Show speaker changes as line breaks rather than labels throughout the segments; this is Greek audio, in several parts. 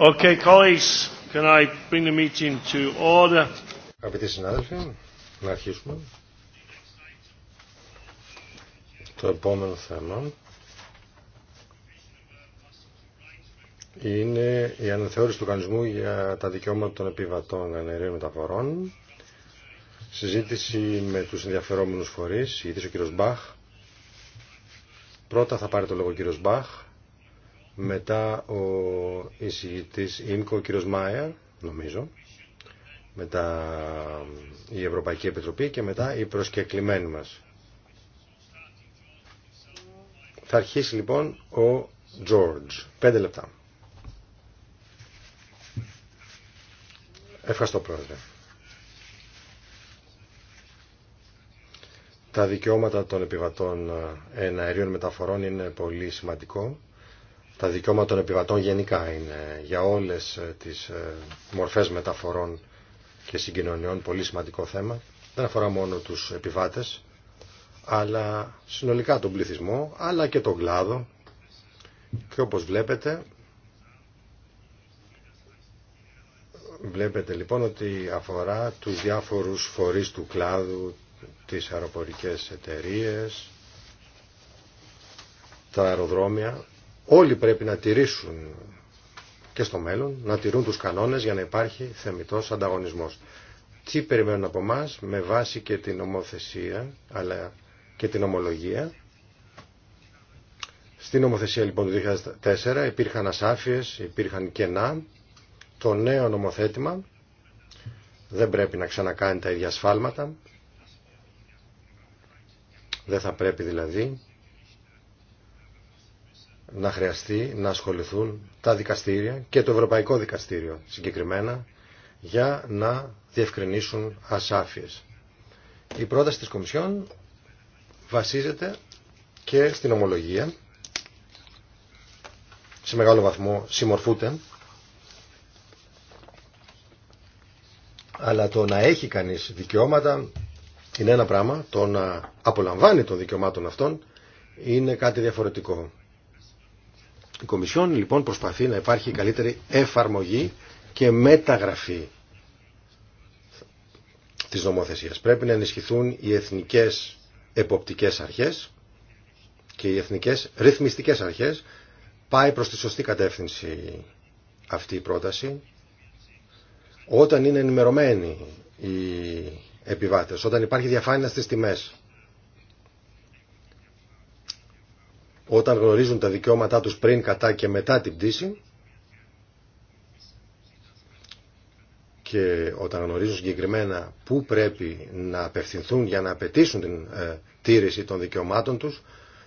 Okay, colleagues, can I bring the meeting to order? Αγαπητοί συνάδελφοι, να αρχίσουμε. Το επόμενο θέμα είναι η αναθεώρηση του κανονισμού για τα δικαιώματα των επιβατών ενεργείων μεταφορών. Συζήτηση με τους ενδιαφερόμενους φορείς, ειδήσει ο κύριος Μπαχ. Πρώτα θα πάρει το λόγο ο κύριος Μπαχ μετά ο εισηγητής ΙΜΚΟ, ο κύριος Μάια, νομίζω, μετά η Ευρωπαϊκή Επιτροπή και μετά η προσκεκλημένοι μας. Θα αρχίσει λοιπόν ο George. Πέντε λεπτά. Ευχαριστώ πρόεδρε. Τα δικαιώματα των επιβατών ε, εναερίων μεταφορών είναι πολύ σημαντικό τα δικαιώματα των επιβατών γενικά είναι για όλες ε, τις ε, μορφές μεταφορών και συγκοινωνιών πολύ σημαντικό θέμα. Δεν αφορά μόνο τους επιβάτες, αλλά συνολικά τον πληθυσμό, αλλά και τον κλάδο. Και όπως βλέπετε, βλέπετε λοιπόν ότι αφορά τους διάφορους φορείς του κλάδου, τις αεροπορικές εταιρείες, τα αεροδρόμια Όλοι πρέπει να τηρήσουν και στο μέλλον, να τηρούν τους κανόνες για να υπάρχει θεμητός ανταγωνισμός. Τι περιμένουν από εμά με βάση και την ομοθεσία αλλά και την ομολογία. Στην ομοθεσία λοιπόν του 2004 υπήρχαν ασάφειες, υπήρχαν κενά. Το νέο νομοθέτημα δεν πρέπει να ξανακάνει τα ίδια σφάλματα. Δεν θα πρέπει δηλαδή να χρειαστεί να ασχοληθούν τα δικαστήρια και το Ευρωπαϊκό Δικαστήριο συγκεκριμένα για να διευκρινίσουν ασάφειες. Η πρόταση της Κομισιόν βασίζεται και στην ομολογία σε μεγάλο βαθμό συμμορφούνται αλλά το να έχει κανείς δικαιώματα είναι ένα πράγμα το να απολαμβάνει των δικαιωμάτων αυτών είναι κάτι διαφορετικό η Κομισιόν λοιπόν προσπαθεί να υπάρχει καλύτερη εφαρμογή και μεταγραφή της νομοθεσίας. Πρέπει να ενισχυθούν οι εθνικές εποπτικές αρχές και οι εθνικές ρυθμιστικές αρχές. Πάει προς τη σωστή κατεύθυνση αυτή η πρόταση. Όταν είναι ενημερωμένοι οι επιβάτες, όταν υπάρχει διαφάνεια στις τιμές, όταν γνωρίζουν τα δικαιώματά τους πριν, κατά και μετά την πτήση και όταν γνωρίζουν συγκεκριμένα πού πρέπει να απευθυνθούν για να απαιτήσουν την ε, τήρηση των δικαιωμάτων τους,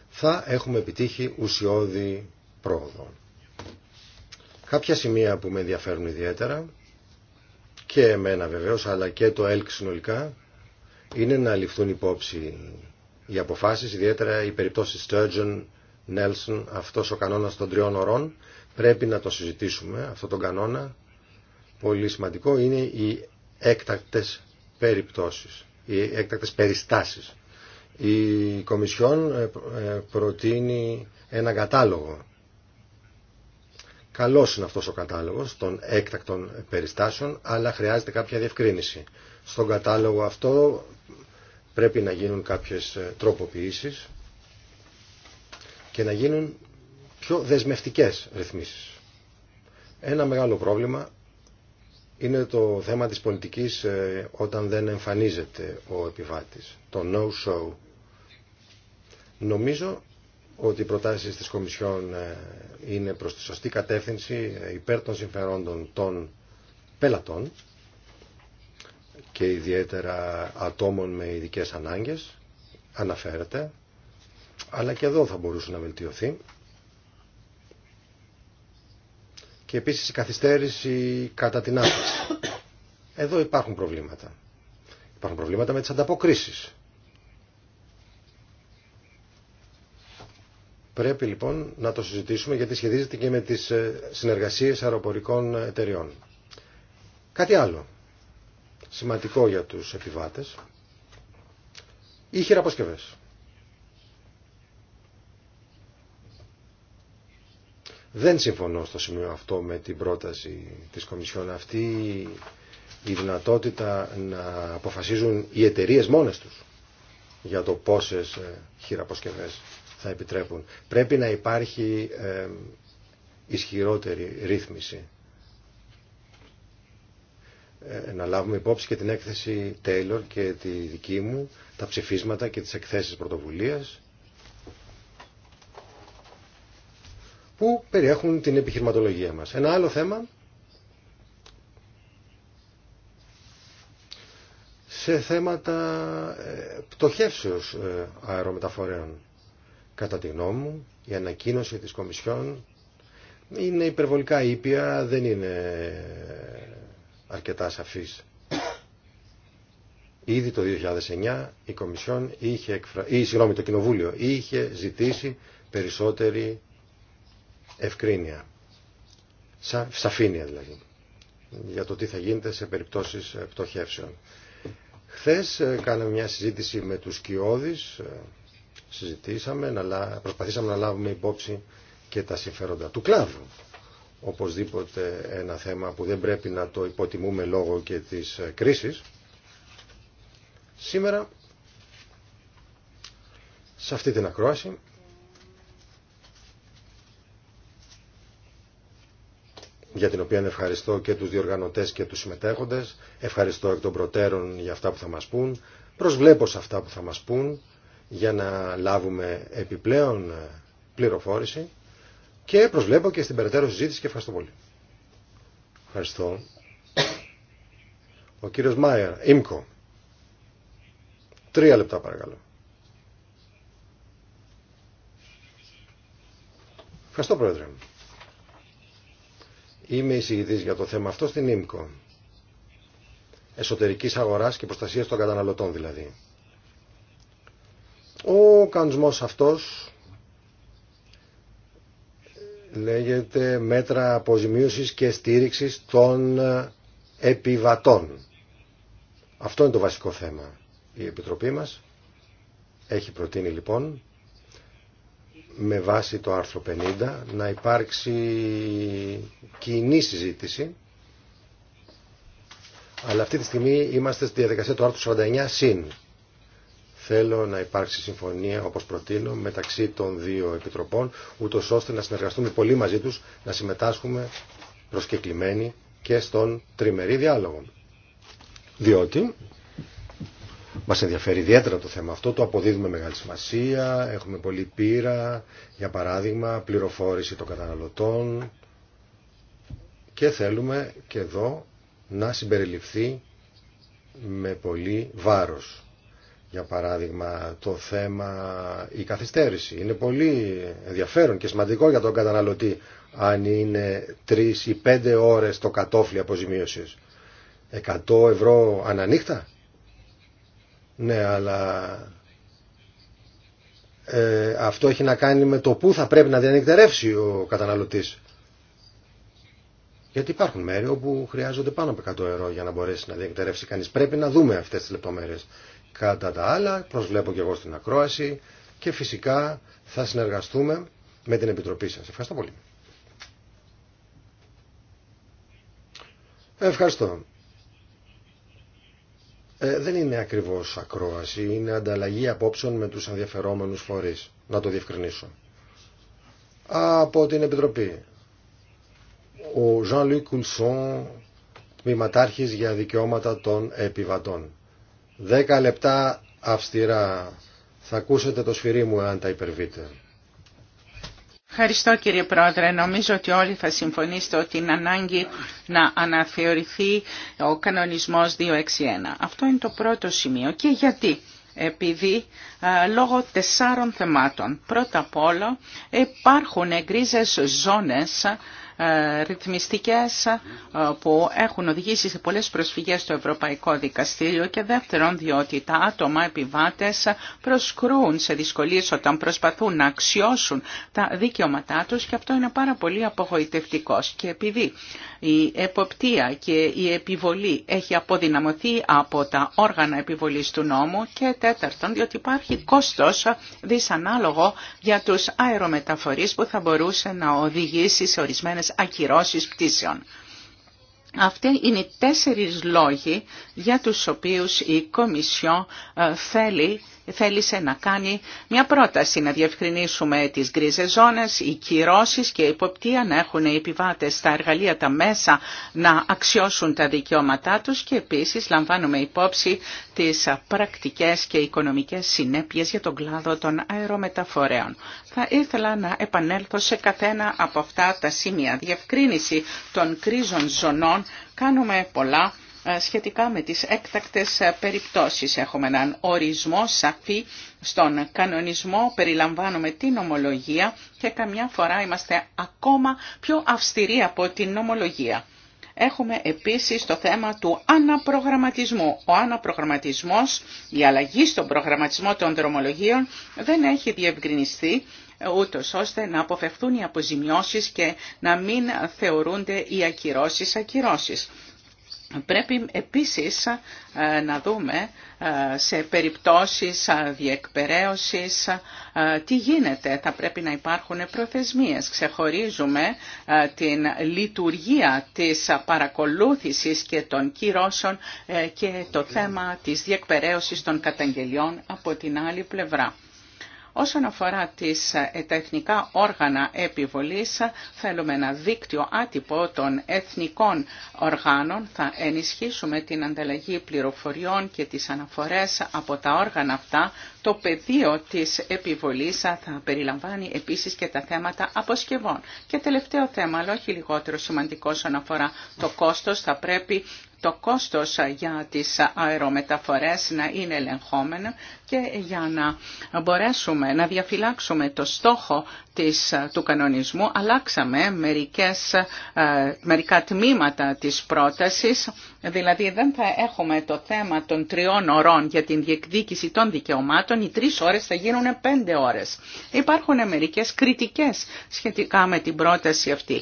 θα έχουμε επιτύχει ουσιώδη πρόοδο. Κάποια σημεία που με ενδιαφέρουν ιδιαίτερα και εμένα βεβαίως αλλά και το ΕΛΚ συνολικά είναι να ληφθούν υπόψη οι αποφάσεις, ιδιαίτερα οι περιπτώσεις Sturgeon Νέλσον αυτός ο κανόνας των τριών ωρών. Πρέπει να το συζητήσουμε Αυτό τον κανόνα. Πολύ σημαντικό είναι οι έκτακτες περιπτώσεις, οι έκτακτες περιστάσεις. Η Κομισιόν ε, ε, προτείνει ένα κατάλογο. Καλός είναι αυτός ο κατάλογος των έκτακτων περιστάσεων, αλλά χρειάζεται κάποια διευκρίνηση. Στον κατάλογο αυτό πρέπει να γίνουν κάποιες ε, τροποποιήσεις και να γίνουν πιο δεσμευτικές ρυθμίσεις. Ένα μεγάλο πρόβλημα είναι το θέμα της πολιτικής ε, όταν δεν εμφανίζεται ο επιβάτης, το no-show. Νομίζω ότι οι προτάσεις της Κομισιόν ε, είναι προς τη σωστή κατεύθυνση ε, υπέρ των συμφερόντων των πελατών και ιδιαίτερα ατόμων με ειδικές ανάγκες, αναφέρεται αλλά και εδώ θα μπορούσε να βελτιωθεί. Και επίσης η καθυστέρηση κατά την άφηση. Εδώ υπάρχουν προβλήματα. Υπάρχουν προβλήματα με τις ανταποκρίσεις. Πρέπει λοιπόν να το συζητήσουμε γιατί σχεδίζεται και με τις ε, συνεργασίες αεροπορικών εταιριών. Κάτι άλλο σημαντικό για τους επιβάτες. Οι χειραποσκευές. Δεν συμφωνώ στο σημείο αυτό με την πρόταση της Κομισιόν. Αυτή η δυνατότητα να αποφασίζουν οι εταιρείε μόνες τους για το πόσες ε, χειραποσκευές θα επιτρέπουν. Πρέπει να υπάρχει ε, ισχυρότερη ρύθμιση. Ε, να λάβουμε υπόψη και την έκθεση Taylor και τη δική μου, τα ψηφίσματα και τις εκθέσεις πρωτοβουλίας που περιέχουν την επιχειρηματολογία μας. Ένα άλλο θέμα σε θέματα ε, πτωχεύσεως ε, αερομεταφορέων. Κατά τη γνώμη μου, η ανακοίνωση της Κομισιόν είναι υπερβολικά ήπια, δεν είναι αρκετά σαφής. Ήδη το 2009 η Κομισιόν είχε, εκφρα... ή, συγγνώμη, το Κοινοβούλιο είχε ζητήσει περισσότερη ευκρίνεια, σα, σαφήνεια δηλαδή, για το τι θα γίνεται σε περιπτώσεις ε, πτωχεύσεων. Χθες ε, κάναμε μια συζήτηση με τους Κιώδης, ε, συζητήσαμε, να, προσπαθήσαμε να λάβουμε υπόψη και τα συμφέροντα του κλάδου. Οπωσδήποτε ένα θέμα που δεν πρέπει να το υποτιμούμε λόγω και της κρίσης. Σήμερα, σε αυτή την ακρόαση, για την οποία ευχαριστώ και τους διοργανωτές και τους συμμετέχοντες. Ευχαριστώ εκ των προτέρων για αυτά που θα μας πούν. Προσβλέπω σε αυτά που θα μας πούν για να λάβουμε επιπλέον ε, πληροφόρηση και προσβλέπω και στην περαιτέρω συζήτηση και ευχαριστώ πολύ. Ευχαριστώ. Ο κύριος Μάιερ, Ίμκο. Τρία λεπτά παρακαλώ. Ευχαριστώ πρόεδρε. Είμαι εισηγητής για το θέμα αυτό στην ΙΜΚΟ. Εσωτερικής αγοράς και προστασίας των καταναλωτών δηλαδή. Ο κανονισμός αυτός λέγεται μέτρα αποζημίωσης και στήριξης των επιβατών. Αυτό είναι το βασικό θέμα. Η Επιτροπή μας έχει προτείνει λοιπόν με βάση το άρθρο 50 να υπάρξει κοινή συζήτηση αλλά αυτή τη στιγμή είμαστε στη διαδικασία του άρθρου 49 συν. Θέλω να υπάρξει συμφωνία, όπως προτείνω, μεταξύ των δύο επιτροπών, ούτω ώστε να συνεργαστούμε πολύ μαζί τους, να συμμετάσχουμε προσκεκλημένοι και στον τριμερή διάλογο. Διότι μας ενδιαφέρει ιδιαίτερα το θέμα αυτό, το αποδίδουμε μεγάλη σημασία, έχουμε πολλή πείρα, για παράδειγμα, πληροφόρηση των καταναλωτών και θέλουμε και εδώ να συμπεριληφθεί με πολύ βάρος. Για παράδειγμα, το θέμα η καθυστέρηση. Είναι πολύ ενδιαφέρον και σημαντικό για τον καταναλωτή αν είναι τρεις ή πέντε ώρες το κατόφλι αποζημίωσης. 100 ευρώ ανανύχτα ναι, αλλά ε, αυτό έχει να κάνει με το πού θα πρέπει να διανυκτερεύσει ο καταναλωτής. Γιατί υπάρχουν μέρη όπου χρειάζονται πάνω από 100 ευρώ για να μπορέσει να διανυκτερεύσει κανείς. Πρέπει να δούμε αυτές τις λεπτομέρειες. Κατά τα άλλα, προσβλέπω και εγώ στην ακρόαση και φυσικά θα συνεργαστούμε με την Επιτροπή σας. Ευχαριστώ πολύ. Ευχαριστώ. Ε, δεν είναι ακριβώς ακρόαση, είναι ανταλλαγή απόψεων με τους ενδιαφερόμενους φορείς. Να το διευκρινίσω. Από την Επιτροπή. Ο Jean-Luc Coulson, τμήματάρχης για δικαιώματα των επιβατών. Δέκα λεπτά αυστηρά. Θα ακούσετε το σφυρί μου αν τα υπερβείτε.
Ευχαριστώ κύριε Πρόεδρε. Νομίζω ότι όλοι θα συμφωνήσετε ότι είναι ανάγκη να αναθεωρηθεί ο κανονισμός 261. Αυτό είναι το πρώτο σημείο. Και γιατί. Επειδή λόγω τεσσάρων θεμάτων. Πρώτα απ' όλα υπάρχουν γκρίζες ζώνες ε, ρυθμιστικές ε, που έχουν οδηγήσει σε πολλές προσφυγές στο Ευρωπαϊκό Δικαστήριο και δεύτερον διότι τα άτομα επιβάτες προσκρούν σε δυσκολίες όταν προσπαθούν να αξιώσουν τα δικαιώματά τους και αυτό είναι πάρα πολύ απογοητευτικό. Και επειδή η εποπτεία και η επιβολή έχει αποδυναμωθεί από τα όργανα επιβολής του νόμου και τέταρτον διότι υπάρχει κόστος δυσανάλογο για τους αερομεταφορείς που θα μπορούσε να οδηγήσει σε ακυρώσεις πτήσεων. Αυτοί είναι οι τέσσερις λόγοι για τους οποίους η Κομισιό ε, θέλει θέλησε να κάνει μια πρόταση να διευκρινίσουμε τις γκρίζες ζώνες, οι κυρώσεις και η υποπτία να έχουν οι επιβάτες στα εργαλεία τα μέσα να αξιώσουν τα δικαιώματά τους και επίσης λαμβάνουμε υπόψη τις πρακτικές και οικονομικές συνέπειες για τον κλάδο των αερομεταφορέων. Θα ήθελα να επανέλθω σε καθένα από αυτά τα σημεία. Διευκρίνηση των κρίζων ζωνών κάνουμε πολλά σχετικά με τις έκτακτες περιπτώσεις. Έχουμε έναν ορισμό σαφή στον κανονισμό, περιλαμβάνουμε την ομολογία και καμιά φορά είμαστε ακόμα πιο αυστηροί από την ομολογία. Έχουμε επίσης το θέμα του αναπρογραμματισμού. Ο αναπρογραμματισμός, η αλλαγή στον προγραμματισμό των δρομολογίων δεν έχει διευκρινιστεί ούτω ώστε να αποφευθούν οι αποζημιώσεις και να μην θεωρούνται οι ακυρώσεις ακυρώσεις. Πρέπει επίσης ε, να δούμε ε, σε περιπτώσεις ε, διεκπαιρέωσης τι γίνεται. Θα πρέπει να υπάρχουν προθεσμίες. Ξεχωρίζουμε την λειτουργία της παρακολούθησης και των κυρώσεων και το θέμα της διεκπαιρέωσης των καταγγελιών από την άλλη πλευρά. Όσον αφορά τις, ε, τα εθνικά όργανα επιβολής, θέλουμε ένα δίκτυο άτυπο των εθνικών οργάνων. Θα ενισχύσουμε την ανταλλαγή πληροφοριών και τις αναφορές από τα όργανα αυτά. Το πεδίο της επιβολής θα περιλαμβάνει επίσης και τα θέματα αποσκευών. Και τελευταίο θέμα, αλλά όχι λιγότερο σημαντικό όσον αφορά το κόστος, θα πρέπει το κόστος για τις αερομεταφορές να είναι ελεγχόμενο και για να μπορέσουμε να διαφυλάξουμε το στόχο της, του κανονισμού αλλάξαμε μερικές, μερικά τμήματα της πρότασης, δηλαδή δεν θα έχουμε το θέμα των τριών ωρών για την διεκδίκηση των δικαιωμάτων, οι τρεις ώρες θα γίνουν πέντε ώρες. Υπάρχουν μερικές κριτικές σχετικά με την πρόταση αυτή.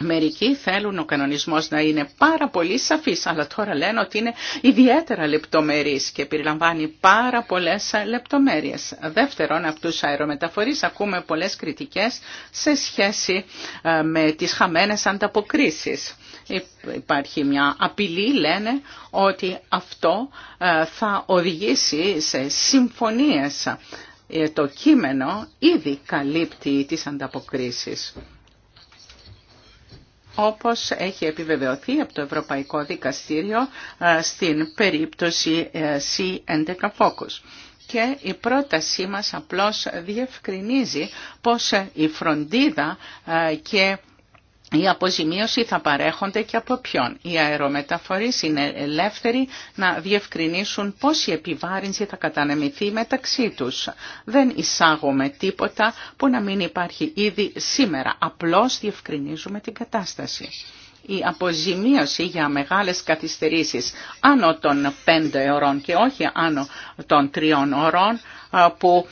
Μερικοί θέλουν ο κανονισμός να είναι πάρα πολύ σαφής, αλλά τώρα λένε ότι είναι ιδιαίτερα λεπτομερής και περιλαμβάνει πάρα πολλές λεπτομέρειες. Δεύτερον, από τους αερομεταφορείς ακούμε πολλές κριτικές σε σχέση ε, με τις χαμένες ανταποκρίσεις. Υπάρχει μια απειλή, λένε, ότι αυτό ε, θα οδηγήσει σε συμφωνίες. Ε, το κείμενο ήδη καλύπτει τις ανταποκρίσεις όπως έχει επιβεβαιωθεί από το Ευρωπαϊκό Δικαστήριο ε, στην περίπτωση ε, C11 Focus. Και η πρότασή μας απλώς διευκρινίζει πως η φροντίδα ε, και η αποζημίωση θα παρέχονται και από ποιον. Οι αερομεταφορείς είναι ελεύθεροι να διευκρινίσουν πώς η επιβάρυνση θα κατανεμηθεί μεταξύ τους. Δεν εισάγουμε τίποτα που να μην υπάρχει ήδη σήμερα. Απλώς διευκρινίζουμε την κατάσταση. Η αποζημίωση για μεγάλες καθυστερήσεις άνω των 5 ωρών και όχι άνω των 3 ωρών που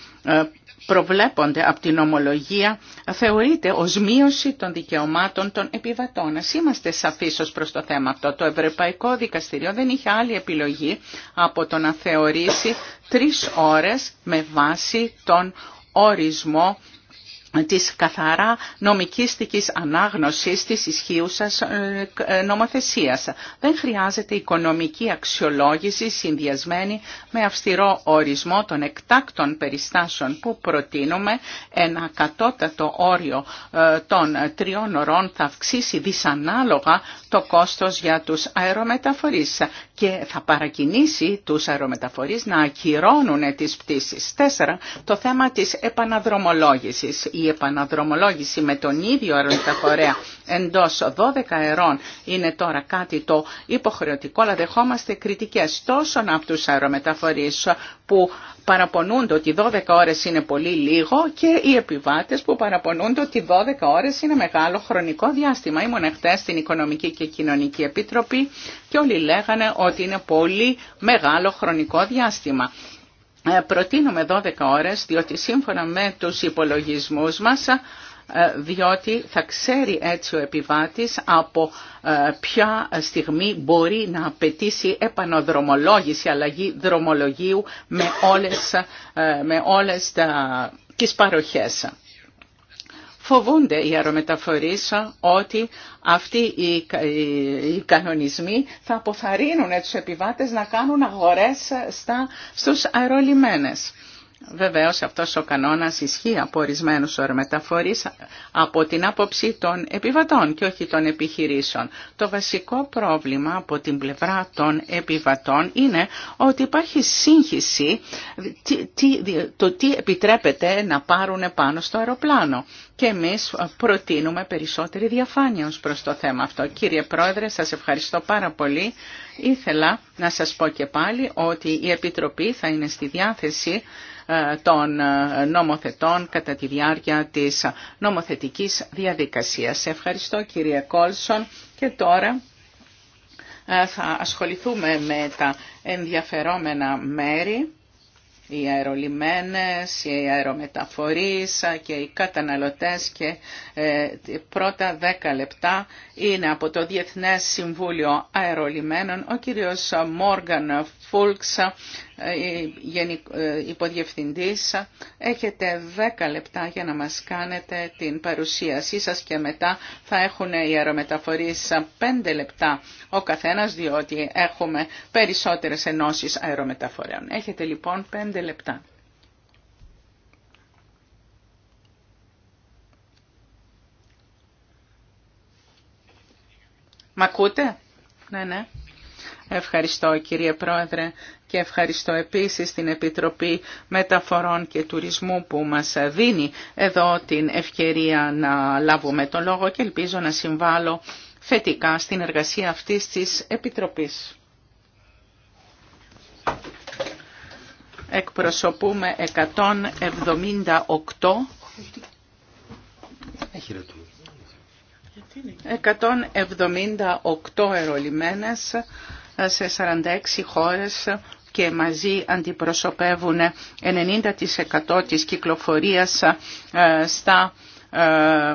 προβλέπονται από την ομολογία θεωρείται ως μείωση των δικαιωμάτων των επιβατών. Ας είμαστε σαφείς ως προς το θέμα αυτό. Το Ευρωπαϊκό Δικαστηριό δεν είχε άλλη επιλογή από το να θεωρήσει τρεις ώρες με βάση τον ορισμό της καθαρά νομικίστικης ανάγνωσης της ισχύουσας ε, ε, νομοθεσίας. Δεν χρειάζεται οικονομική αξιολόγηση συνδυασμένη με αυστηρό ορισμό των εκτάκτων περιστάσεων που προτείνουμε. Ένα κατώτατο όριο ε, των τριών ωρών θα αυξήσει δυσανάλογα το κόστος για τους αερομεταφορείς και θα παρακινήσει τους αερομεταφορείς να ακυρώνουν τις πτήσεις. Τέσσερα, το θέμα της επαναδρομολόγησης η επαναδρομολόγηση με τον ίδιο αερομεταφορέα εντός 12 αερών είναι τώρα κάτι το υποχρεωτικό, αλλά δεχόμαστε κριτικές τόσο από τους αερομεταφορείς που παραπονούνται ότι 12 ώρες είναι πολύ λίγο και οι επιβάτες που παραπονούνται ότι 12 ώρες είναι μεγάλο χρονικό διάστημα. Ήμουν χτες στην Οικονομική και Κοινωνική Επίτροπη και όλοι λέγανε ότι είναι πολύ μεγάλο χρονικό διάστημα. Ε, προτείνουμε 12 ώρες, διότι σύμφωνα με τους υπολογισμούς μας, ε, διότι θα ξέρει έτσι ο επιβάτης από ε, ποια στιγμή μπορεί να απαιτήσει επανοδρομολόγηση, αλλαγή δρομολογίου με όλες, με όλες τα, τις παροχές φοβούνται οι αερομεταφορείς ότι αυτοί οι κανονισμοί θα αποθαρρύνουν τους επιβάτες να κάνουν αγορές στα, στους αερολιμένες. Βεβαίως αυτός ο κανόνας ισχύει από ορισμένους ορμεταφορείς από την άποψη των επιβατών και όχι των επιχειρήσεων. Το βασικό πρόβλημα από την πλευρά των επιβατών είναι ότι υπάρχει σύγχυση το τι επιτρέπεται να πάρουν πάνω στο αεροπλάνο. Και εμείς προτείνουμε περισσότερη διαφάνεια ως προς το θέμα αυτό. Κύριε Πρόεδρε, σας ευχαριστώ πάρα πολύ. Ήθελα να σας πω και πάλι ότι η Επιτροπή θα είναι στη διάθεση ε, των ε, νομοθετών κατά τη διάρκεια της νομοθετικής διαδικασίας. Ευχαριστώ κύριε Κόλσον και τώρα ε, θα ασχοληθούμε με τα ενδιαφερόμενα μέρη, οι αερολιμένες, οι αερομεταφορείς και οι καταναλωτές και πρώτα δέκα λεπτά είναι από το Διεθνές Συμβούλιο Αερολιμένων ο κύριος Μόργαν Φούλξα, ε, ε, υποδιευθυντής. Έχετε 10 λεπτά για να μας κάνετε την παρουσίασή σας και μετά θα έχουν οι αερομεταφορείς 5 λεπτά ο καθένας, διότι έχουμε περισσότερες ενώσεις αερομεταφορέων. Έχετε λοιπόν 5 λεπτά. Μ' ακούτε? Ναι, ναι. Ευχαριστώ κύριε Πρόεδρε και ευχαριστώ επίσης την Επιτροπή Μεταφορών και Τουρισμού που μας δίνει εδώ την ευκαιρία να λάβουμε τον λόγο και ελπίζω να συμβάλλω θετικά στην εργασία αυτής της Επιτροπής. Εκπροσωπούμε 178 178 σε 46 χώρες και μαζί αντιπροσωπεύουν 90% της κυκλοφορίας ε, στα ε,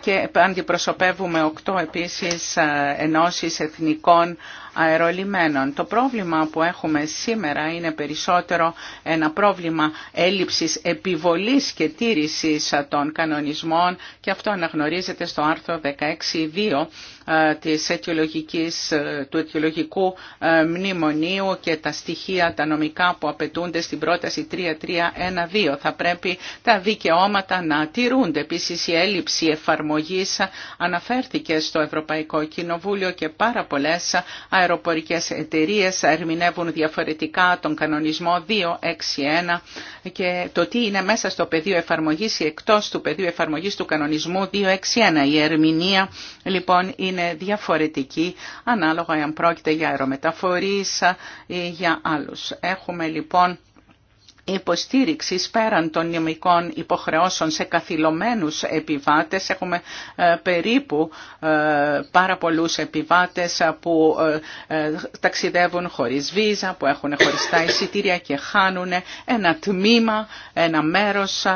και αντιπροσωπεύουμε 8 επίσης ε, ενώσεις εθνικών αερολιμένων. Το πρόβλημα που έχουμε σήμερα είναι περισσότερο ένα πρόβλημα έλλειψης επιβολής και τήρησης των κανονισμών και αυτό αναγνωρίζεται στο άρθρο 16.2 ε, της αιτιολογικής, ε, του αιτιολογικού ε, μνημονίου και τα στοιχεία τα νομικά που απαιτούνται στην πρόταση 3.3.1.2. Θα πρέπει τα δικαιώματα να τηρούνται. επίση η έλλειψη εφαρμογής αναφέρθηκε στο Ευρωπαϊκό Κοινοβούλιο και πάρα πολλές αεροπορικές εταιρείες ερμηνεύουν διαφορετικά τον κανονισμό 261 και το τι είναι μέσα στο πεδίο εφαρμογής ή εκτός του πεδίου εφαρμογής του κανονισμού 261. Η ερμηνεία λοιπόν είναι διαφορετική ανάλογα αν πρόκειται για αερομεταφορείς ή για άλλους. Έχουμε λοιπόν υποστήριξη πέραν των νομικών υποχρεώσεων σε καθυλωμένους επιβάτες. Έχουμε ε, περίπου ε, πάρα πολλούς επιβάτες που ε, ταξιδεύουν χωρίς βίζα, που έχουν χωριστά εισιτήρια και χάνουν ένα τμήμα, ένα μέρος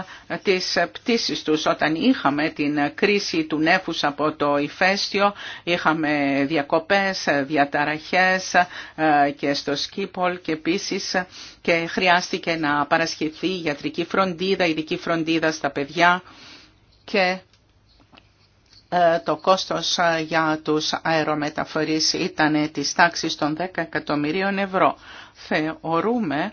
της πτήσης τους. Όταν είχαμε την κρίση του νέφους από το ηφαίστειο, είχαμε διακοπές, διαταραχές και στο Σκύπολ και επίσης και χρειάστηκε να παρασχεθεί γιατρική φροντίδα, ειδική φροντίδα στα παιδιά και ε, το κόστος ε, για τους αερομεταφορείς ήταν της τάξης των 10 εκατομμυρίων ευρώ. Θεωρούμε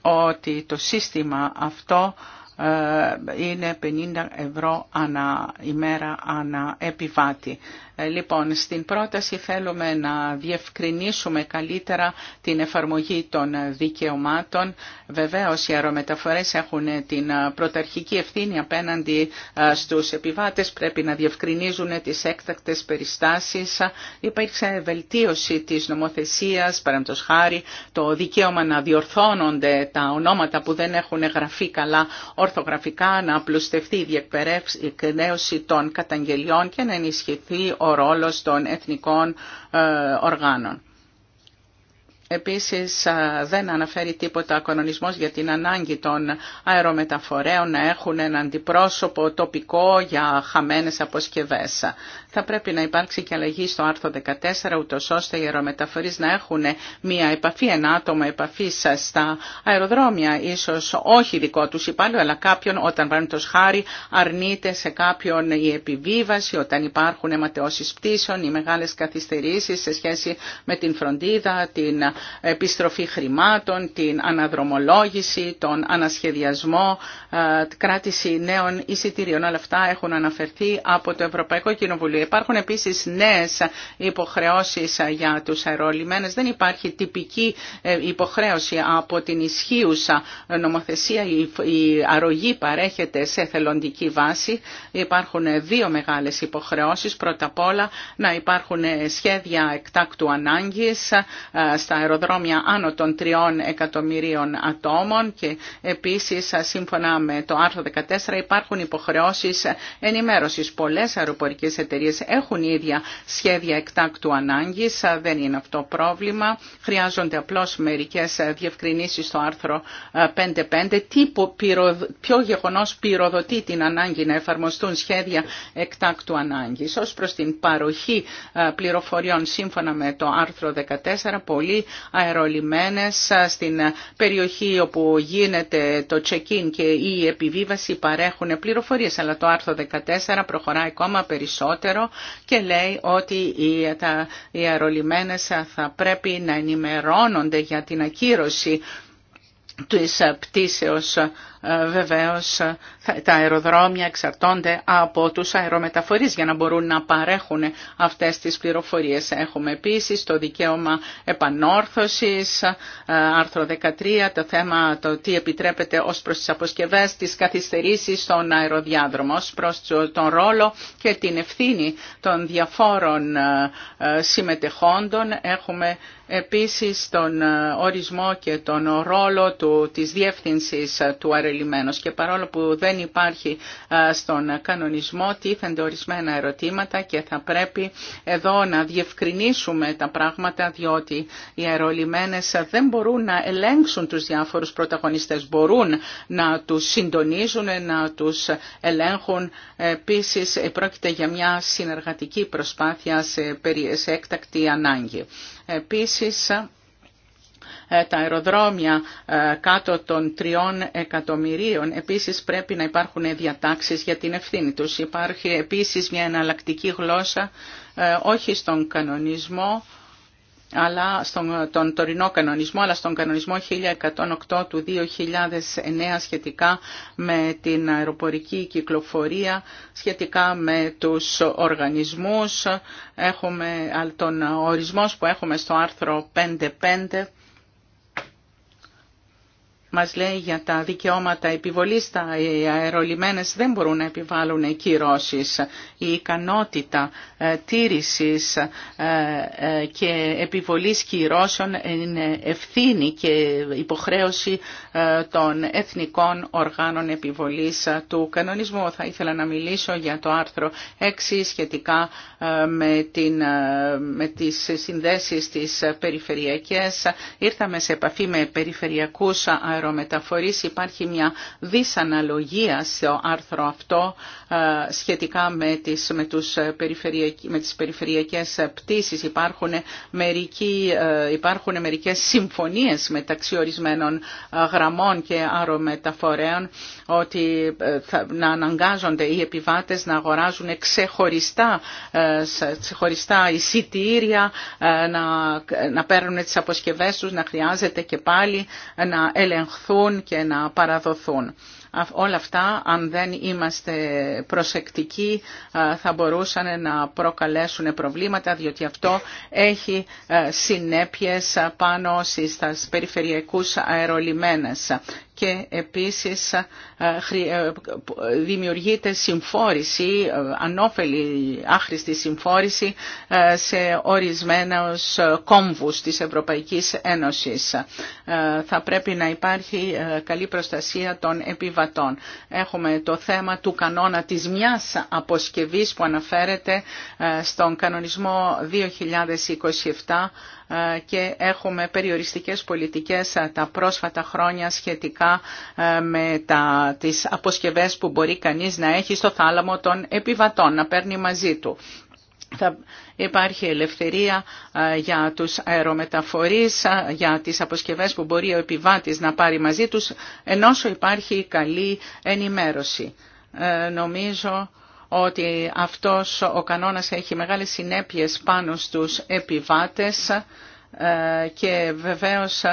ότι το σύστημα αυτό ε, είναι 50 ευρώ ανά ημέρα ανά επιβάτη. Λοιπόν, στην πρόταση θέλουμε να διευκρινίσουμε καλύτερα την εφαρμογή των δικαιωμάτων. Βεβαίως, οι αερομεταφορές έχουν την πρωταρχική ευθύνη απέναντι στους επιβάτες. Πρέπει να διευκρινίζουν τις έκτακτες περιστάσεις. Υπήρξε βελτίωση της νομοθεσίας, παραμπτός χάρη, το δικαίωμα να διορθώνονται τα ονόματα που δεν έχουν γραφεί καλά ορθογραφικά, να απλουστευτεί η διεκπαιρέωση των καταγγελιών και να ενισχυθεί ο ρόλος των εθνικών ε, οργάνων. Επίσης ε, δεν αναφέρει τίποτα ο κανονισμός για την ανάγκη των αερομεταφορέων να έχουν ένα αντιπρόσωπο τοπικό για χαμένες αποσκευές θα πρέπει να υπάρξει και αλλαγή στο άρθρο 14, ούτω ώστε οι αερομεταφορεί να έχουν μια επαφή, ένα άτομο επαφή στα αεροδρόμια, ίσως όχι δικό του υπάλληλο, αλλά κάποιον όταν το χάρη αρνείται σε κάποιον η επιβίβαση, όταν υπάρχουν αιματεώσει πτήσεων, οι μεγάλε καθυστερήσει σε σχέση με την φροντίδα, την επιστροφή χρημάτων, την αναδρομολόγηση, τον ανασχεδιασμό, ε, κράτηση νέων εισιτηρίων. Όλα αυτά έχουν αναφερθεί από το Ευρωπαϊκό Κοινοβουλίο Υπάρχουν επίσης νέες υποχρεώσεις για τους αερολιμένες. Δεν υπάρχει τυπική ε, υποχρέωση από την ισχύουσα νομοθεσία. Η αρρωγή παρέχεται σε θελοντική βάση. Υπάρχουν δύο μεγάλες υποχρεώσεις. Πρώτα απ' όλα να υπάρχουν σχέδια εκτάκτου ανάγκης ε, στα αεροδρόμια άνω των 3 εκατομμυρίων ατόμων και επίσης σύμφωνα με το άρθρο 14 υπάρχουν υποχρεώσεις ενημέρωσης. Πολλές αεροπορικές εταιρείε έχουν ίδια σχέδια εκτάκτου ανάγκης, δεν είναι αυτό πρόβλημα. Χρειάζονται απλώς μερικές διευκρινήσεις στο άρθρο 5.5. Τι ποιο γεγονός πυροδοτεί την ανάγκη να εφαρμοστούν σχέδια εκτάκτου ανάγκης. Ως προς την παροχή πληροφοριών σύμφωνα με το άρθρο 14, πολύ αερολιμένες στην περιοχή όπου γίνεται το check-in και η επιβίβαση παρέχουν πληροφορίες, αλλά το άρθρο 14 προχωράει ακόμα περισσότερο και λέει ότι οι, τα, αερολιμένες θα πρέπει να ενημερώνονται για την ακύρωση της πτήσεως ε, βεβαίως τα αεροδρόμια εξαρτώνται από τους αερομεταφορείς για να μπορούν να παρέχουν αυτές τις πληροφορίες. Έχουμε επίσης το δικαίωμα επανόρθωσης, ε, άρθρο 13, το θέμα το τι επιτρέπεται ως προς τις αποσκευές, τις καθυστερήσεις στον αεροδιάδρομο, προς τον ρόλο και την ευθύνη των διαφόρων ε, συμμετεχόντων. Έχουμε επίσης τον ορισμό και τον ρόλο του, της διεύθυνσης του και παρόλο που δεν υπάρχει στον κανονισμό τίθενται ορισμένα ερωτήματα και θα πρέπει εδώ να διευκρινίσουμε τα πράγματα διότι οι αερολιμένες δεν μπορούν να ελέγξουν τους διάφορους πρωταγωνιστές, μπορούν να τους συντονίζουν, να τους ελέγχουν. Επίσης πρόκειται για μια συνεργατική προσπάθεια σε έκτακτη ανάγκη. Επίσης ε, τα αεροδρόμια ε, κάτω των τριών εκατομμυρίων. Επίσης πρέπει να υπάρχουν διατάξεις για την ευθύνη τους. Υπάρχει επίσης μια εναλλακτική γλώσσα ε, όχι στον κανονισμό αλλά στον τον τωρινό κανονισμό, αλλά στον κανονισμό 1108 του 2009 σχετικά με την αεροπορική κυκλοφορία, σχετικά με τους οργανισμούς, έχουμε τον ορισμός που έχουμε στο άρθρο 5.5 μας λέει για τα δικαιώματα επιβολής, τα αερολιμένες δεν μπορούν να επιβάλλουν κυρώσεις. Η ικανότητα ε, τήρησης ε, ε, και επιβολής κυρώσεων είναι ευθύνη και υποχρέωση των εθνικών οργάνων επιβολής του κανονισμού. Θα ήθελα να μιλήσω για το άρθρο 6 σχετικά ε, με, την, ε, με τις συνδέσεις τις περιφερειακές. Ήρθαμε σε επαφή με περιφερειακούς αερομεταφορείς. Υπάρχει μια δυσαναλογία στο άρθρο αυτό ε, σχετικά με τις, με, τους με τις περιφερειακές πτήσεις. Υπάρχουν, μερικοί, υπάρχουν μερικές συμφωνίες μεταξύ ορισμένων γραμμών και αερομεταφορέων ότι να αναγκάζονται οι επιβάτες να αγοράζουν ξεχωριστά χωριστά εισιτήρια, ε, να, να παίρνουν τις αποσκευές τους, να χρειάζεται και πάλι να ελεγχθούν και να παραδοθούν. Όλα αυτά, αν δεν είμαστε προσεκτικοί, ε, θα μπορούσαν να προκαλέσουν προβλήματα, διότι αυτό έχει ε, συνέπειες πάνω στις περιφερειακούς αερολιμένες και επίσης ε, ε, δημιουργείται συμφόρηση, ε, ανώφελη άχρηστη συμφόρηση σε ορισμένους κόμβους της Ευρωπαϊκής Ένωσης. Θα πρέπει να υπάρχει καλή προστασία των επιβατών. Έχουμε το θέμα του κανόνα της μιας αποσκευής που αναφέρεται στον κανονισμό 2027 ε, και έχουμε περιοριστικές πολιτικές ε, τα πρόσφατα χρόνια σχετικά ε, με τα, τις αποσκευές που μπορεί κανείς να έχει στο θάλαμο των επιβατών, να παίρνει μαζί του. Θα υπάρχει ελευθερία για τους αερομεταφορείς, για τις αποσκευές που μπορεί ο επιβάτης να πάρει μαζί τους, ενώ υπάρχει καλή ενημέρωση. Νομίζω ότι αυτός ο κανόνας έχει μεγάλες συνέπειες πάνω στους επιβάτες ε, και βεβαίως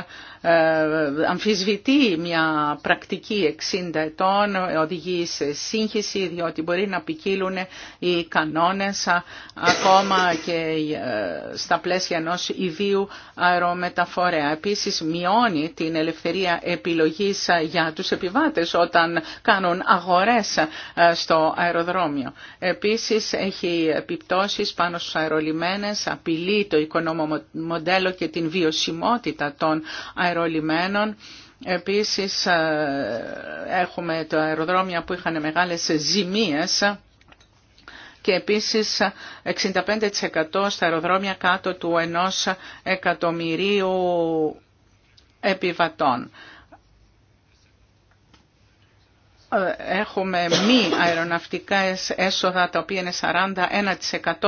ε, αμφισβητεί μια πρακτική 60 ετών, οδηγεί σε σύγχυση διότι μπορεί να ποικίλουν οι κανόνες ακόμα και ε, στα πλαίσια ενός ιδίου αερομεταφορέα. Επίσης μειώνει την ελευθερία επιλογής ε, για τους επιβάτες όταν κάνουν αγορές στο αεροδρόμιο. Επίσης έχει επιπτώσεις πάνω στους αερολιμένες, απειλεί το οικονομικό μοντέλο και την βιωσιμότητα των αερολιμένων αερολιμένων. Επίσης ε, έχουμε τα αεροδρόμια που είχαν μεγάλες ζημίες και επίσης 65% ε, στα αεροδρόμια κάτω του ενός εκατομμυρίου επιβατών έχουμε μη αεροναυτικά έσοδα τα οποία είναι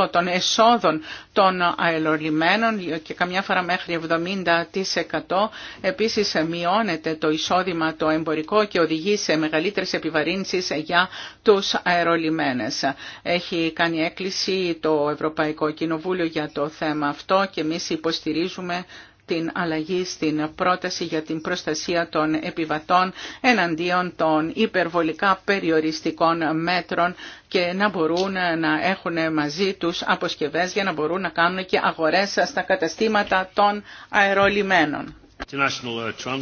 41% των εσόδων των αερολιμένων και καμιά φορά μέχρι 70%. Επίσης μειώνεται το εισόδημα το εμπορικό και οδηγεί σε μεγαλύτερες επιβαρύνσεις για τους αερολιμένες. Έχει κάνει έκκληση το Ευρωπαϊκό Κοινοβούλιο για το θέμα αυτό και εμείς υποστηρίζουμε την αλλαγή στην πρόταση για την προστασία των επιβατών εναντίον των υπερβολικά περιοριστικών μέτρων και να μπορούν να έχουν μαζί τους αποσκευές για να μπορούν να κάνουν και αγορές στα καταστήματα των αερολιμένων.
Uh,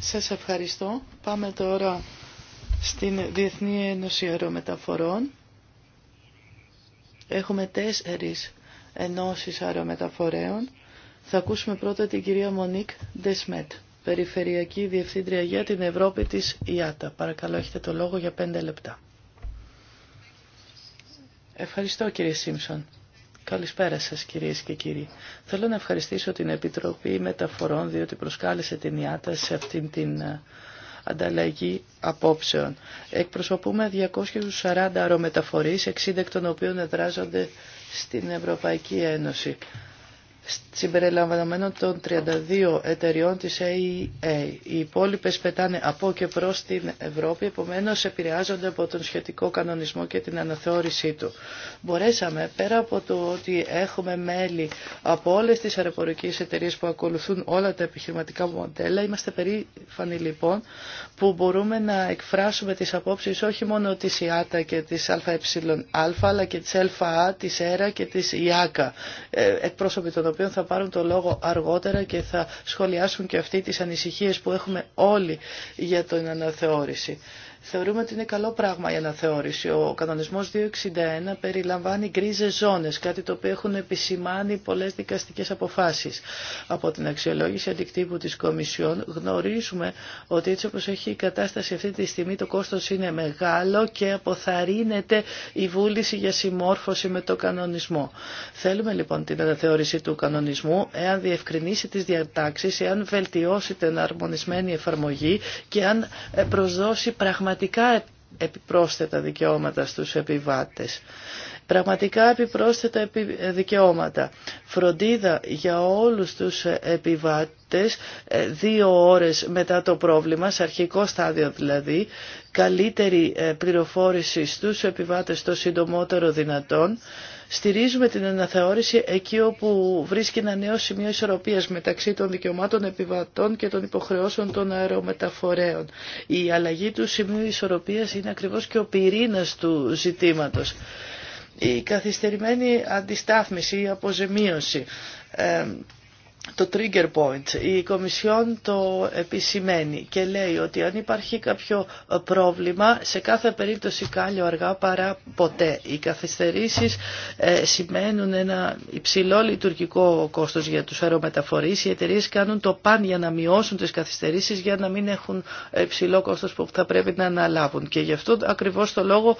Σας ευχαριστώ. Πάμε τώρα
στην Διεθνή Ένωση Αερομεταφορών. Έχουμε τέσσερις ενώσεις αερομεταφορέων θα ακούσουμε πρώτα την κυρία Μονίκ Ντεσμέτ, Περιφερειακή Διευθύντρια για την Ευρώπη της ΙΑΤΑ. Παρακαλώ, έχετε το λόγο για πέντε λεπτά. Ευχαριστώ κύριε Σίμψον. Καλησπέρα σας κυρίες και κύριοι. Θέλω να ευχαριστήσω την Επιτροπή Μεταφορών διότι προσκάλεσε την ΙΑΤΑ σε αυτήν την ε, ανταλλαγή απόψεων. Εκπροσωπούμε 240 αερομεταφορείς, 60 εκ των οποίων εδράζονται στην Ευρωπαϊκή Ένωση συμπεριλαμβανομένων των 32 εταιριών της AEA. Οι υπόλοιπε πετάνε από και προς την Ευρώπη, επομένως επηρεάζονται από τον σχετικό κανονισμό και την αναθεώρησή του. Μπορέσαμε, πέρα από το ότι έχουμε μέλη από όλες τις αεροπορικές εταιρείες που ακολουθούν όλα τα επιχειρηματικά μοντέλα, είμαστε περήφανοι λοιπόν που μπορούμε να εκφράσουμε τις απόψεις όχι μόνο της ΙΑΤΑ και της ΑΕΑ, αλλά και της ΕΛΦΑΑ, της ΕΡΑ και της ΙΑΚΑ, ε, εκπρόσωποι των οποίων θα πάρουν το λόγο αργότερα και θα σχολιάσουν και αυτοί τις ανησυχίες που έχουμε όλοι για την αναθεώρηση. Θεωρούμε ότι είναι καλό πράγμα η αναθεώρηση. Ο κανονισμός 261 περιλαμβάνει γκριζε ζώνες, κάτι το οποίο έχουν επισημάνει πολλές δικαστικές αποφάσεις. Από την αξιολόγηση αντικτύπου της Κομισιόν γνωρίζουμε ότι έτσι όπως έχει η κατάσταση αυτή τη στιγμή το κόστος είναι μεγάλο και αποθαρρύνεται η βούληση για συμμόρφωση με το κανονισμό. Θέλουμε λοιπόν την αναθεώρηση του κανονισμού, εάν διευκρινίσει τις διατάξεις, εάν βελτιώσει την αρμονισμένη εφαρμογή και αν ε, προσδώσει πραγματικά πραγματικά επιπρόσθετα δικαιώματα στους επιβάτες. Πραγματικά επιπρόσθετα ε, δικαιώματα. Φροντίδα για όλους τους ε, επιβάτες, ε, δύο ώρες μετά το πρόβλημα, σε αρχικό στάδιο δηλαδή, καλύτερη πληροφόρηση στους επιβάτες το συντομότερο δυνατόν, στηρίζουμε την αναθεώρηση εκεί όπου βρίσκει ένα νέο σημείο ισορροπίας μεταξύ των δικαιωμάτων επιβατών και των υποχρεώσεων των αερομεταφορέων. Η αλλαγή του σημείου ισορροπίας είναι ακριβώς και ο πυρήνας του ζητήματος. Η καθυστερημένη αντιστάθμιση ή αποζημίωση ε, το trigger point. Η Κομισιόν το επισημαίνει και λέει ότι αν υπάρχει κάποιο ε, πρόβλημα, σε κάθε περίπτωση κάλλιο αργά παρά ποτέ. Οι καθυστερήσεις ε, σημαίνουν ένα υψηλό λειτουργικό κόστος για τους αερομεταφορείς. Οι εταιρείε κάνουν το παν για να μειώσουν τις καθυστερήσεις για να μην έχουν ε, υψηλό κόστος που θα πρέπει να αναλάβουν. Και γι' αυτό ακριβώς το λόγο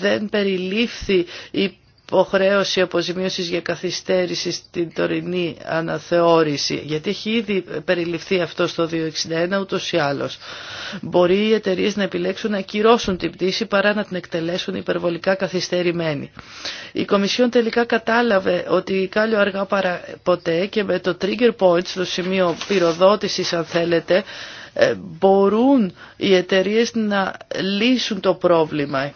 δεν περιλήφθη η υποχρέωση αποζημίωσης για καθυστέρηση στην τωρινή αναθεώρηση, γιατί έχει ήδη περιληφθεί αυτό στο 261 ούτω ή άλλω. Μπορεί οι εταιρείε να επιλέξουν να ακυρώσουν την πτήση παρά να την εκτελέσουν υπερβολικά καθυστερημένη. Η Κομισιόν τελικά κατάλαβε ότι κάλιο αργά παρά ποτέ και με το trigger point στο σημείο πυροδότηση, αν θέλετε, ε, μπορούν οι εταιρείε να λύσουν το πρόβλημα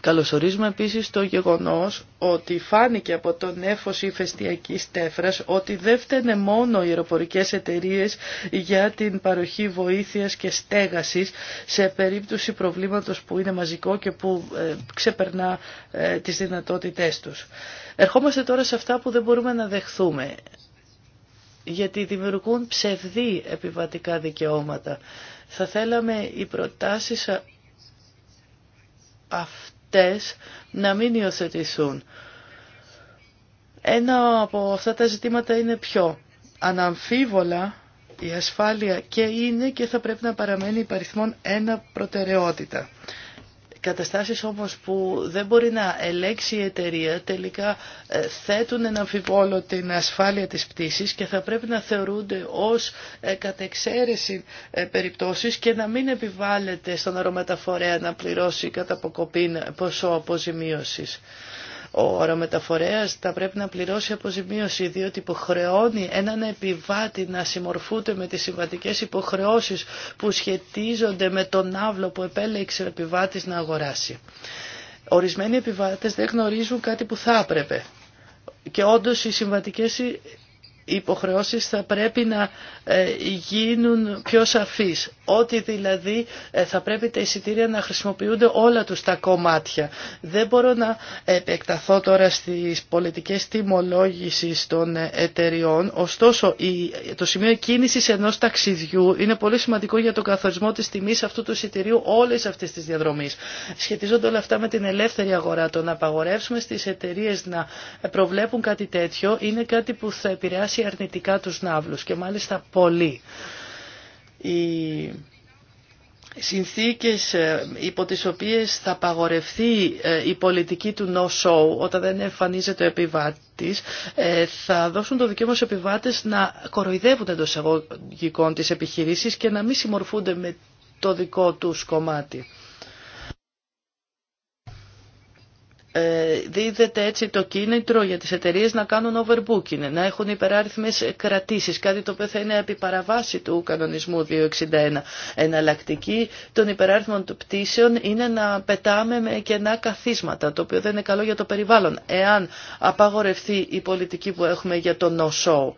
Καλωσορίζουμε επίσης το γεγονός ότι φάνηκε από τον έφος ηφαιστιακή τέφρας ότι δεν φταίνε μόνο οι αεροπορικές εταιρείες για την παροχή βοήθειας και στέγασης σε περίπτωση προβλήματος που είναι μαζικό και που ε, ξεπερνά ε, τις δυνατότητές τους. Ερχόμαστε τώρα σε αυτά που δεν μπορούμε να δεχθούμε γιατί δημιουργούν ψευδή επιβατικά δικαιώματα. Θα θέλαμε οι προτάσεις αυτές αυτές να μην υιοθετηθούν. Ένα από αυτά τα ζητήματα είναι ποιο. Αναμφίβολα η ασφάλεια και είναι και θα πρέπει να παραμένει υπαριθμόν ένα προτεραιότητα καταστάσεις όμως που δεν μπορεί να ελέγξει η εταιρεία τελικά ε, θέτουν ένα αμφιβόλο την ασφάλεια της πτήσης και θα πρέπει να θεωρούνται ως ε, κατεξαίρεση ε, περιπτώσεις και να μην επιβάλλεται στον αερομεταφορέα να πληρώσει κατά αποκοπήν ποσό αποζημίωσης ο αερομεταφορέας θα πρέπει να πληρώσει αποζημίωση διότι υποχρεώνει έναν επιβάτη να συμμορφούνται με τις συμβατικές υποχρεώσεις που σχετίζονται με τον άβλο που επέλεξε ο επιβάτης να αγοράσει. Ορισμένοι επιβάτες δεν γνωρίζουν κάτι που θα έπρεπε. Και όντως οι συμβατικές υποχρεώσεις θα πρέπει να ε, γίνουν πιο σαφείς. Ότι δηλαδή ε, θα πρέπει τα εισιτήρια να χρησιμοποιούνται όλα τους τα κομμάτια. Δεν μπορώ να επεκταθώ τώρα στις πολιτικές τιμολόγησης των εταιριών. Ωστόσο το σημείο κίνησης ενός ταξιδιού είναι πολύ σημαντικό για τον καθορισμό της τιμής αυτού του εισιτηρίου όλες αυτές τις διαδρομές. Σχετίζονται όλα αυτά με την ελεύθερη αγορά. Το να απαγορεύσουμε στις εταιρείε να προβλέπουν κάτι τέτοιο είναι κάτι που θα επηρεάσει αρνητικά τους ναύλους και μάλιστα πολύ. Οι συνθήκες ε, υπό τις οποίες θα παγορευτεί ε, η πολιτική του no-show όταν δεν εμφανίζεται ο επιβάτης ε, θα δώσουν το δικαίωμα στους επιβάτες να κοροϊδεύουν το εισαγωγικών της επιχειρήσεις και να μην συμμορφούνται με το δικό τους κομμάτι. Ε, δίδεται έτσι το κίνητρο για τις εταιρείες να κάνουν overbooking, να έχουν υπεράριθμες κρατήσεις, κάτι το οποίο θα είναι επί παραβάση του κανονισμού 261. Εναλλακτική των υπεράριθμων πτήσεων είναι να πετάμε με κενά καθίσματα, το οποίο δεν είναι καλό για το περιβάλλον, εάν απαγορευτεί η πολιτική που έχουμε για το no-show.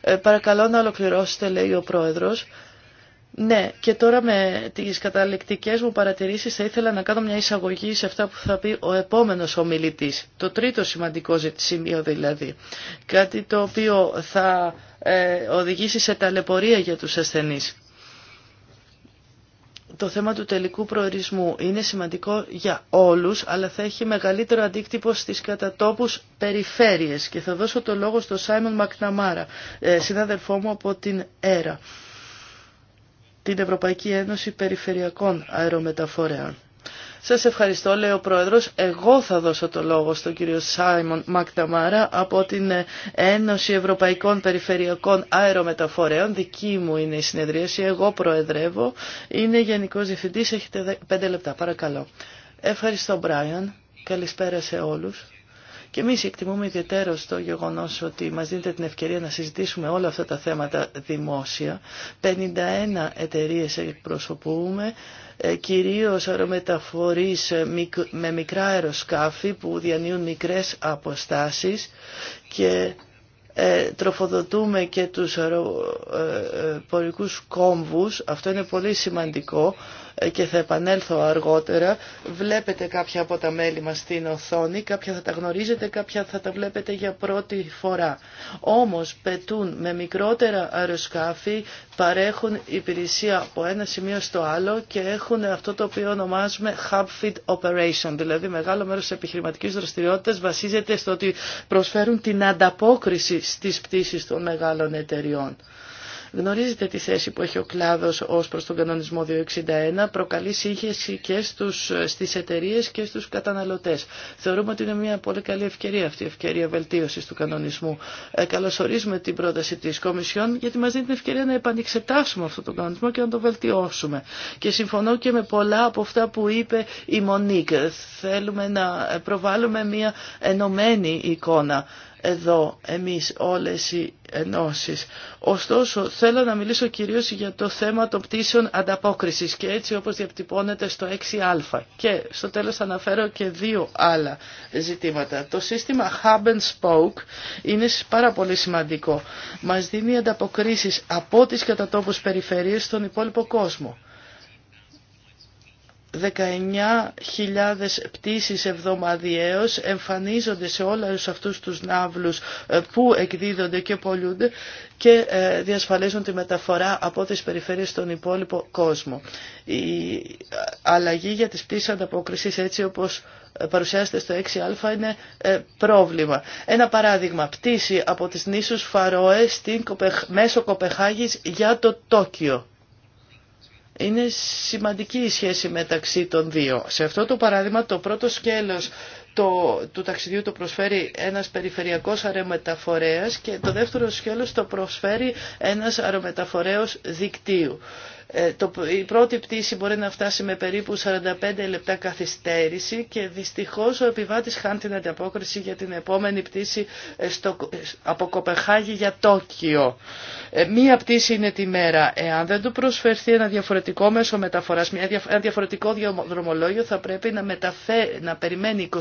Ε, παρακαλώ να ολοκληρώσετε, λέει ο Πρόεδρος. Ναι, και τώρα με τις καταλεκτικές μου παρατηρήσεις θα ήθελα να κάνω μια εισαγωγή σε αυτά που θα πει ο επόμενος ομιλητής. Το τρίτο σημαντικό σημείο δηλαδή. Κάτι το οποίο θα ε, οδηγήσει σε ταλαιπωρία για τους ασθενείς. Το θέμα του τελικού προορισμού είναι σημαντικό για όλους, αλλά θα έχει μεγαλύτερο αντίκτυπο στις κατατόπους περιφέρειες. Και θα δώσω το λόγο στον Σάιμον Μακναμάρα, ε, συνάδελφό μου από την ΕΡΑ την Ευρωπαϊκή Ένωση Περιφερειακών Αερομεταφορέων. Σας ευχαριστώ, λέει ο Πρόεδρος. Εγώ θα δώσω το λόγο στον κύριο Σάιμον Μακταμάρα από την Ένωση Ευρωπαϊκών Περιφερειακών Αερομεταφορέων. Δική μου είναι η συνεδρίαση, εγώ προεδρεύω. Είναι Γενικός Διευθυντής, έχετε πέντε λεπτά, παρακαλώ. Ευχαριστώ, Μπράιαν. Καλησπέρα σε όλους. Και εμεί εκτιμούμε ιδιαίτερο το γεγονό ότι μα δίνετε την ευκαιρία να συζητήσουμε όλα αυτά τα θέματα δημόσια. 51 εταιρείε εκπροσωπούμε, ε, κυρίω αερομεταφορεί ε, με μικρά αεροσκάφη που διανύουν μικρέ αποστάσει και ε, τροφοδοτούμε και τους αεροπορικούς κόμβους. Αυτό είναι πολύ σημαντικό και θα επανέλθω αργότερα. Βλέπετε κάποια από τα μέλη μας στην οθόνη, κάποια θα τα γνωρίζετε, κάποια θα τα βλέπετε για πρώτη φορά. Όμως πετούν με μικρότερα αεροσκάφη, παρέχουν υπηρεσία από ένα σημείο στο άλλο και έχουν αυτό το οποίο ονομάζουμε hub fit operation, δηλαδή μεγάλο μέρος της επιχειρηματικής δραστηριότητας βασίζεται στο ότι προσφέρουν την ανταπόκριση στις πτήσεις των μεγάλων εταιριών. Γνωρίζετε τη θέση που έχει ο κλάδος ως προς τον κανονισμό 261, προκαλεί σύγχυση και στους, στις εταιρείες και στους καταναλωτές. Θεωρούμε ότι είναι μια πολύ καλή ευκαιρία αυτή η ευκαιρία βελτίωσης του κανονισμού. Ε, καλωσορίζουμε την πρόταση της Κομισιόν γιατί μας δίνει την ευκαιρία να επανεξετάσουμε αυτό τον κανονισμό και να το βελτιώσουμε. Και συμφωνώ και με πολλά από αυτά που είπε η Μονίκ. Θέλουμε να προβάλλουμε μια ενωμένη εικόνα εδώ εμείς όλες οι ενώσεις. Ωστόσο θέλω να μιλήσω κυρίως για το θέμα των πτήσεων ανταπόκρισης και έτσι όπως διαπτυπώνεται στο 6α και στο τέλος θα αναφέρω και δύο άλλα ζητήματα. Το σύστημα Hub and Spoke είναι πάρα πολύ σημαντικό. Μας δίνει ανταποκρίσεις από τις κατατόπους περιφερειές στον υπόλοιπο κόσμο. 19.000 πτήσεις εβδομαδιαίως εμφανίζονται σε όλους αυτούς τους ναύλους ε, που εκδίδονται και πολλούνται και ε, διασφαλίζουν τη μεταφορά από τις περιφέρειες στον υπόλοιπο κόσμο. Η ε, αλλαγή για τις πτήσεις ανταπόκρισης έτσι όπως παρουσιάζεται στο 6α είναι πρόβλημα. Ένα παράδειγμα, πτήση από τις νήσους Φαρόε στην μέσω Κοπεχάγης για το Τόκιο. Είναι σημαντική η σχέση μεταξύ των δύο. Σε αυτό το παράδειγμα το πρώτο σκέλος το, του ταξιδιού το προσφέρει ένας περιφερειακός αερομεταφορέας και το δεύτερο σκέλος το προσφέρει ένας αερομεταφορέος δικτύου. Ε, η πρώτη πτήση μπορεί να φτάσει με περίπου 45 λεπτά καθυστέρηση και δυστυχώς ο επιβάτης χάνει την ανταπόκριση για την επόμενη πτήση ε, στο, ε, από Κοπεχάγη για Τόκιο. μία πτήση είναι τη μέρα. Εάν δεν του προσφερθεί ένα διαφορετικό μέσο μεταφοράς, ένα διαφορετικό δρομολόγιο θα πρέπει να, να περιμένει 24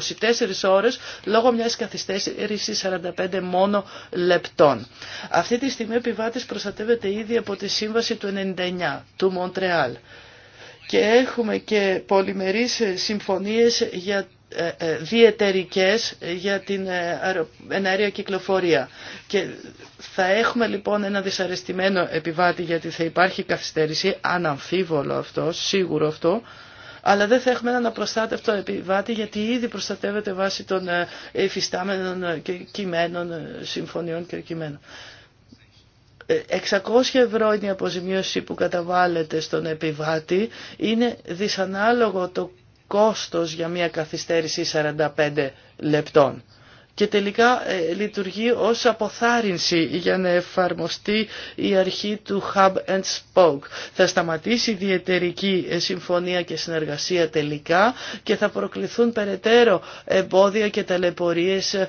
ώρες λόγω μιας καθυστέρησης 45 μόνο λεπτών. Αυτή τη στιγμή ο επιβάτης προστατεύεται ήδη από τη σύμβαση του 99 του Μοντρεάλ. Και έχουμε και πολυμερείς συμφωνίες για ε, ε, διετερικές για την ε, εναέρια κυκλοφορία. Και θα έχουμε λοιπόν ένα δυσαρεστημένο επιβάτη γιατί θα υπάρχει καθυστέρηση, αναμφίβολο αυτό, σίγουρο αυτό, αλλά δεν θα έχουμε έναν απροστάτευτο επιβάτη γιατί ήδη προστατεύεται βάσει των εφιστάμενων κειμένων συμφωνιών και κειμένων. 600 ευρώ είναι η αποζημίωση που καταβάλλεται στον επιβάτη. Είναι δυσανάλογο το κόστος για μια καθυστέρηση 45 λεπτών και τελικά ε, λειτουργεί ως αποθάρρυνση για να εφαρμοστεί η αρχή του hub and spoke. Θα σταματήσει η διεταιρική ε, συμφωνία και συνεργασία τελικά και θα προκληθούν περαιτέρω εμπόδια και ταλαιπωρίες ε,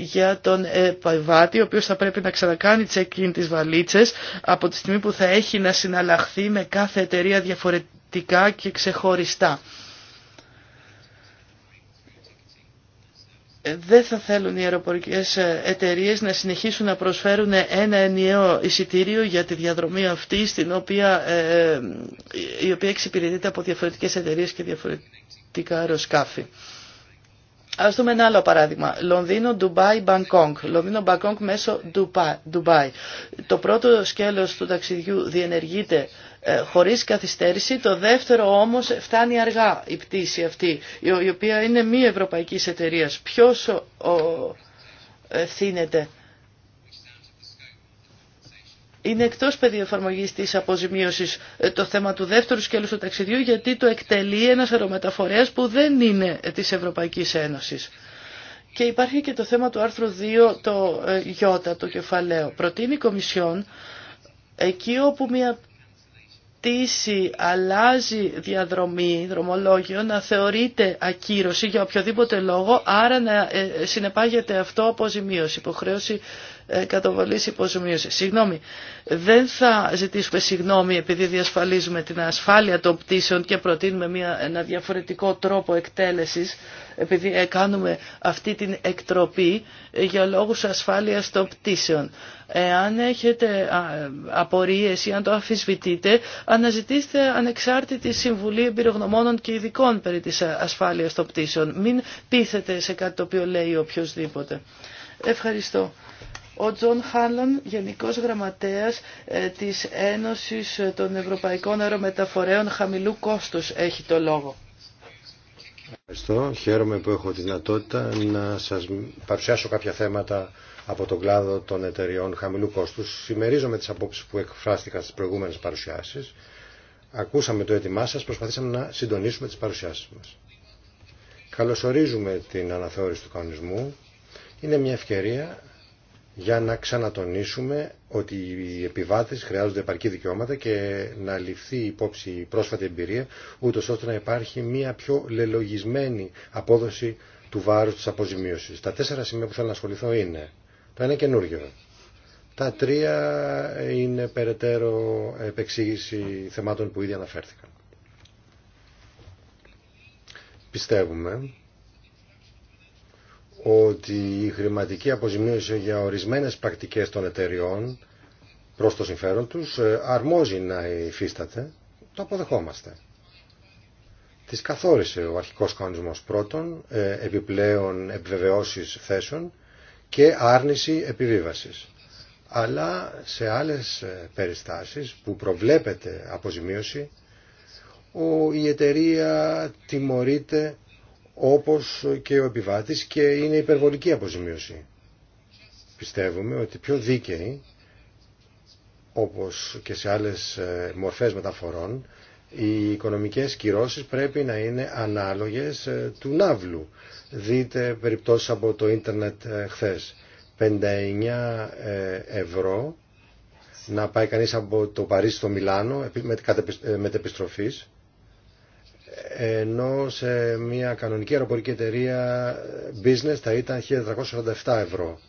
για τον παϊβάτη, ο οποίος θα πρέπει να ξανακάνει check-in τις βαλίτσες από τη στιγμή που θα έχει να συναλλαχθεί με κάθε εταιρεία διαφορετικά και ξεχωριστά. δεν θα θέλουν οι αεροπορικές εταιρείες να συνεχίσουν να προσφέρουν ένα ενιαίο εισιτήριο για τη διαδρομή αυτή στην οποία, ε, ε, η οποία εξυπηρετείται από διαφορετικές εταιρείες και διαφορετικά αεροσκάφη. Ας δούμε ένα άλλο παράδειγμα. Λονδίνο, Ντουμπάι, Μπανκόγκ. Λονδίνο, Μπανκόγκ μέσω Ντουμπάι. Το πρώτο σκέλος του ταξιδιού διενεργείται ε, χωρίς καθυστέρηση. Το δεύτερο όμως φτάνει αργά η πτήση αυτή, η οποία είναι μη ευρωπαϊκής εταιρείας. Ποιος ο, ευθύνεται. Είναι εκτός πεδίου εφαρμογή της αποζημίωσης ε, το θέμα του δεύτερου σκέλους του ταξιδιού γιατί το εκτελεί ένας αερομεταφορέας που δεν είναι ε, της Ευρωπαϊκής Ένωσης. Και υπάρχει και το θέμα του άρθρου 2, το Ι, το κεφαλαίο. Προτείνει η Κομισιόν εκεί όπου μια πτήση αλλάζει διαδρομή, δρομολόγιο, να θεωρείται ακύρωση για οποιοδήποτε λόγο, άρα να ε, ε, συνεπάγεται αυτό αποζημίωση, υποχρέωση ε, καταβολής υποζημίωση. Συγγνώμη, δεν θα ζητήσουμε συγγνώμη επειδή διασφαλίζουμε την ασφάλεια των πτήσεων και προτείνουμε μια, ένα διαφορετικό τρόπο εκτέλεσης, επειδή κάνουμε αυτή την εκτροπή για λόγους ασφάλειας των πτήσεων. Εάν έχετε απορίες ή αν το αφισβητείτε, αναζητήστε ανεξάρτητη συμβουλή εμπειρογνωμόνων και ειδικών περί της ε, ασφάλειας των πτήσεων. Μην πείθετε σε κάτι το οποίο λέει οποιοδήποτε. Ευχαριστώ. Ο Τζον Χάλλον, Γενικός Γραμματέας ε, της Ένωσης των Ευρωπαϊκών Αερομεταφορέων Χαμηλού Κόστους, έχει το λόγο.
Ευχαριστώ. Χαίρομαι που έχω τη δυνατότητα να σας παρουσιάσω κάποια θέματα από τον κλάδο των εταιριών χαμηλού κόστου. Συμμερίζομαι τι απόψει που εκφράστηκαν στι προηγούμενε παρουσιάσει. Ακούσαμε το έτοιμά σα, προσπαθήσαμε να συντονίσουμε τι παρουσιάσει μα. Καλωσορίζουμε την αναθεώρηση του κανονισμού. Είναι μια ευκαιρία για να ξανατονίσουμε ότι οι επιβάτες χρειάζονται επαρκή δικαιώματα και να ληφθεί υπόψη η πρόσφατη εμπειρία, ούτως ώστε να υπάρχει μια πιο λελογισμένη απόδοση του βάρους της αποζημίωσης. Τα τέσσερα σημεία που θέλω να ασχοληθώ είναι το ένα καινούργιο. Τα τρία είναι περαιτέρω επεξήγηση θεμάτων που ήδη αναφέρθηκαν. Πιστεύουμε ότι η χρηματική αποζημίωση για ορισμένες πρακτικές των εταιριών προς το συμφέρον τους ε, αρμόζει να υφίσταται, το αποδεχόμαστε. Τις καθόρισε ο αρχικός κανονισμός πρώτον, ε, επιπλέον επιβεβαιώσεις θέσεων και άρνηση επιβίβασης. Αλλά σε άλλες ε, περιστάσεις που προβλέπεται αποζημίωση, η εταιρεία τιμωρείται όπως και ο επιβάτης και είναι υπερβολική αποζημίωση. Πιστεύουμε ότι πιο δίκαιη, όπως και σε άλλες ε, μορφές μεταφορών, οι οικονομικές κυρώσεις πρέπει να είναι ανάλογες ε, του ναύλου. Δείτε περιπτώσεις από το ίντερνετ ε, χθες. 59 ε, ευρώ να πάει κανείς από το Παρίσι στο Μιλάνο με επιστροφή, ενώ σε μια κανονική αεροπορική εταιρεία business θα ήταν 1347 ευρώ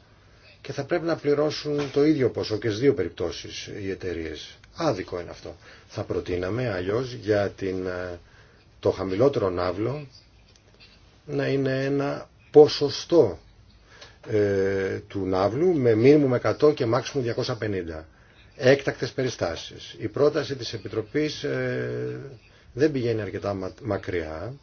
και θα πρέπει να πληρώσουν το ίδιο ποσό και στις δύο περιπτώσεις οι εταιρείες. Άδικο είναι αυτό. Θα προτείναμε αλλιώ για την, ε, το χαμηλότερο ναύλο να είναι ένα ποσοστό ε, του ναύλου με μήνυμου 100 και μάξιμου 250. Έκτακτες περιστάσεις. Η πρόταση της Επιτροπής ε, δεν πηγαίνει αρκετά μακριά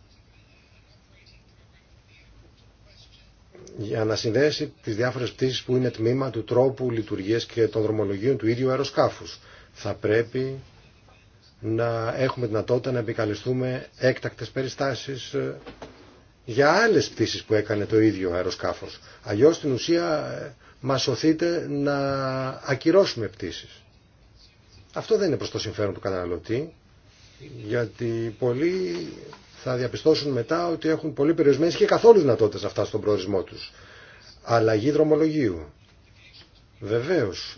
για να συνδέσει τις διάφορες πτήσεις που είναι τμήμα του τρόπου λειτουργίας και των δρομολογίων του ίδιου αεροσκάφους θα πρέπει να έχουμε δυνατότητα να επικαλεστούμε έκτακτες περιστάσεις ε, για άλλες πτήσεις που έκανε το ίδιο αεροσκάφος. Αλλιώς στην ουσία ε, μας σωθείτε να ακυρώσουμε πτήσεις. Αυτό δεν είναι προς το συμφέρον του καταναλωτή, γιατί πολλοί θα διαπιστώσουν μετά ότι έχουν πολύ περιορισμένε και καθόλου δυνατότητες αυτά στον προορισμό τους. Αλλαγή δρομολογίου. Βεβαίως,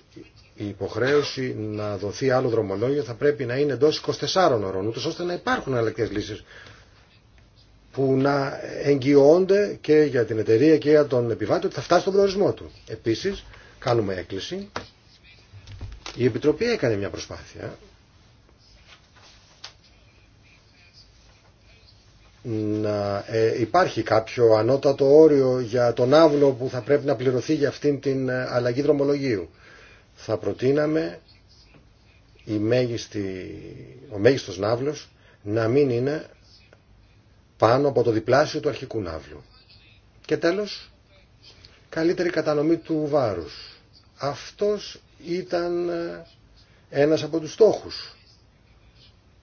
η υποχρέωση να δοθεί άλλο δρομολόγιο θα πρέπει να είναι εντό 24 ώρων, ούτως ώστε να υπάρχουν αλλαγέ λύσει που να εγγυώνται και για την εταιρεία και για τον επιβάτη ότι θα φτάσει στον προορισμό του. Επίσης, κάνουμε έκκληση. Η Επιτροπή έκανε μια προσπάθεια να ε, υπάρχει κάποιο ανώτατο όριο για τον άβλο που θα πρέπει να πληρωθεί για αυτήν την ε, αλλαγή δρομολογίου θα προτείναμε η μέγιστη, ο μέγιστος ναύλος να μην είναι πάνω από το διπλάσιο του αρχικού ναύλου. Και τέλος, καλύτερη κατανομή του βάρους. Αυτός ήταν ε, ένας από τους στόχους,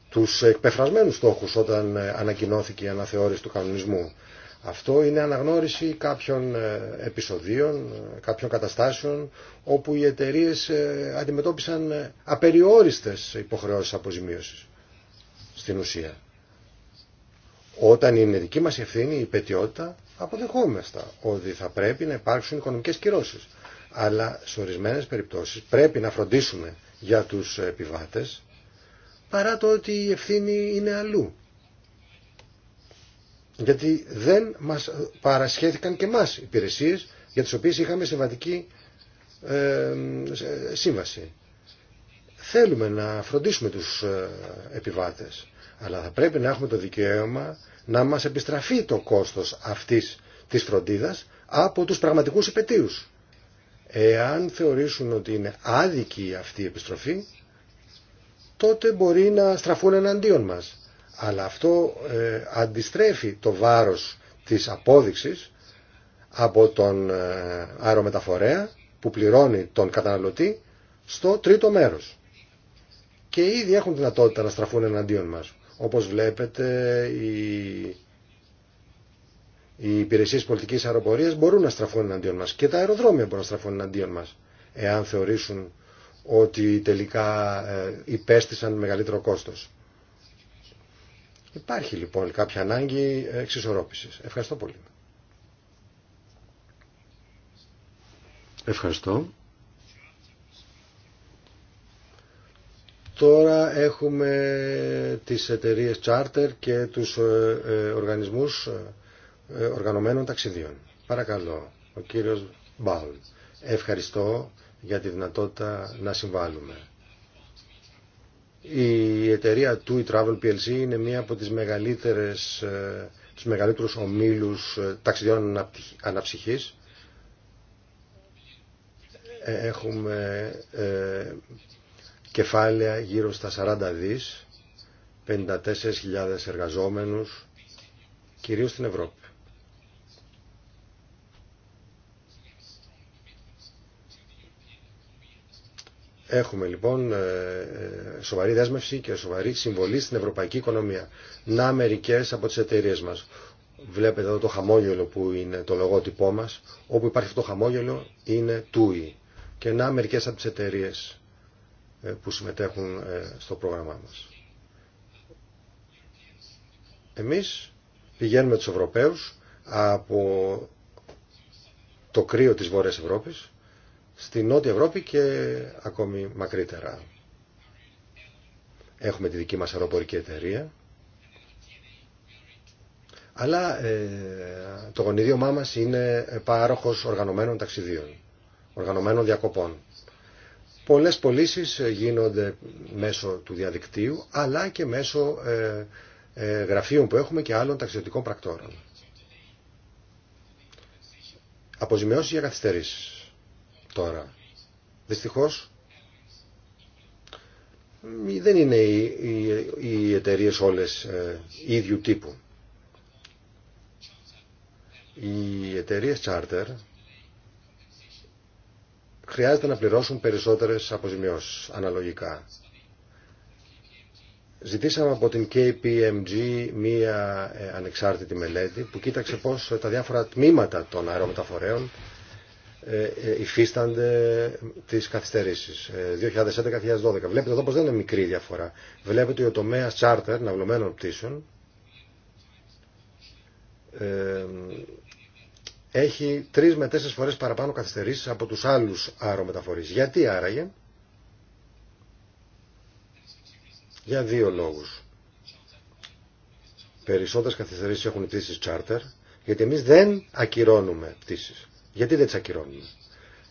τους εκπεφρασμένους στόχους όταν ε, ανακοινώθηκε η αναθεώρηση του κανονισμού. Αυτό είναι αναγνώριση κάποιων ε, επεισοδίων, ε, κάποιων καταστάσεων όπου οι εταιρείε ε, αντιμετώπισαν απεριόριστες υποχρεώσεις αποζημίωσης στην ουσία. Όταν είναι δική μας ευθύνη, η πετιότητα, αποδεχόμεστα ότι θα πρέπει να υπάρξουν οικονομικές κυρώσεις. Αλλά σε ορισμένε περιπτώσεις πρέπει να φροντίσουμε για τους επιβάτες παρά το ότι η ευθύνη είναι αλλού γιατί δεν μας παρασχέθηκαν και μας υπηρεσίες για τις οποίες είχαμε συμβατική ε, σύμβαση. Θέλουμε να φροντίσουμε τους ε, επιβάτες, αλλά θα πρέπει να έχουμε το δικαίωμα να μας επιστραφεί το κόστος αυτής της φροντίδας από τους πραγματικούς επαιτίους. Εάν θεωρήσουν ότι είναι άδικη αυτή η επιστροφή, τότε μπορεί να στραφούν εναντίον μας. Αλλά αυτό ε, αντιστρέφει το βάρος της απόδειξης από τον ε, αερομεταφορέα που πληρώνει τον καταναλωτή στο τρίτο μέρος. Και ήδη έχουν δυνατότητα να στραφούν εναντίον μας. Όπως βλέπετε οι, οι υπηρεσίες πολιτικής αεροπορίας μπορούν να στραφούν εναντίον μας και τα αεροδρόμια μπορούν να στραφούν εναντίον μας εάν θεωρήσουν ότι τελικά ε, υπέστησαν μεγαλύτερο κόστος. Υπάρχει λοιπόν κάποια ανάγκη εξισορρόπησης. Ευχαριστώ πολύ. Ευχαριστώ. Τώρα έχουμε τις εταιρείες charter και τους ε, ε, οργανισμούς ε, οργανωμένων ταξιδίων. Παρακαλώ, ο κύριος Μπάουλ. Ευχαριστώ για τη δυνατότητα να συμβάλλουμε. Η εταιρεία του, η Travel PLC, είναι μία από τις μεγαλύτερες, ε, τους μεγαλύτερους ομίλους ε, ταξιδιών αναψυχής. Ε, έχουμε ε, κεφάλαια γύρω στα 40 δις, 54.000 εργαζόμενους, κυρίως στην Ευρώπη. Έχουμε λοιπόν ε, ε, σοβαρή δέσμευση και σοβαρή συμβολή στην ευρωπαϊκή οικονομία. Να μερικέ από τι εταιρείε μα. Βλέπετε εδώ το χαμόγελο που είναι το λογότυπό μα. Όπου υπάρχει αυτό το χαμόγελο είναι TUI. Και να μερικέ από τι εταιρείε ε, που συμμετέχουν στο πρόγραμμά μα. Εμεί πηγαίνουμε του Ευρωπαίου από το κρύο της Βόρειας Ευρώπης στη Νότια Ευρώπη και ακόμη μακρύτερα. Έχουμε τη δική μας αεροπορική εταιρεία. Αλλά ε, το γονιδιωμά μας είναι πάροχος οργανωμένων ταξιδίων, οργανωμένων διακοπών. Πολλές πωλήσει γίνονται μέσω του διαδικτύου, αλλά και μέσω ε, ε, γραφείων που έχουμε και άλλων ταξιδιωτικών πρακτόρων. Αποζημιώσεις για καθυστερήσεις τώρα. Δυστυχώς δεν είναι οι, οι, εταιρείε όλες ε, ίδιου τύπου. Οι εταιρείε charter χρειάζεται να πληρώσουν περισσότερες αποζημιώσεις αναλογικά. Ζητήσαμε από την KPMG μία ε, ανεξάρτητη μελέτη που κοίταξε πώς τα διάφορα τμήματα των αερομεταφορέων ε, ε, υφίστανται τι καθυστερήσει 2011 2011-2012. Βλέπετε εδώ πως δεν είναι μικρή διαφορά. Βλέπετε ότι ο τομέα charter, ναυλωμένων πτήσεων, ε, έχει τρει με τέσσερι φορέ παραπάνω καθυστερήσει από του άλλου αερομεταφορεί. Γιατί άραγε, για δύο λόγου. Περισσότερε καθυστερήσει έχουν οι πτήσει charter, γιατί εμεί δεν ακυρώνουμε πτήσει. Γιατί δεν τι ακυρώνουμε.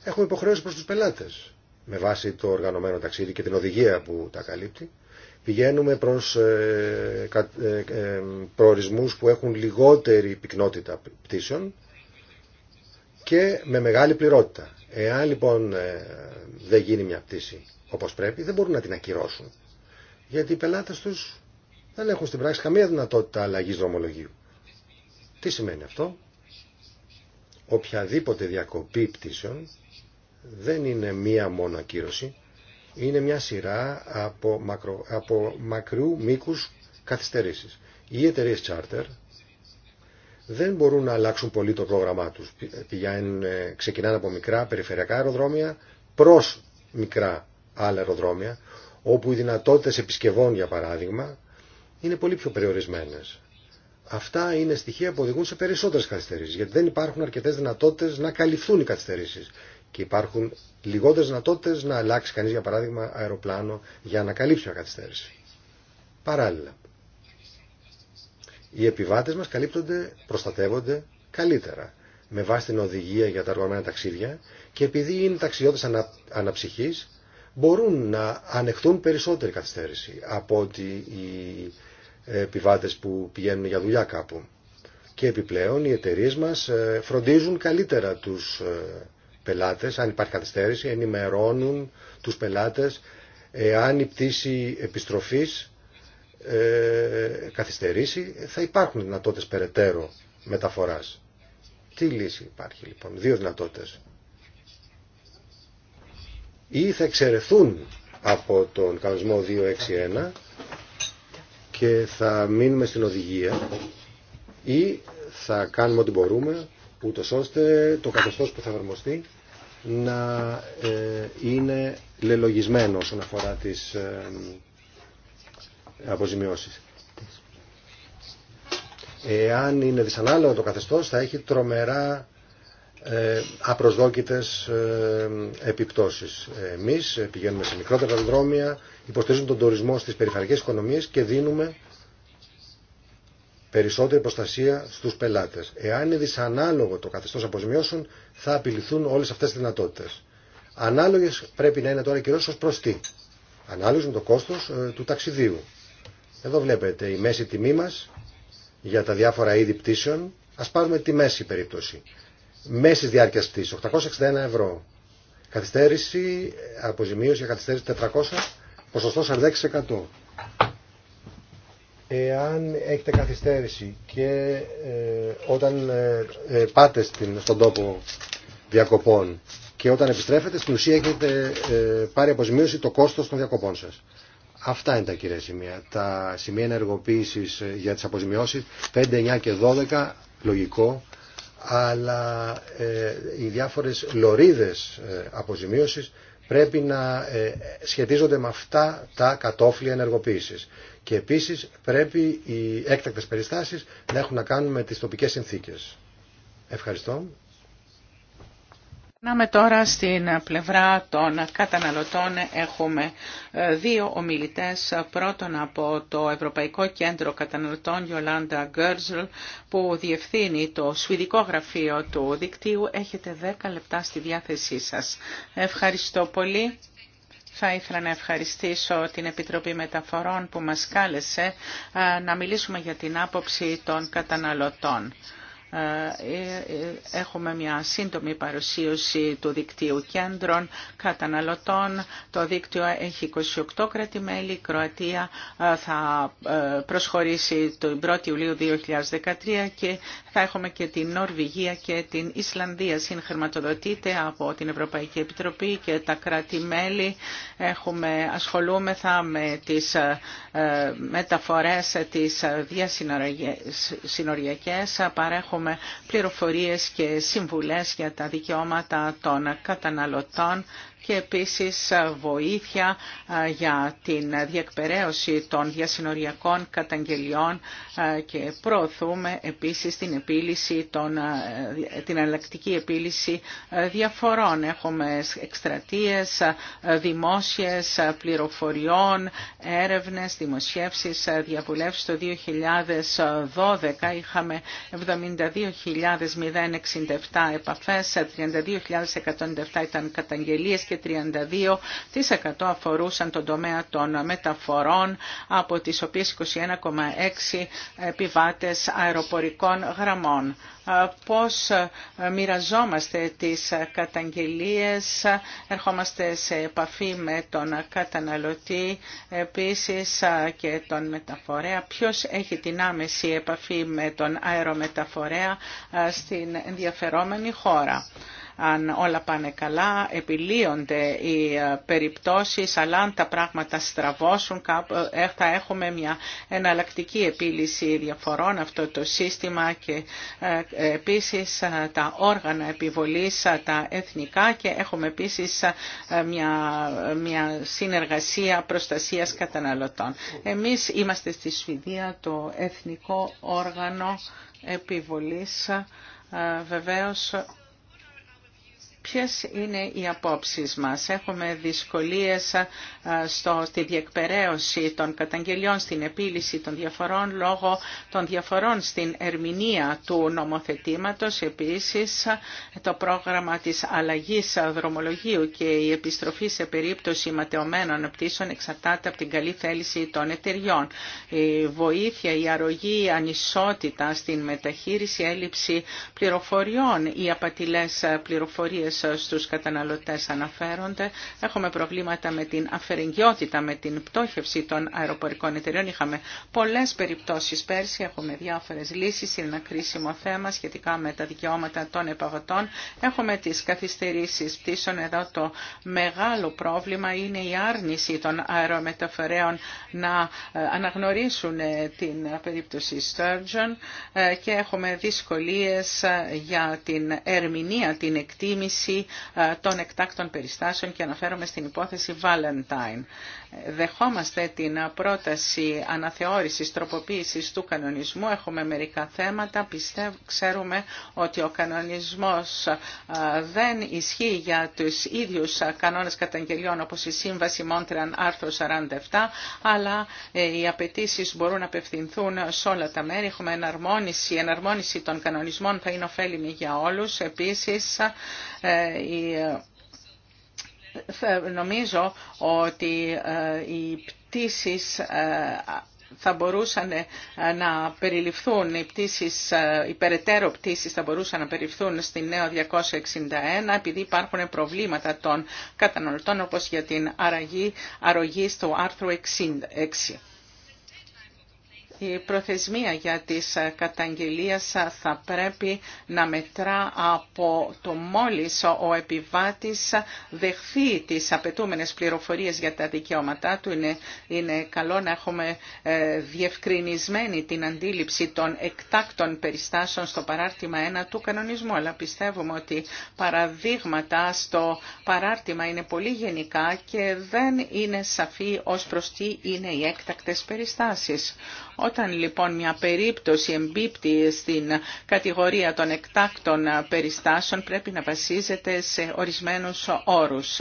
Έχουμε υποχρέωση προ του πελάτε. Με βάση το οργανωμένο ταξίδι και την οδηγία που τα καλύπτει, πηγαίνουμε προ ε, ε, ε προορισμού που έχουν λιγότερη πυκνότητα πτήσεων και με μεγάλη πληρότητα. Εάν λοιπόν ε, δεν γίνει μια πτήση όπως πρέπει, δεν μπορούν να την ακυρώσουν. Γιατί οι πελάτες του δεν έχουν στην πράξη καμία δυνατότητα αλλαγή δρομολογίου. Τι σημαίνει αυτό? οποιαδήποτε διακοπή πτήσεων δεν είναι μία μόνο ακύρωση, είναι μια σειρά από, μακρο, μακριού μήκους καθυστερήσεις. Οι εταιρείε charter δεν μπορούν να αλλάξουν πολύ το πρόγραμμά τους. Πηγαίνουν, ε, ξεκινάνε από μικρά περιφερειακά αεροδρόμια προς μικρά άλλα αεροδρόμια, όπου οι δυνατότητες επισκευών, για παράδειγμα, είναι πολύ πιο περιορισμένες. Αυτά είναι στοιχεία που οδηγούν σε περισσότερε καθυστερήσει, γιατί δεν υπάρχουν αρκετέ δυνατότητε να καλυφθούν οι καθυστερήσει και υπάρχουν λιγότερε δυνατότητε να αλλάξει κανεί, για παράδειγμα, αεροπλάνο για να καλύψει μια καθυστέρηση. Παράλληλα, οι επιβάτε μα καλύπτονται, προστατεύονται καλύτερα με βάση την οδηγία για τα οργανωμένα ταξίδια και επειδή είναι ταξιδιώτε ανα, αναψυχής μπορούν να ανεχθούν περισσότερη καθυστέρηση από ότι οι επιβάτες που πηγαίνουν για δουλειά κάπου. Και επιπλέον οι εταιρείε μας ε, φροντίζουν καλύτερα τους ε, πελάτες, αν υπάρχει καθυστέρηση, ενημερώνουν τους πελάτες, αν η πτήση επιστροφής ε, καθυστερήσει, θα υπάρχουν δυνατότητες περαιτέρω μεταφοράς. Τι λύση υπάρχει λοιπόν, δύο δυνατότητες. Ή θα εξαιρεθούν από τον κανονισμό 261 και θα μείνουμε στην οδηγία ή θα κάνουμε ό,τι μπορούμε ούτω ώστε το καθεστώς που θα εφαρμοστεί να ε, είναι λελογισμένο όσον αφορά τις ε, αποζημιώσεις. Εάν είναι δυσανάλογο το καθεστώς θα έχει τρομερά ε, απροσδόκητες ε, επιπτώσεις. Εμείς πηγαίνουμε σε μικρότερα δρόμια, υποστηρίζουμε τον τουρισμό στις περιφερειακές οικονομίες και δίνουμε περισσότερη προστασία στους πελάτες. Εάν είναι δυσανάλογο το καθεστώς αποζημιώσεων, θα απειληθούν όλες αυτές τις δυνατότητες. Ανάλογες πρέπει να είναι τώρα κυρίως ως προς τι. Ανάλογες με το κόστος ε, του ταξιδίου. Εδώ βλέπετε η μέση τιμή μας για τα διάφορα είδη πτήσεων. Ας πάρουμε τη μέση περίπτωση μέσης διάρκειας της 861 ευρώ. Καθυστέρηση, αποζημίωση για καθυστέρηση 400, ποσοστό 46%. Εάν έχετε καθυστέρηση και ε, όταν ε, ε, πάτε στην, στον τόπο διακοπών και όταν επιστρέφετε, στην ουσία έχετε πάρει αποζημίωση το κόστος των διακοπών σας. Αυτά είναι τα κυρία σημεία. Τα σημεία ενεργοποίησης για τις αποζημιώσεις 5, 9 και 12, λογικό αλλά ε, οι διάφορες λωρίδες ε, αποζημίωσης πρέπει να ε, σχετίζονται με αυτά τα κατόφλια ενεργοποίησης. Και επίσης πρέπει οι έκτακτες περιστάσεις να έχουν να κάνουν με τις τοπικές συνθήκες. Ευχαριστώ.
Περνάμε τώρα στην πλευρά των καταναλωτών. Έχουμε ε, δύο ομιλητές. Πρώτον από το Ευρωπαϊκό Κέντρο Καταναλωτών, Γιολάντα Γκέρζλ, που διευθύνει το σουηδικό γραφείο του δικτύου. Έχετε 10 λεπτά στη διάθεσή σας. Ευχαριστώ πολύ. Θα ήθελα να ευχαριστήσω την Επιτροπή Μεταφορών που μας κάλεσε ε, να μιλήσουμε για την άποψη των καταναλωτών. Ε, ε, έχουμε μια σύντομη παρουσίωση του δικτύου κέντρων καταναλωτών. Το δίκτυο έχει 28 κρατημέλη. Η Κροατία ε, θα προσχωρήσει τον 1η Ιουλίου 2013 και θα έχουμε και την Νορβηγία και την Ισλανδία. Συγχρηματοδοτείται από την Ευρωπαϊκή Επιτροπή και τα κράτη-μέλη. Έχουμε, ασχολούμεθα με τις μεταφορές τις διασυνοριακές. Παρέχουμε Πληροφορίε πληροφορίες και συμβουλές για τα δικαιώματα των καταναλωτών και επίσης βοήθεια για την διεκπαιρέωση των διασυνοριακών καταγγελιών και προωθούμε επίσης την, επίλυση την αλλακτική επίλυση διαφορών. Έχουμε εκστρατείες δημόσιες πληροφοριών, έρευνες, δημοσιεύσεις, διαβουλεύσεις. Το 2012 είχαμε 72.067 επαφές, 32.107 ήταν καταγγελίες και και 32% αφορούσαν τον τομέα των μεταφορών, από τις οποίες 21,6 επιβάτες αεροπορικών γραμμών. Ε, πώς ε, μοιραζόμαστε τις καταγγελίες, ερχόμαστε σε επαφή με τον καταναλωτή, επίσης ε, και τον μεταφορέα. Ποιος έχει την άμεση επαφή με τον αερομεταφορέα στην ενδιαφερόμενη χώρα αν όλα πάνε καλά, επιλύονται οι ε, περιπτώσεις, αλλά αν τα πράγματα στραβώσουν, ε, ε, θα έχουμε μια εναλλακτική επίλυση διαφορών αυτό το σύστημα και επίσης τα όργανα επιβολής, τα εθνικά και έχουμε επίσης μια, μια συνεργασία προστασίας καταναλωτών. Εμείς είμαστε στη Σφυδία το εθνικό όργανο επιβολής βεβαίως είναι οι απόψεις μας. Έχουμε δυσκολίες στο, στη διεκπαιρέωση των καταγγελιών, στην επίλυση των διαφορών λόγω των διαφορών στην ερμηνεία του νομοθετήματος. Επίσης, το πρόγραμμα της αλλαγής δρομολογίου και η επιστροφή σε περίπτωση ματαιωμένων πτήσεων εξαρτάται από την καλή θέληση των εταιριών. Η βοήθεια, η αρρωγή, η ανισότητα στην μεταχείριση, έλλειψη πληροφοριών, οι απατηλές πληροφορίες στους καταναλωτές αναφέρονται. Έχουμε προβλήματα με την αφαιρεγγιότητα, με την πτώχευση των αεροπορικών εταιριών. Είχαμε πολλές περιπτώσεις πέρσι, έχουμε διάφορες λύσεις, είναι ένα κρίσιμο θέμα σχετικά με τα δικαιώματα των επαγωτών. Έχουμε τις καθυστερήσεις πτήσεων. Εδώ το μεγάλο πρόβλημα είναι η άρνηση των αερομεταφορέων να ε, αναγνωρίσουν ε, την περίπτωση Sturgeon ε, και έχουμε δυσκολίες για την ερμηνεία, την εκτίμηση ε, των εκτάκτων περιστάσεων και αναφέρομαι στην υπόθεση Valentine δεχόμαστε την πρόταση αναθεώρησης, τροποποίησης του κανονισμού. Έχουμε μερικά θέματα. Πιστεύω, ξέρουμε ότι ο κανονισμός δεν ισχύει για τους ίδιους κανόνες καταγγελιών όπως η Σύμβαση Μόντραν άρθρο 47, αλλά ε, οι απαιτήσει μπορούν να απευθυνθούν σε όλα τα μέρη. Έχουμε εναρμόνιση. Η εναρμόνιση των κανονισμών θα είναι ωφέλιμη για όλους. Επίσης, ε, η Νομίζω ότι ε, οι πτήσει ε, θα μπορούσαν ε, να περιληφθούν οι πτήσεις, οι περαιτέρω πτήσεις θα μπορούσαν να περιληφθούν στη νέο 261 επειδή υπάρχουν προβλήματα των καταναλωτών όπως για την αραγή, αρρωγή στο άρθρο 66. Η προθεσμία για τις καταγγελίες θα πρέπει να μετρά από το μόλις ο επιβάτης δεχθεί τις απαιτούμενες πληροφορίες για τα δικαιώματά του. Είναι, είναι καλό να έχουμε ε, διευκρινισμένη την αντίληψη των εκτάκτων περιστάσεων στο παράρτημα 1 του κανονισμού, αλλά πιστεύουμε ότι παραδείγματα στο παράρτημα είναι πολύ γενικά και δεν είναι σαφή ως προς τι είναι οι έκτακτες περιστάσεις. Όταν λοιπόν μια περίπτωση εμπίπτει στην κατηγορία των εκτάκτων περιστάσεων πρέπει να βασίζεται σε ορισμένους όρους.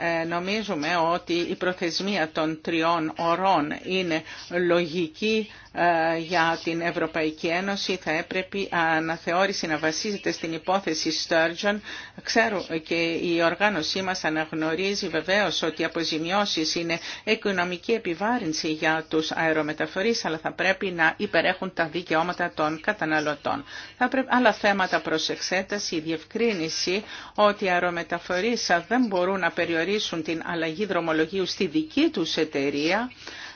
Ε, νομίζουμε ότι η προθεσμία των τριών ωρών είναι λογική ε, για την Ευρωπαϊκή Ένωση θα έπρεπε να αναθεώρηση να βασίζεται στην υπόθεση Sturgeon. Ξέρω και η οργάνωσή μας αναγνωρίζει βεβαίως ότι οι αποζημιώσεις είναι οικονομική επιβάρυνση για τους αερομεταφορείς, αλλά θα πρέπει να υπερέχουν τα δικαιώματα των καταναλωτών. Θα άλλα θέματα προς εξέταση, η διευκρίνηση ότι οι αερομεταφορείς δεν μπορούν να περιορίσουν την αλλαγή δρομολογίου στη δική τους εταιρεία,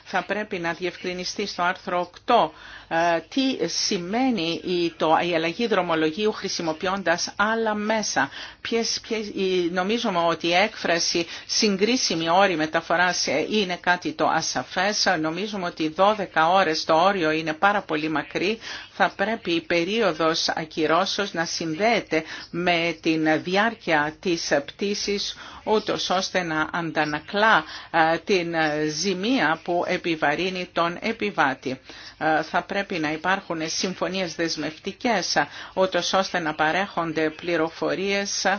θα πρέπει να διευκρινιστεί στο άρθρο 8 ε, τι σημαίνει η αλλαγή δρομολογίου χρησιμοποιώντας άλλα μέσα. Ποιες, νομίζουμε ότι η έκφραση συγκρίσιμη όρη μεταφοράς ε, είναι κάτι το ασαφές. Νομίζουμε ότι 12 ώρες το όριο είναι πάρα πολύ μακρύ. Θα πρέπει η περίοδος ακυρώσεως να συνδέεται με την διάρκεια της πτήσης ούτως ώστε να αντανακλά ε, την ζημία που επιβαρύνει τον επιβάτη πρέπει να υπάρχουν συμφωνίες δεσμευτικές, ούτως ώστε να παρέχονται πληροφορίες ε,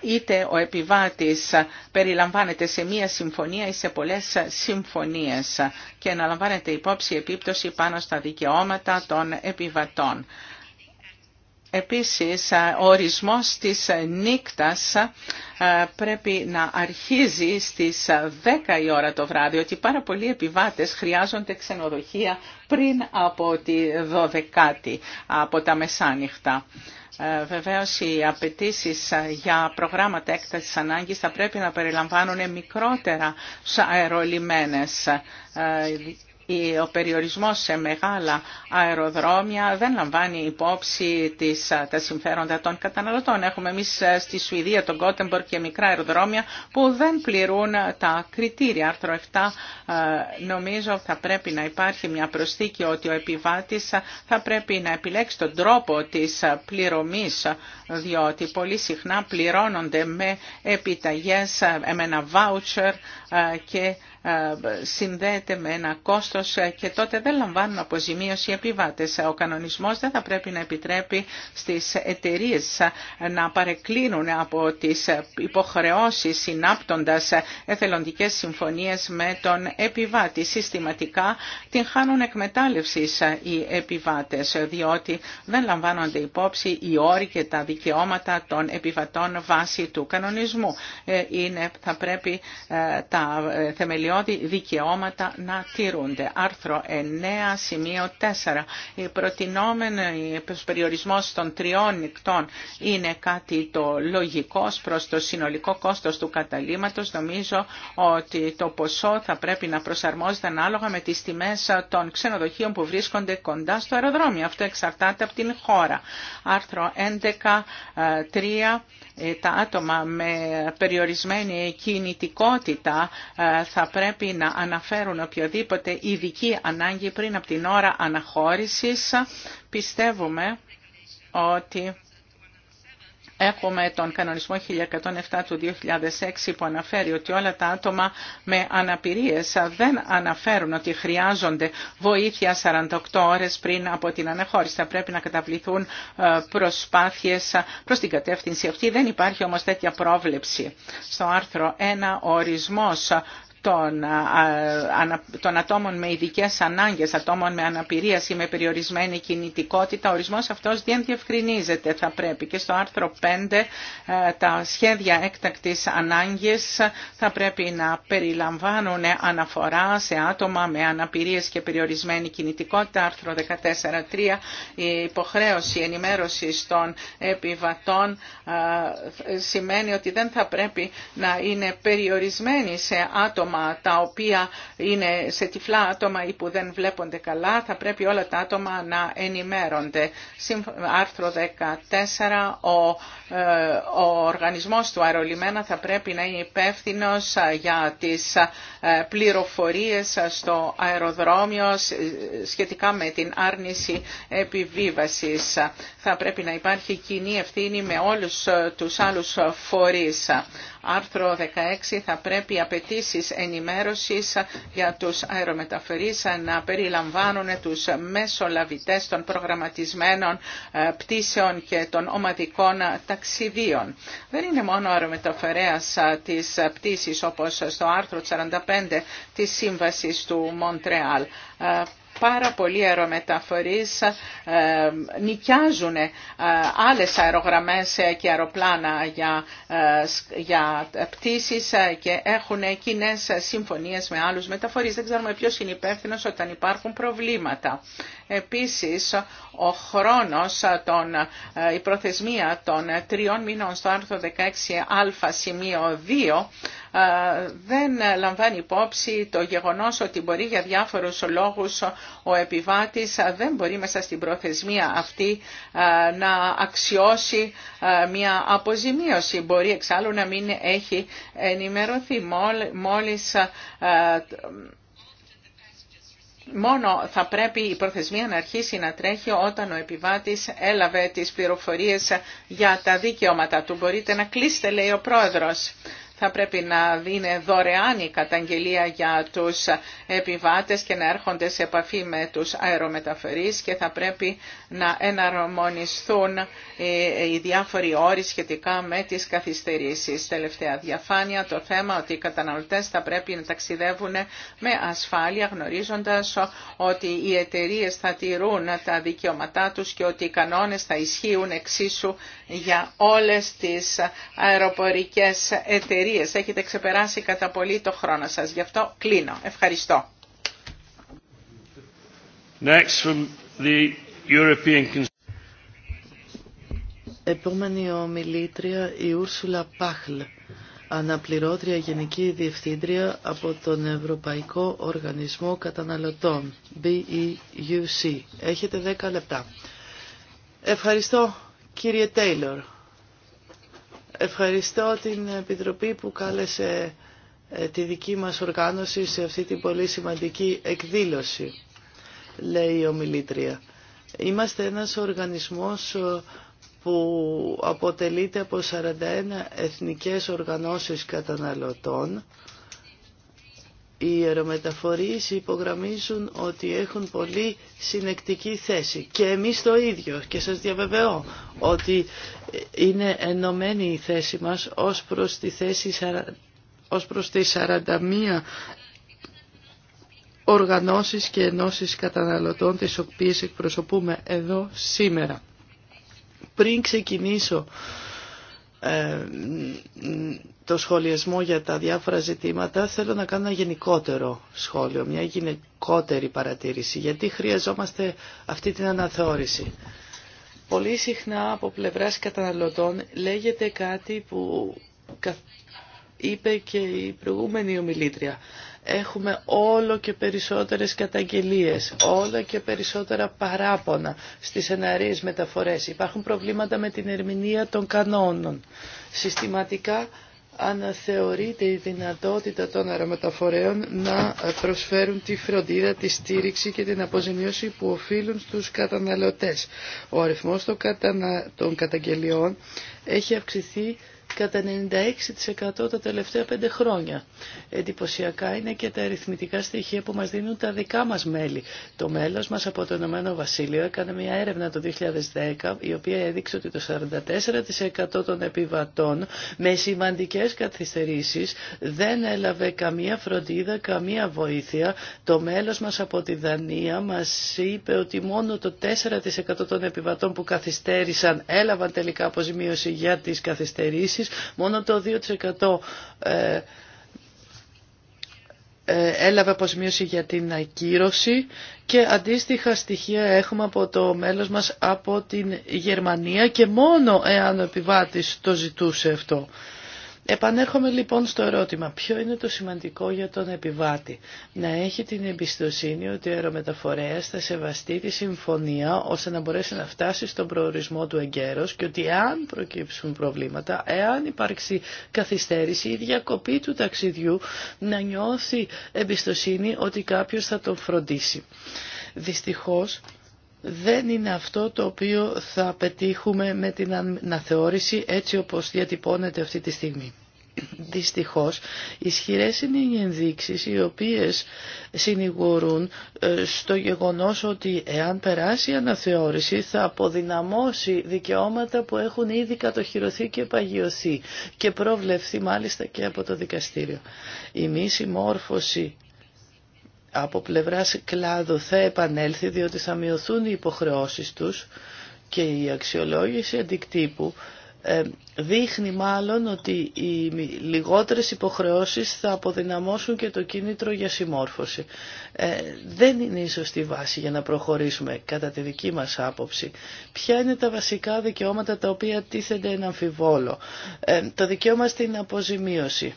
είτε ο επιβάτης περιλαμβάνεται σε μία συμφωνία ή σε πολλές συμφωνίες και να λαμβάνεται υπόψη επίπτωση πάνω στα δικαιώματα των επιβατών. Επίσης, ε, ο ορισμός της νύκτας ε, πρέπει να αρχίζει στις 10 ε, η ώρα το βράδυ, ότι πάρα πολλοί επιβάτες χρειάζονται ξενοδοχεία πριν από τη 12η, από τα μεσάνυχτα. Βεβαίως οι απαιτήσει για προγράμματα έκτασης ανάγκης θα πρέπει να περιλαμβάνουν μικρότερα αερολιμένες ο περιορισμός σε μεγάλα αεροδρόμια δεν λαμβάνει υπόψη τις, τα συμφέροντα των καταναλωτών. Έχουμε εμεί στη Σουηδία τον Κότεμπορ και μικρά αεροδρόμια που δεν πληρούν τα κριτήρια. Άρθρο 7 νομίζω θα πρέπει να υπάρχει μια προσθήκη ότι ο επιβάτης θα πρέπει να επιλέξει τον τρόπο της πληρωμής διότι πολύ συχνά πληρώνονται με επιταγές, με ένα βάουτσερ και ε, συνδέεται με ένα κόστος ε, και τότε δεν λαμβάνουν αποζημίωση οι επιβάτες. Ο κανονισμός δεν θα πρέπει να επιτρέπει στις εταιρείε ε, να παρεκκλίνουν από τις υποχρεώσεις συνάπτοντας εθελοντικές συμφωνίες με τον επιβάτη. Συστηματικά την χάνουν εκμετάλλευση οι επιβάτες, διότι δεν λαμβάνονται υπόψη οι όροι και τα δικαιώματα των επιβατών βάσει του κανονισμού. Είναι, θα πρέπει τα δικαιώματα να τηρούνται. Άρθρο 9, σημείο 4. Η προτινόμενη περιορισμό των τριών νυχτών είναι κάτι το λογικό προς το συνολικό κόστος του καταλήματο. Νομίζω ότι το ποσό θα πρέπει να προσαρμόζεται ανάλογα με τις τιμές των ξενοδοχείων που βρίσκονται κοντά στο αεροδρόμιο. Αυτό εξαρτάται από την χώρα. Άρθρο 11, 3 ε, τα άτομα με περιορισμένη κινητικότητα ε, θα πρέπει να αναφέρουν οποιοδήποτε ειδική ανάγκη πριν από την ώρα αναχώρησης. Πιστεύουμε ότι Έχουμε τον κανονισμό 1107 του 2006 που αναφέρει ότι όλα τα άτομα με αναπηρίες δεν αναφέρουν ότι χρειάζονται βοήθεια 48 ώρες πριν από την αναχώρηση. Θα πρέπει να καταβληθούν ε, προσπάθειες προς την κατεύθυνση αυτή. Δεν υπάρχει όμως τέτοια πρόβλεψη. Στο άρθρο 1 ο ορισμός των, των ατόμων με ειδικέ ανάγκε, ατόμων με αναπηρία ή με περιορισμένη κινητικότητα, ο ορισμό αυτό δεν διευκρινίζεται. Θα πρέπει και στο άρθρο 5 τα σχέδια έκτακτη ανάγκη θα πρέπει να περιλαμβάνουν αναφορά σε άτομα με αναπηρίε και περιορισμένη κινητικότητα. Άρθρο 14.3 η υποχρέωση ενημέρωση των επιβατών σημαίνει ότι δεν θα πρέπει να είναι περιορισμένη σε άτομα τα οποία είναι σε τυφλά άτομα ή που δεν βλέπονται καλά, θα πρέπει όλα τα άτομα να ενημέρονται. Άρθρο 14, ο, ε, ο οργανισμός του αερολιμένα θα πρέπει να είναι υπεύθυνο ε, για τις ε, πληροφορίες στο αεροδρόμιο σχετικά με την άρνηση επιβίβασης. Θα πρέπει να υπάρχει κοινή ευθύνη με όλους τους άλλους φορείς. Άρθρο 16 θα πρέπει απαιτήσει ενημέρωση για τους αερομεταφερεί να περιλαμβάνουν τους μεσολαβητές των προγραμματισμένων ε, πτήσεων και των ομαδικών ταξιδίων. Δεν είναι μόνο ο αερομεταφορέας ε, της πτήση όπως στο άρθρο 45 της Σύμβασης του Μοντρεάλ ε, πάρα πολλοί αερομεταφορείς ε, νοικιάζουν ε, άλλες αερογραμμές και αεροπλάνα για, ε, για πτήσεις και έχουν κοινέ συμφωνίες με άλλους μεταφορείς. Δεν ξέρουμε ποιος είναι υπεύθυνο όταν υπάρχουν προβλήματα. Επίσης, ο χρόνος, η προθεσμία των τριών μήνων στο άρθρο 16α σημείο 2 ε, δεν λαμβάνει υπόψη το γεγονός ότι μπορεί για διάφορους λόγους ο επιβάτης δεν μπορεί μέσα στην προθεσμία αυτή ε, να αξιώσει ε, μια αποζημίωση. Μπορεί εξάλλου να μην έχει ενημερωθεί μόλις Μόνο θα πρέπει η προθεσμία να αρχίσει να τρέχει όταν ο επιβάτης έλαβε τις πληροφορίες για τα δικαιώματα του. Μπορείτε να κλείσετε, λέει ο πρόεδρος θα πρέπει να είναι δωρεάν η καταγγελία για τους επιβάτες και να έρχονται σε επαφή με τους αερομεταφερείς και θα πρέπει να εναρμονιστούν οι διάφοροι όροι σχετικά με τις καθυστερήσεις. Τελευταία διαφάνεια, το θέμα ότι οι καταναλωτές θα πρέπει να ταξιδεύουν με ασφάλεια γνωρίζοντας ότι οι εταιρείε θα τηρούν τα δικαιώματά τους και ότι οι κανόνες θα ισχύουν εξίσου για όλες τις αεροπορικές εταιρείε Έχετε ξεπεράσει κατά πολύ το χρόνο σας. Γι' αυτό κλείνω. Ευχαριστώ. Next from the
European...
Επόμενη ομιλήτρια
η Ούρσουλα Πάχλ, αναπληρώτρια Γενική Διευθύντρια από τον Ευρωπαϊκό Οργανισμό Καταναλωτών, BEUC. Έχετε 10 λεπτά. Ευχαριστώ κύριε Τέιλορ. Ευχαριστώ την Επιτροπή που κάλεσε ε, τη δική μας οργάνωση σε αυτή την πολύ σημαντική εκδήλωση, λέει η ομιλήτρια. Είμαστε ένας οργανισμός ε, που αποτελείται από 41 εθνικές οργανώσεις καταναλωτών. Οι αερομεταφορείς υπογραμμίζουν ότι έχουν πολύ συνεκτική θέση και εμείς το ίδιο και σας διαβεβαιώ ότι είναι ενωμένη η θέση μας ως προς τη θέση ως προς τις 41 οργανώσεις και ενώσεις καταναλωτών τις οποίες εκπροσωπούμε εδώ σήμερα. Πριν ξεκινήσω ε, το σχολιασμό για τα διάφορα ζητήματα, θέλω να κάνω ένα γενικότερο σχόλιο, μια γενικότερη παρατήρηση, γιατί χρειαζόμαστε αυτή την αναθεώρηση. Πολύ συχνά από πλευράς καταναλωτών λέγεται κάτι που είπε και η προηγούμενη ομιλήτρια. Έχουμε όλο και περισσότερες καταγγελίες, όλο και περισσότερα παράπονα στις εναρίες μεταφορές. Υπάρχουν προβλήματα με την ερμηνεία των κανόνων. Συστηματικά αναθεωρείται η δυνατότητα των αερομεταφορέων να προσφέρουν τη φροντίδα, τη στήριξη και την αποζημίωση που οφείλουν στους καταναλωτές. Ο αριθμός των καταγγελιών έχει αυξηθεί κατά 96% τα τελευταία πέντε χρόνια. Εντυπωσιακά είναι και τα αριθμητικά στοιχεία που μας δίνουν τα δικά μας μέλη. Το μέλος μας από το Ηνωμένο Βασίλειο έκανε μια έρευνα το 2010 η οποία έδειξε ότι το 44% των επιβατών με σημαντικές καθυστερήσεις δεν έλαβε καμία φροντίδα, καμία βοήθεια. Το μέλος μας από τη Δανία μας είπε ότι μόνο το 4% των επιβατών που καθυστέρησαν έλαβαν τελικά αποζημίωση για τις καθυστερήσεις μόνο το 2% ε, ε, έλαβε αποσμίωση για την ακύρωση και αντίστοιχα στοιχεία έχουμε από το μέλος μας από την Γερμανία και μόνο εάν ο επιβάτης το ζητούσε αυτό. Επανέρχομαι λοιπόν στο ερώτημα, ποιο είναι το σημαντικό για τον επιβάτη. Να έχει την εμπιστοσύνη ότι ο αερομεταφορέας θα σεβαστεί τη συμφωνία ώστε να μπορέσει να φτάσει στον προορισμό του εγκαίρος και ότι αν προκύψουν προβλήματα, εάν υπάρξει καθυστέρηση ή διακοπή του ταξιδιού, να νιώθει εμπιστοσύνη ότι κάποιος θα τον φροντίσει. Δυστυχώς δεν είναι αυτό το οποίο θα πετύχουμε με την αναθεώρηση έτσι όπως διατυπώνεται αυτή τη στιγμή. Δυστυχώς, ισχυρές είναι οι ενδείξεις οι οποίες συνηγορούν ε, στο γεγονός ότι εάν περάσει η αναθεώρηση θα αποδυναμώσει δικαιώματα που έχουν ήδη κατοχυρωθεί και παγιωθεί και προβλεφθεί μάλιστα και από το δικαστήριο. Η μη συμμόρφωση από πλευράς κλάδου θα επανέλθει διότι θα μειωθούν οι υποχρεώσεις τους και η αξιολόγηση αντικτύπου ε, δείχνει μάλλον ότι οι λιγότερες υποχρεώσεις θα αποδυναμώσουν και το κίνητρο για συμμόρφωση. Ε, δεν είναι η σωστή βάση για να προχωρήσουμε κατά τη δική μας άποψη. Ποια είναι τα βασικά δικαιώματα τα οποία τίθενται ένα αμφιβόλο. Ε, το δικαίωμα στην αποζημίωση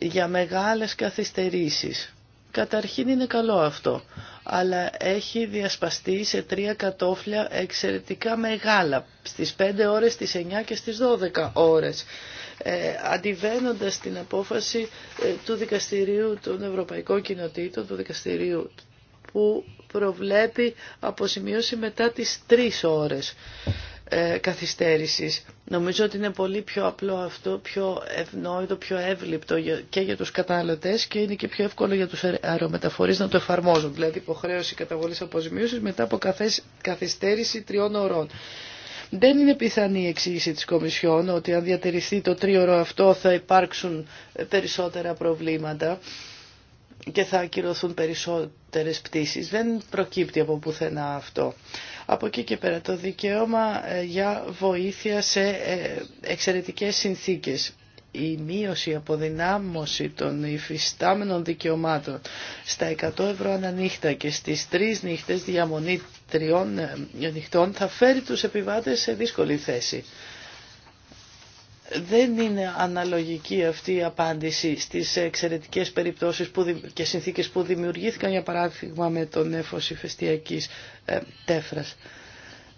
για μεγάλες καθυστερήσεις Καταρχήν είναι καλό αυτό, αλλά έχει διασπαστεί σε τρία κατόφλια εξαιρετικά μεγάλα, στις 5 ώρες, στις 9 και στις 12 ώρες, ε, αντιβαίνοντας την απόφαση ε, του Δικαστηρίου των Ευρωπαϊκών Κοινοτήτων, του Δικαστηρίου που προβλέπει αποσημείωση μετά τις 3 ώρες. Ε, καθυστέρησης. Νομίζω ότι είναι πολύ πιο απλό αυτό, πιο ευνόητο, πιο εύληπτο και για τους καταναλωτές και είναι και πιο εύκολο για τους αερομεταφορείς να το εφαρμόζουν. Δηλαδή υποχρέωση καταβολής αποζημίωσης μετά από καθυστέρηση τριών ωρών. Δεν είναι πιθανή η εξήγηση της Κομισιόν ότι αν διατηρηθεί το τρίωρο αυτό θα υπάρξουν περισσότερα προβλήματα και θα ακυρωθούν περισσότερες πτήσεις. Δεν προκύπτει από πουθενά αυτό. Από εκεί και πέρα το δικαίωμα ε, για βοήθεια σε ε, εξαιρετικές συνθήκες η μείωση, η αποδυνάμωση των υφιστάμενων δικαιωμάτων στα 100 ευρώ ανανύχτα και στις τρεις νύχτες διαμονή τριών ε, νυχτών θα φέρει τους επιβάτες σε δύσκολη θέση δεν είναι αναλογική αυτή η απάντηση στις εξαιρετικές περιπτώσεις που, και συνθήκες που δημιουργήθηκαν, για παράδειγμα με τον έφος ηφαιστειακής ε, τέφρας.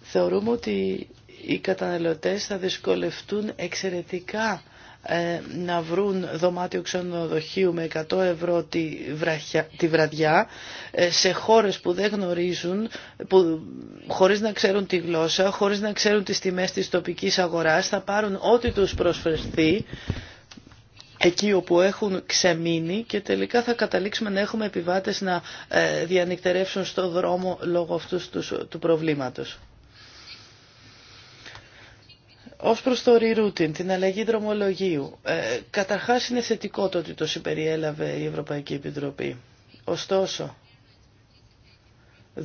Θεωρούμε ότι οι καταναλωτές θα δυσκολευτούν εξαιρετικά ε, να βρουν δωμάτιο ξενοδοχείου με 100 ευρώ τη, βραδιά ε, σε χώρες που δεν γνωρίζουν, που, χωρίς να ξέρουν τη γλώσσα, χωρίς να ξέρουν τις τιμές της τοπικής αγοράς, θα πάρουν ό,τι τους προσφερθεί εκεί όπου έχουν ξεμείνει και τελικά θα καταλήξουμε να έχουμε επιβάτες να ε, διανυκτερεύσουν στο δρόμο λόγω αυτού του προβλήματος. Ως προς το την αλλαγή δρομολογίου, ε, καταρχάς είναι θετικό το ότι το συμπεριέλαβε η Ευρωπαϊκή Επιτροπή. Ωστόσο,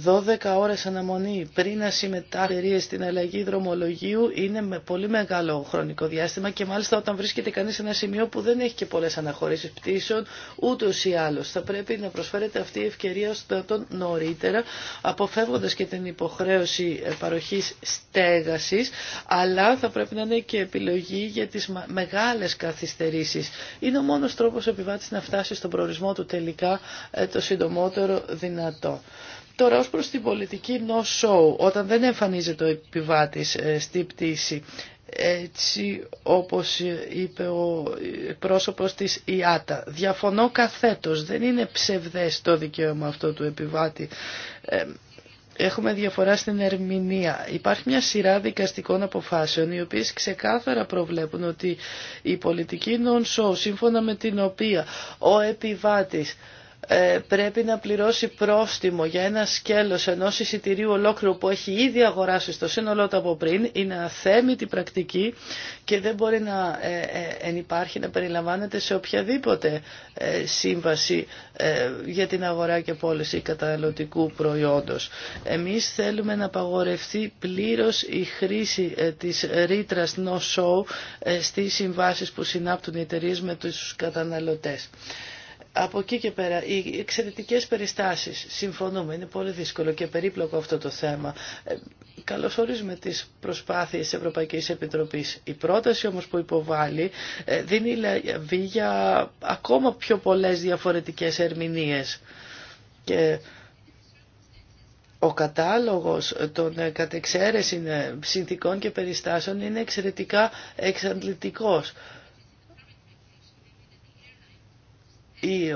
12 ώρες αναμονή πριν να συμμετάσχει στην αλλαγή δρομολογίου είναι με πολύ μεγάλο χρονικό διάστημα και μάλιστα όταν βρίσκεται κανείς σε ένα σημείο που δεν έχει και πολλές αναχωρήσεις πτήσεων ούτως ή άλλως. Θα πρέπει να προσφέρεται αυτή η ευκαιρία στον νωρίτερα αποφεύγοντας και την υποχρέωση ε, παροχής στέγασης αλλά θα πρέπει να είναι και επιλογή για τις μεγάλες καθυστερήσεις. Είναι ο μόνος τρόπος ο επιβάτης να φτάσει στον προορισμό του τελικά ε, το συντομότερο δυνατό. Τώρα ως προς την πολιτική no show, όταν δεν εμφανίζεται ο επιβάτης ε, στη πτήση, έτσι όπως ε, είπε ο ε, πρόσωπος της ΙΑΤΑ. Διαφωνώ καθέτος, δεν είναι ψευδές το δικαίωμα αυτό του επιβάτη. Έχουμε διαφορά στην ερμηνεία. Υπάρχει μια σειρά δικαστικών αποφάσεων οι οποίες ξεκάθαρα προβλέπουν ότι η πολιτική non-show σύμφωνα με την οποία ο επιβάτης ε, πρέπει να πληρώσει πρόστιμο για ένα σκέλος ενός εισιτηρίου ολόκληρου που έχει ήδη αγοράσει στο σύνολό του από πριν είναι αθέμητη πρακτική και δεν μπορεί να ε, ε, υπάρχει να περιλαμβάνεται σε οποιαδήποτε σύμβαση για την αγορά και πώληση καταναλωτικού προϊόντος. Εμείς θέλουμε να απαγορευτεί πλήρως η χρήση της ρήτρα no-show στις συμβάσεις που συνάπτουν οι εταιρείε με τους καταναλωτές από εκεί και πέρα, οι εξαιρετικέ περιστάσεις, συμφωνούμε, είναι πολύ δύσκολο και περίπλοκο αυτό το θέμα. Ε, καλωσορίζουμε τις προσπάθειες της Ευρωπαϊκής Επιτροπής. Η πρόταση όμως που υποβάλλει ε, δίνει λαβή για ακόμα πιο πολλές διαφορετικές ερμηνείες. Και ο κατάλογος των ε, κατεξαίρεση συνθήκων και περιστάσεων είναι εξαιρετικά εξαντλητικός.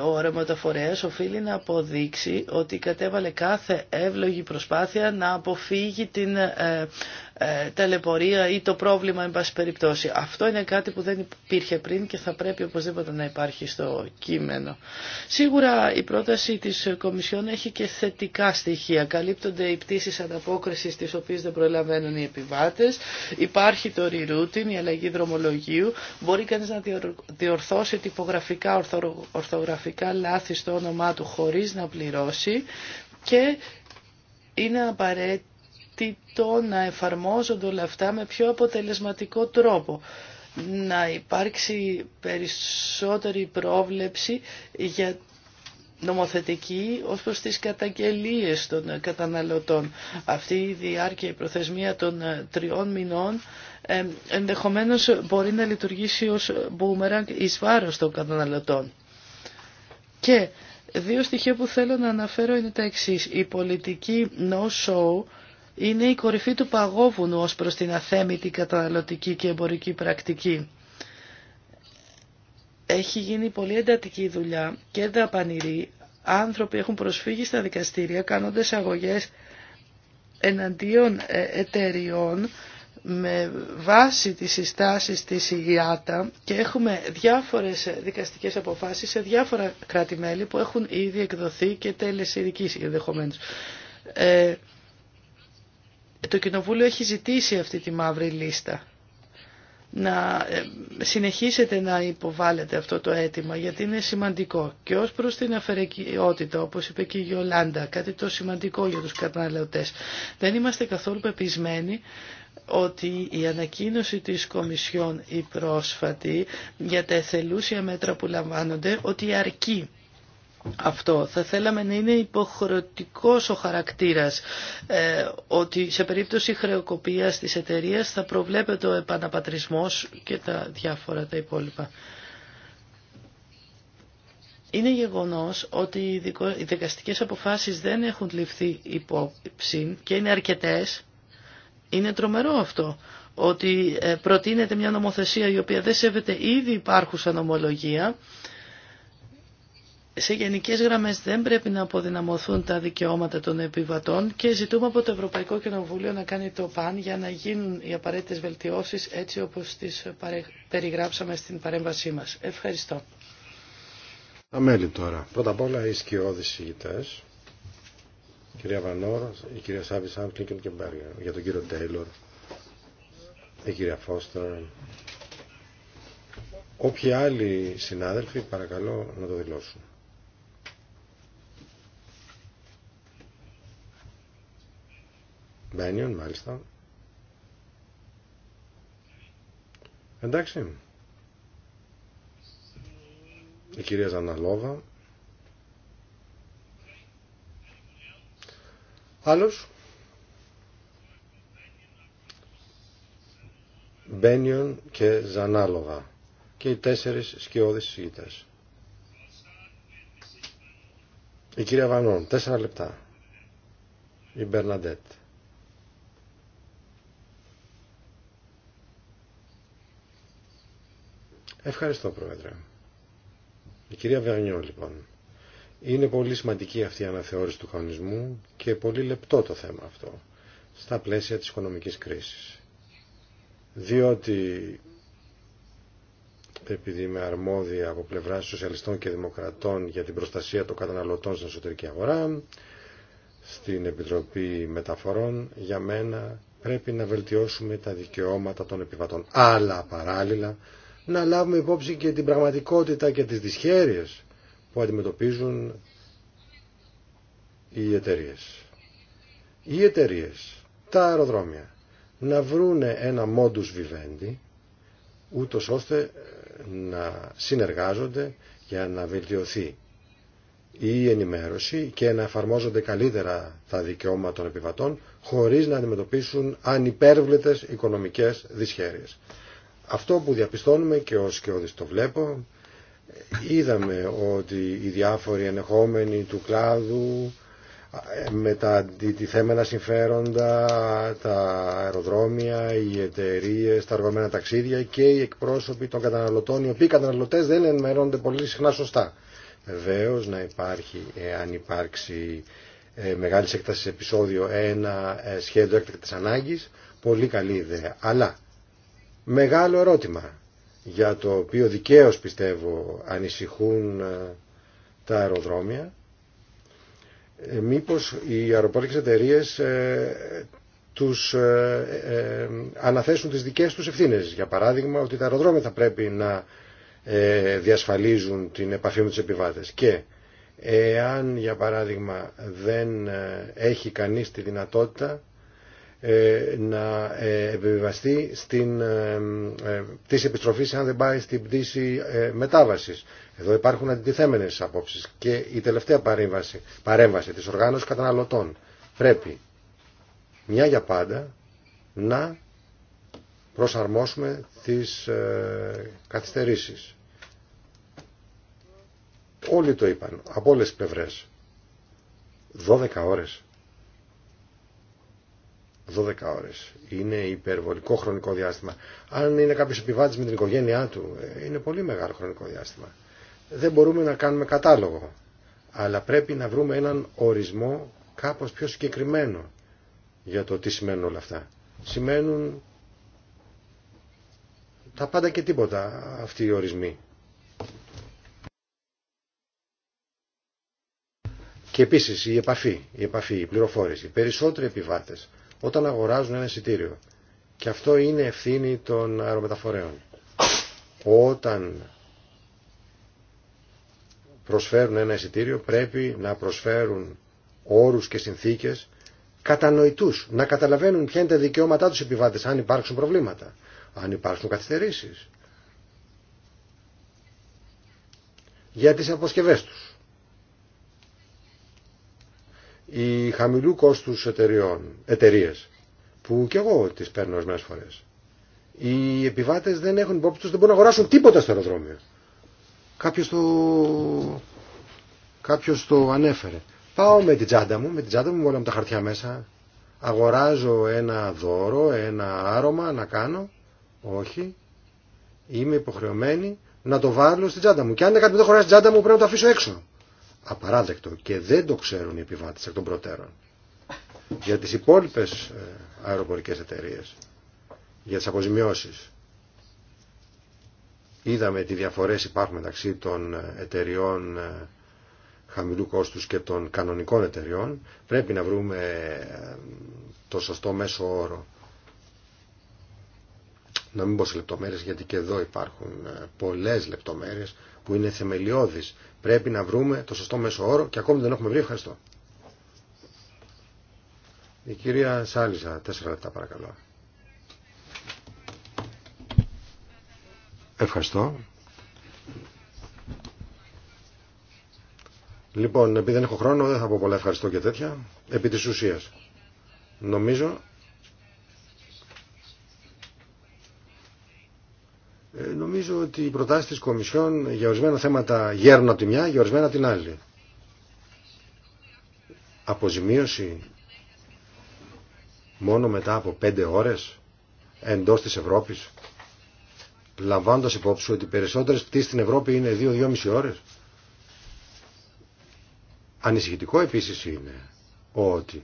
ο οραματοφορέας οφείλει να αποδείξει ότι κατέβαλε κάθε εύλογη προσπάθεια να αποφύγει την ε, ε, ταλαιπωρία ή το πρόβλημα εν πάση περιπτώσει. Αυτό είναι κάτι που δεν υπήρχε πριν και θα πρέπει οπωσδήποτε να υπάρχει στο κείμενο. Σίγουρα η πρόταση της Κομισιόν έχει και θετικά στοιχεία. Καλύπτονται οι πτήσεις ανταπόκρισης τις οποίες δεν προλαβαίνουν οι επιβάτες. Υπάρχει το rerouting, η αλλαγή δρομολογίου. Μπορεί κανείς να διορθώσει τυπογραφικά, ορθο, ορθογραφικά λάθη στο όνομά του χωρίς να πληρώσει και είναι απαραίτητο το να εφαρμόζονται όλα αυτά με πιο αποτελεσματικό τρόπο να υπάρξει περισσότερη πρόβλεψη για νομοθετική ως προς τις καταγγελίες των καταναλωτών. Αυτή η διάρκεια, η προθεσμία των ε, τριών μηνών ε, ενδεχομένως μπορεί να λειτουργήσει ως μπούμεραγκ εις βάρος των καταναλωτών. Και δύο στοιχεία που θέλω να αναφέρω είναι τα εξής. Η πολιτική no-show είναι η κορυφή του παγόβουνου ως προς την αθέμητη καταναλωτική και εμπορική πρακτική. Έχει γίνει πολύ εντατική δουλειά και δαπανηρή. Άνθρωποι έχουν προσφύγει στα δικαστήρια κάνοντας αγωγές εναντίον ε, εταιριών με βάση τις συστάσεις της ΙΑΤΑ και έχουμε διάφορες δικαστικές αποφάσεις σε διάφορα κράτη-μέλη που έχουν ήδη εκδοθεί και ειδικής ενδεχομένω. Ε, το Κοινοβούλιο έχει ζητήσει αυτή τη μαύρη λίστα. Να ε, συνεχίσετε να υποβάλλετε αυτό το αίτημα γιατί είναι σημαντικό και ως προς την αφαιρεκιότητα όπως είπε και η Γιολάντα κάτι το σημαντικό για τους καταναλωτές. Δεν είμαστε καθόλου πεπισμένοι ότι η ανακοίνωση της Κομισιόν η πρόσφατη για τα εθελούσια μέτρα που λαμβάνονται ότι αρκεί αυτό. Θα θέλαμε να είναι υποχρεωτικός ο χαρακτήρας ε, ότι σε περίπτωση χρεοκοπίας της εταιρεία θα προβλέπεται ο επαναπατρισμός και τα διάφορα τα υπόλοιπα. Είναι γεγονός ότι οι δικαστικές αποφάσεις δεν έχουν ληφθεί υπόψη και είναι αρκετές. Είναι τρομερό αυτό ότι ε, προτείνεται μια νομοθεσία η οποία δεν σέβεται ήδη υπάρχουσα νομολογία σε γενικές γραμμές δεν πρέπει να αποδυναμωθούν τα δικαιώματα των επιβατών και ζητούμε από το Ευρωπαϊκό Κοινοβούλιο να κάνει το παν για να γίνουν οι απαραίτητες βελτιώσεις έτσι όπως τις περιγράψαμε στην παρέμβασή μας. Ευχαριστώ.
Τα τώρα. Πρώτα απ' όλα οι σκιώδεις κυρία Βανόρ, η κυρία Σάβη και Για τον κύριο Τέιλορ, η κυρία Φώστερ. Όποιοι άλλοι συνάδελφοι παρακαλώ να το δηλώσουν. Μπένιον, μάλιστα. Εντάξει. Η κυρία Ζαναλόβα. Άλλος. Μπένιον και Ζανάλογα. Και οι τέσσερις σκιώδεις σύγητες. Η κυρία Βανόν. τέσσερα λεπτά. Η Μπερναντέτ. Ευχαριστώ, Πρόεδρε. Η κυρία Βερνιό, λοιπόν. Είναι πολύ σημαντική αυτή η αναθεώρηση του κανονισμού και πολύ λεπτό το θέμα αυτό στα πλαίσια της οικονομικής κρίσης. Διότι επειδή είμαι αρμόδια από πλευρά σοσιαλιστών και δημοκρατών για την προστασία των καταναλωτών στην εσωτερική αγορά, στην Επιτροπή Μεταφορών, για μένα πρέπει να βελτιώσουμε τα δικαιώματα των επιβατών. Αλλά παράλληλα να λάβουμε υπόψη και την πραγματικότητα και τις δυσχέρειες που αντιμετωπίζουν οι εταιρείε. Οι εταιρείε, τα αεροδρόμια, να βρούνε ένα μόντους βιβέντη, ούτω ώστε ε, να συνεργάζονται για να βελτιωθεί η ενημέρωση και να εφαρμόζονται καλύτερα τα δικαιώματα των επιβατών χωρίς να αντιμετωπίσουν ανυπέρβλητες οικονομικές δυσχέρειες. Αυτό που διαπιστώνουμε και ως και το βλέπω, είδαμε ότι οι διάφοροι ενεχόμενοι του κλάδου με τα αντιτιθέμενα συμφέροντα, τα αεροδρόμια, οι εταιρείε, τα αργωμένα ταξίδια και οι εκπρόσωποι των καταναλωτών, οι οποίοι καταναλωτέ δεν ενημερώνονται πολύ συχνά σωστά. Βεβαίω να υπάρχει, εάν υπάρξει ε, μεγάλη έκταση επεισόδιο, ένα ε, σχέδιο έκτακτη ανάγκη, πολύ καλή ιδέα. Αλλά Μεγάλο ερώτημα για το οποίο δικαίως πιστεύω ανησυχούν ε, τα αεροδρόμια. Ε, μήπως οι αεροπορικές εταιρείε ε, τους αναθέσουν τις δικές τους ευθύνες. Για παράδειγμα ότι τα αεροδρόμια θα πρέπει να διασφαλίζουν την επαφή με τους επιβάτες. Και εάν για παράδειγμα δεν έχει κανείς τη δυνατότητα ε, να ε, επιβιβαστεί στην πτήση ε, επιστροφής αν δεν πάει στην πτήση μετάβασης. Εδώ υπάρχουν αντιθέμενες απόψεις και η τελευταία παρέμβαση, παρέμβαση της οργάνωσης καταναλωτών πρέπει μια για πάντα να προσαρμόσουμε τις καθυστερήσεις. Όλοι το είπαν, από όλες τις πλευρές. 12 ώρες 12 ώρες. Είναι υπερβολικό χρονικό διάστημα. Αν είναι κάποιος επιβάτης με την οικογένειά του, ε, είναι πολύ μεγάλο χρονικό διάστημα. Δεν μπορούμε να κάνουμε κατάλογο. Αλλά πρέπει να βρούμε έναν ορισμό κάπως πιο συγκεκριμένο για το τι σημαίνουν όλα αυτά. Σημαίνουν τα πάντα και τίποτα αυτοί οι ορισμοί. Και επίσης η επαφή, η επαφή, η πληροφόρηση. Περισσότεροι επιβάτες όταν αγοράζουν ένα εισιτήριο. Και αυτό είναι ευθύνη των αερομεταφορέων. Όταν προσφέρουν ένα εισιτήριο πρέπει να προσφέρουν όρους και συνθήκες κατανοητούς, να καταλαβαίνουν ποια είναι τα δικαιώματά τους επιβάτες αν υπάρξουν προβλήματα, αν υπάρξουν καθυστερήσεις. Για τις αποσκευές τους οι χαμηλού κόστους εταιρείε, εταιρείες, που κι εγώ τις παίρνω ορισμένε φορές. Οι επιβάτες δεν έχουν υπόψη τους, δεν μπορούν να αγοράσουν τίποτα στο αεροδρόμιο. Κάποιος το, κάποιος το ανέφερε. Πάω με την τσάντα μου, με την τσάντα μου με όλα μου τα χαρτιά μέσα. Αγοράζω ένα δώρο, ένα άρωμα να κάνω. Όχι. Είμαι υποχρεωμένη να το βάλω στην τσάντα μου. Και αν είναι κάτι που δεν χωράει στην τσάντα μου πρέπει να το αφήσω έξω απαράδεκτο και δεν το ξέρουν οι επιβάτες εκ των προτέρων. Για τις υπόλοιπες ε, αεροπορικές εταιρείες, για τις αποζημιώσεις, είδαμε τι διαφορές υπάρχουν μεταξύ των ε, εταιριών ε, χαμηλού κόστους και των κανονικών εταιριών. Πρέπει να βρούμε το σωστό μέσο όρο να μην πω σε λεπτομέρειες γιατί και εδώ υπάρχουν ε, πολλές λεπτομέρειες που είναι θεμελιώδεις. Πρέπει να βρούμε το σωστό μέσο όρο και ακόμη δεν έχουμε βρει. Ευχαριστώ. Η κυρία Σάλιζα, τέσσερα λεπτά παρακαλώ. Ευχαριστώ. Λοιπόν, επειδή δεν έχω χρόνο δεν θα πω πολλά ευχαριστώ και τέτοια. Επί της ουσίας. Νομίζω Νομίζω ότι οι προτάσει τη Κομισιόν για ορισμένα θέματα γέρνουν από τη μια, για ορισμένα την άλλη. Αποζημίωση μόνο μετά από πέντε ώρες εντός της Ευρώπης λαμβάνοντας υπόψη ότι οι περισσότερες πτήσεις στην Ευρώπη δύο-δύο μισή ώρες. Ανησυχητικό επίσης είναι ότι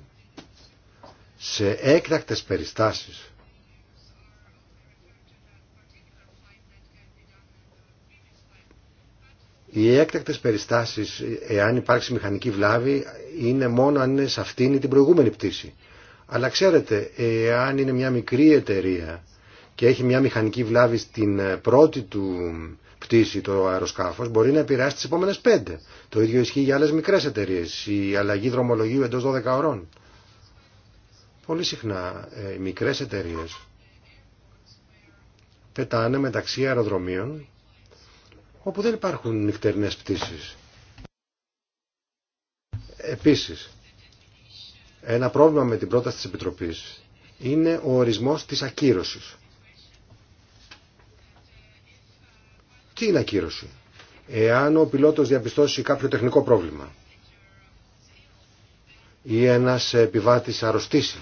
σε έκτακτες περιστάσεις Οι έκτακτες περιστάσεις, εάν υπάρξει μηχανική βλάβη, είναι μόνο αν είναι σε αυτήν ή την προηγούμενη πτήση. Αλλά ξέρετε, εάν είναι μια μικρή εταιρεία και έχει μια μηχανική βλάβη στην πρώτη του πτήση το αεροσκάφος, μπορεί να επηρεάσει τις επόμενες πέντε. Το ίδιο ισχύει για άλλες μικρές εταιρείες, η αλλαγή δρομολογίου εντός 12 ωρών. Πολύ συχνά ε, οι μικρές εταιρείες πετάνε μεταξύ αεροδρομίων όπου δεν υπάρχουν νυχτερινές πτήσεις. Επίσης, ένα πρόβλημα με την πρόταση της Επιτροπής είναι ο ορισμός της ακύρωσης. Τι είναι ακύρωση. Εάν ο πιλότος διαπιστώσει κάποιο τεχνικό πρόβλημα ή ένας επιβάτης αρρωστήσει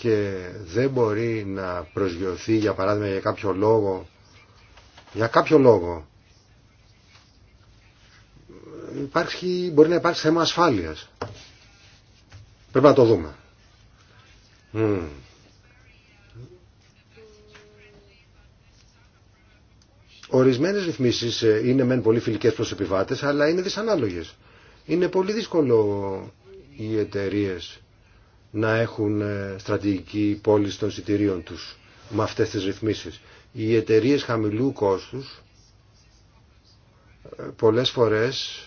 και δεν μπορεί να προσγειωθεί για παράδειγμα για κάποιο λόγο για κάποιο λόγο υπάρχει, μπορεί να υπάρξει θέμα ασφάλειας πρέπει να το δούμε mm. Ορισμένες ρυθμίσεις ε, είναι μεν πολύ φιλικές προς επιβάτες αλλά είναι δυσανάλογες είναι πολύ δύσκολο οι εταιρείες να έχουν ε, στρατηγική πώληση των εισιτηρίων τους με αυτές τις ρυθμίσεις. Οι εταιρείε χαμηλού κόστους ε, πολλές φορές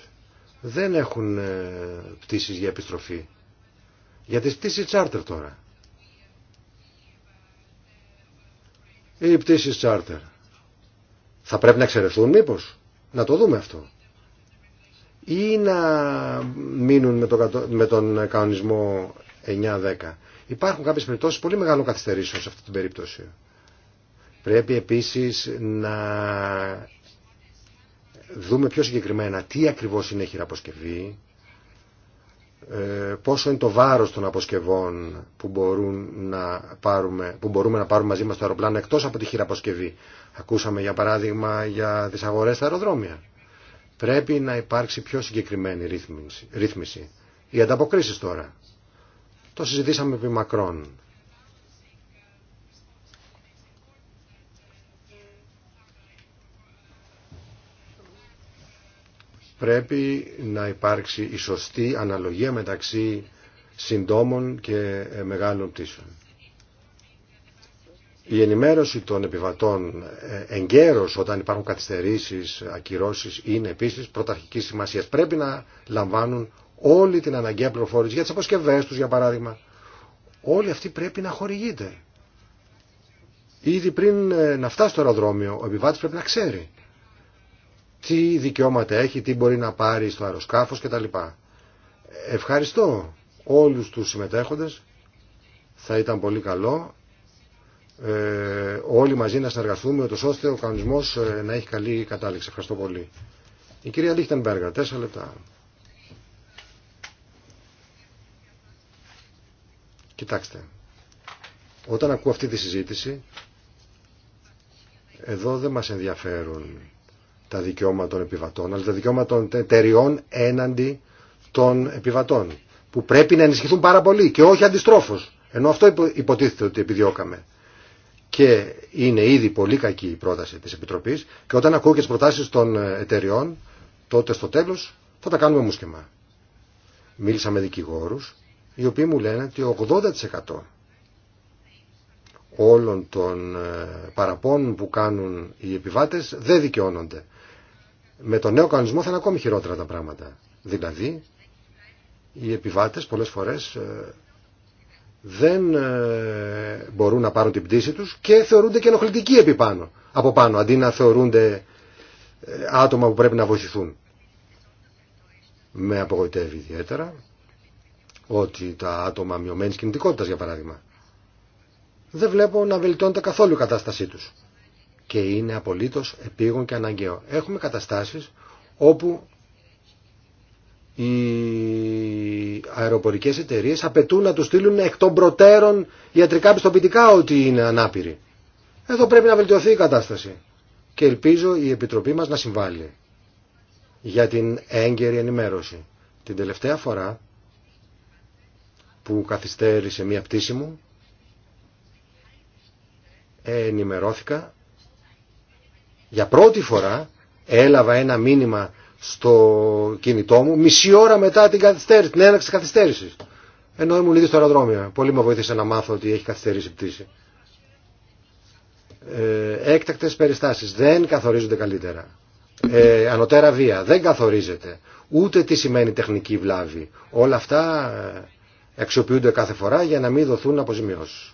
δεν έχουν ε, πτήσεις για επιστροφή. Για τις πτήσεις charter τώρα. Οι πτήσεις charter. Θα πρέπει να εξαιρεθούν μήπως. Να το δούμε αυτό. Ή να μείνουν με τον κανονισμό 9-10. Υπάρχουν κάποιες περιπτώσεις πολύ μεγάλων καθυστερήσεων σε αυτή την περίπτωση. Πρέπει επίσης να δούμε πιο συγκεκριμένα τι ακριβώς είναι η χειραποσκευή, ε, πόσο είναι το βάρος των αποσκευών που, μπορούν να πάρουμε, που μπορούμε να πάρουμε μαζί μας στο αεροπλάνο εκτός από τη χειραποσκευή. Ακούσαμε για παράδειγμα για τις αγορές στα αεροδρόμια. Πρέπει να υπάρξει πιο συγκεκριμένη ρύθμιση. Οι ανταποκρίσεις τώρα. Το συζητήσαμε επί μακρόν. Πρέπει να υπάρξει η σωστή αναλογία μεταξύ συντόμων και ε, μεγάλων πτήσεων. Η ενημέρωση των επιβατών ε, εγκαίρως όταν υπάρχουν καθυστερήσεις, ακυρώσεις είναι επίσης πρωταρχική σημασίας. Πρέπει να λαμβάνουν όλη την αναγκαία πληροφόρηση για τι αποσκευέ του, για παράδειγμα. Όλη αυτή πρέπει να χορηγείται. Ήδη πριν ε, να φτάσει στο αεροδρόμιο ο επιβάτης πρέπει να ξέρει τι δικαιώματα έχει, τι μπορεί να πάρει στο αεροσκάφο κτλ. Ευχαριστώ όλους τους συμμετέχοντες. Θα ήταν πολύ καλό ε, όλοι μαζί να συνεργαστούμε ώστε ο κανονισμός ε, να έχει καλή κατάληξη. Ευχαριστώ πολύ. Η κυρία Λίχτενμπέργα, τέσσερα λεπτά. Κοιτάξτε, όταν ακούω αυτή τη συζήτηση, εδώ δεν μας ενδιαφέρουν τα δικαιώματα των επιβατών, αλλά τα δικαιώματα των εταιριών έναντι των επιβατών, που πρέπει να ενισχυθούν πάρα πολύ και όχι αντιστρόφως, ενώ αυτό υποτίθεται ότι επιδιώκαμε. Και είναι ήδη πολύ κακή η πρόταση της Επιτροπής και όταν ακούω και τις προτάσεις των εταιριών, τότε στο τέλος θα τα κάνουμε μουσκεμά. Μίλησα με δικηγόρους οι οποίοι μου λένε ότι 80% όλων των ε, παραπώνων που κάνουν οι επιβάτες δεν δικαιώνονται. Με τον νέο κανονισμό θα είναι ακόμη χειρότερα τα πράγματα. Δηλαδή, οι επιβάτες πολλές φορές ε, δεν ε, μπορούν να πάρουν την πτήση τους και θεωρούνται και ενοχλητικοί επί από πάνω, αντί να θεωρούνται άτομα που πρέπει να βοηθηθούν. Με απογοητεύει ιδιαίτερα ότι τα άτομα μειωμένη κινητικότητα, για παράδειγμα, δεν βλέπω να βελτιώνεται καθόλου η κατάστασή του. Και είναι απολύτω επίγον και αναγκαίο. Έχουμε καταστάσει όπου οι αεροπορικές εταιρείε απαιτούν να τους στείλουν εκ των προτέρων ιατρικά πιστοποιητικά ότι είναι ανάπηροι. Εδώ πρέπει να βελτιωθεί η κατάσταση. Και ελπίζω η Επιτροπή μας να συμβάλλει για την έγκαιρη ενημέρωση. Την τελευταία φορά που καθυστέρησε μία πτήση μου. Ενημερώθηκα. Για πρώτη φορά έλαβα ένα μήνυμα στο κινητό μου μισή ώρα μετά την, καθυστέρηση, την έναξη καθυστέρησης. Ενώ ήμουν ήδη στο αεροδρόμιο. Πολύ με βοήθησε να μάθω ότι έχει καθυστερήσει η πτήση. Ε, έκτακτες περιστάσεις δεν καθορίζονται καλύτερα. Ε, ανωτέρα βία δεν καθορίζεται. Ούτε τι σημαίνει τεχνική βλάβη. Όλα αυτά ε, αξιοποιούνται κάθε φορά για να μην δοθούν αποζημιώσεις.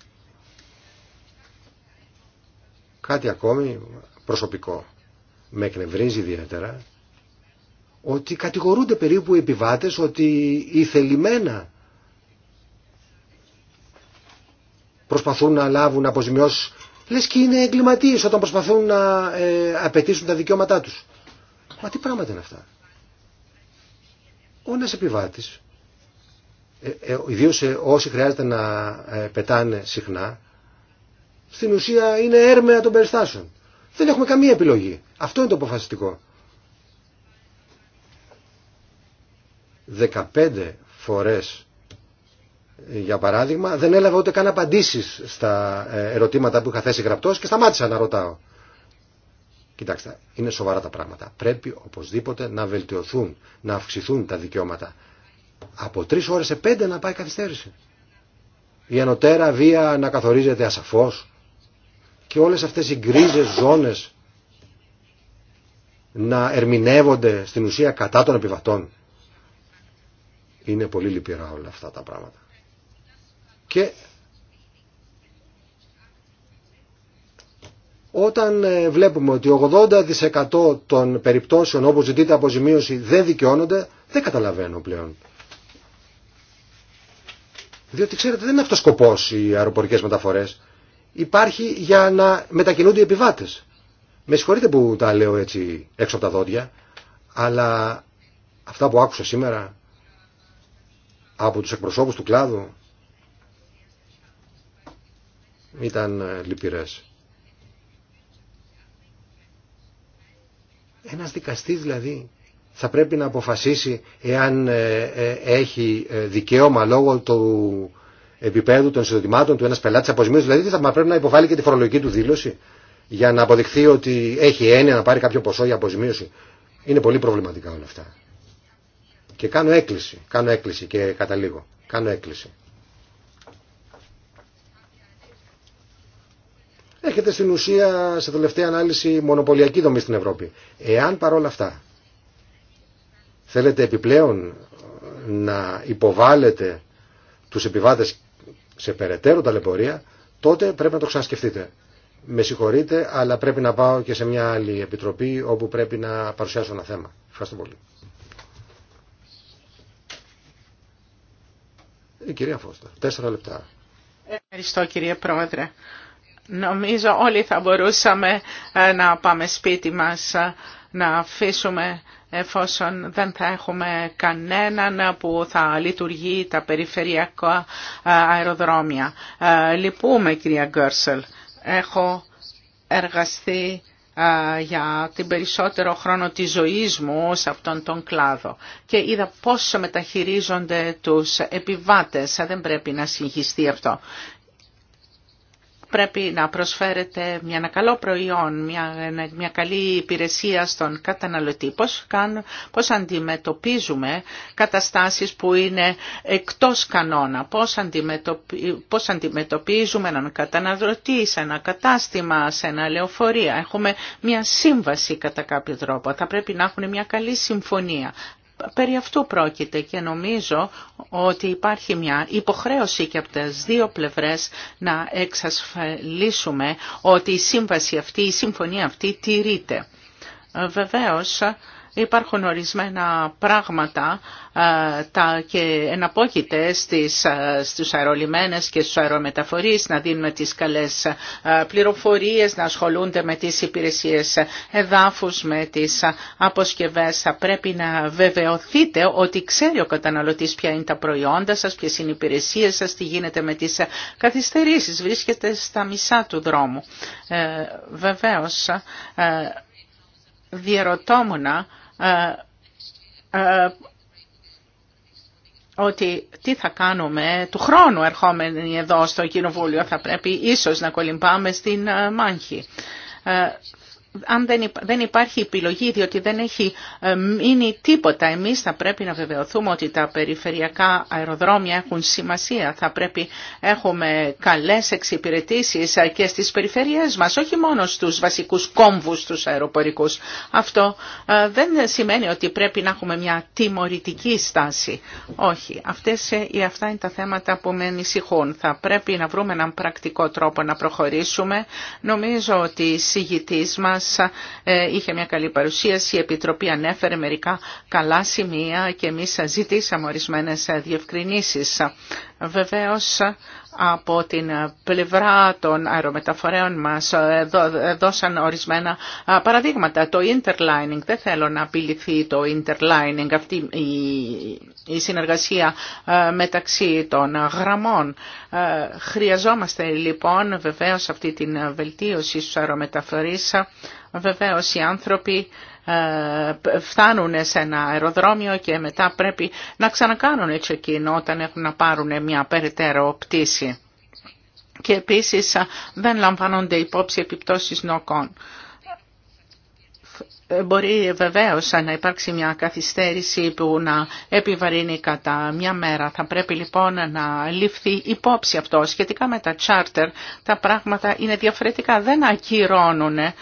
Κάτι ακόμη προσωπικό. Με εκνευρίζει ιδιαίτερα ότι κατηγορούνται περίπου οι επιβάτες ότι θελημένα προσπαθούν να λάβουν αποζημιώσεις λες και είναι εγκληματίες όταν προσπαθούν να ε, απαιτήσουν τα δικαιώματά τους. Μα τι πράγματα είναι αυτά. Ο ένας επιβάτης ε, ε, ιδίως ε, όσοι χρειάζεται να πετάνε συχνά, στην ουσία είναι έρμεα των περιστάσεων. Δεν έχουμε καμία επιλογή. Αυτό είναι το αποφασιστικό. 15 φορές για παράδειγμα δεν έλαβα ούτε καν απαντήσεις στα ερωτήματα που είχα θέσει γραπτός και σταμάτησα να ρωτάω. Κοιτάξτε, είναι σοβαρά τα πράγματα. Πρέπει οπωσδήποτε να βελτιωθούν, να αυξηθούν τα δικαιώματα από τρει ώρε σε πέντε να πάει καθυστέρηση. Η ανωτέρα βία να καθορίζεται ασαφώ και όλε αυτέ οι γκρίζε ζώνε να ερμηνεύονται στην ουσία κατά των επιβατών. Είναι πολύ λυπηρά όλα αυτά τα πράγματα. Και όταν ε, βλέπουμε ότι 80% των περιπτώσεων όπου ζητείται αποζημίωση δεν δικαιώνονται, δεν καταλαβαίνω πλέον διότι ξέρετε δεν είναι αυτός σκοπός οι αεροπορικές μεταφορές. Υπάρχει για να μετακινούνται οι επιβάτε. Με συγχωρείτε που τα λέω έτσι έξω από τα δόντια, αλλά αυτά που άκουσα σήμερα από τους εκπροσώπους του κλάδου ήταν λυπηρές. Ένας δικαστής δηλαδή θα πρέπει να αποφασίσει εάν ε, ε, έχει ε, δικαίωμα λόγω του επίπεδου των συζητημάτων του ένας πελάτης αποσμίωση, δηλαδή θα πρέπει να υποβάλει και τη φορολογική του δήλωση για να αποδειχθεί ότι έχει έννοια να πάρει κάποιο ποσό για αποσμίωση. Είναι πολύ προβληματικά όλα αυτά. Και κάνω έκκληση, κάνω έκκληση και καταλήγω, κάνω έκκληση. Έχετε στην ουσία σε τελευταία ανάλυση μονοπωλιακή δομή στην Ευρώπη. Εάν παρόλα αυτά Θέλετε επιπλέον να υποβάλλετε τους επιβάτες σε περαιτέρω ταλαιπωρία, τότε πρέπει να το ξανασκεφτείτε. Με συγχωρείτε, αλλά πρέπει να πάω και σε μια άλλη επιτροπή όπου πρέπει να παρουσιάσω ένα θέμα. Ευχαριστώ πολύ. Η ε, κυρία Φώστα, τέσσερα λεπτά.
Ευχαριστώ κύριε Πρόεδρε. Νομίζω όλοι θα μπορούσαμε ε, να πάμε σπίτι μας ε, να αφήσουμε εφόσον δεν θα έχουμε κανέναν που θα λειτουργεί τα περιφερειακά ε, αεροδρόμια. Ε, λυπούμε κυρία Γκέρσελ. Έχω εργαστεί ε, για την περισσότερο χρόνο της ζωής μου σε αυτόν τον κλάδο και είδα πόσο μεταχειρίζονται τους επιβάτες. Δεν πρέπει να συγχυστεί αυτό πρέπει να προσφέρετε μια, ένα καλό προϊόν, μια, μια καλή υπηρεσία στον καταναλωτή. Πώς, καν πώς αντιμετωπίζουμε καταστάσεις που είναι εκτός κανόνα, πώς, αντιμετωπι, πώς αντιμετωπίζουμε έναν καταναλωτή σε ένα κατάστημα, σε ένα λεωφορείο. Έχουμε μια σύμβαση κατά κάποιο τρόπο, θα πρέπει να έχουν μια καλή συμφωνία περί αυτού πρόκειται και νομίζω ότι υπάρχει μια υποχρέωση και από τις δύο πλευρές να εξασφαλίσουμε ότι η σύμβαση αυτή, η συμφωνία αυτή τηρείται. Βεβαίως Υπάρχουν ορισμένα πράγματα ε, τα, και εναπόκειται στις, ε, στους αερολιμένες και στους αερομεταφορείς να δίνουμε τις καλές ε, πληροφορίες, να ασχολούνται με τις υπηρεσίες εδάφους, με τις αποσκευές. Θα πρέπει να βεβαιωθείτε ότι ξέρει ο καταναλωτής ποια είναι τα προϊόντα σας, ποιες είναι οι υπηρεσίες σας, τι γίνεται με τις καθυστερήσεις. Βρίσκεται στα μισά του δρόμου. Ε, βεβαίως, ε, ε, ότι τι θα κάνουμε του χρόνου ερχόμενοι εδώ στο Κοινοβούλιο θα πρέπει ίσως να κολυμπάμε στην ε, μάχη αν δεν, δεν υπάρχει επιλογή διότι δεν έχει ε, μείνει τίποτα, εμείς θα πρέπει να βεβαιωθούμε ότι τα περιφερειακά αεροδρόμια έχουν σημασία. Θα πρέπει έχουμε καλές εξυπηρετήσεις ε, και στις περιφερειές μας, όχι μόνο στους βασικούς κόμβους τους αεροπορικούς. Αυτό ε, δεν σημαίνει ότι πρέπει να έχουμε μια τιμωρητική στάση. Όχι. Αυτές, αυτά είναι τα θέματα που με ανησυχούν. Θα πρέπει να βρούμε έναν πρακτικό τρόπο να προχωρήσουμε. Νομίζω ότι οι συγητής ε, είχε μια καλή παρουσίαση. Η Επιτροπή ανέφερε μερικά καλά σημεία και εμείς ζητήσαμε ορισμένες ε, διευκρινήσεις. Βεβαίως από την πλευρά των αερομεταφορέων μας ε, δώσαν ορισμένα παραδείγματα. Το interlining, δεν θέλω να απειληθεί το interlining, αυτή η συνεργασία μεταξύ των γραμμών. Χρειαζόμαστε λοιπόν βεβαίως αυτή την βελτίωση στους αερομεταφορείς Βεβαίω, οι άνθρωποι ε, φτάνουν σε ένα αεροδρόμιο και μετά πρέπει να ξανακάνουν έτσι εκείνο όταν έχουν να πάρουν μια περαιτέρω πτήση. Και επίσης ε, δεν λαμβάνονται υπόψη επιπτώσεις νοκών. Ε, μπορεί βεβαίω να υπάρξει μια καθυστέρηση που να επιβαρύνει κατά μια μέρα. Θα πρέπει λοιπόν να ληφθεί υπόψη αυτό. Σχετικά με τα charter τα πράγματα είναι διαφορετικά. Δεν ακυρώνουν ε,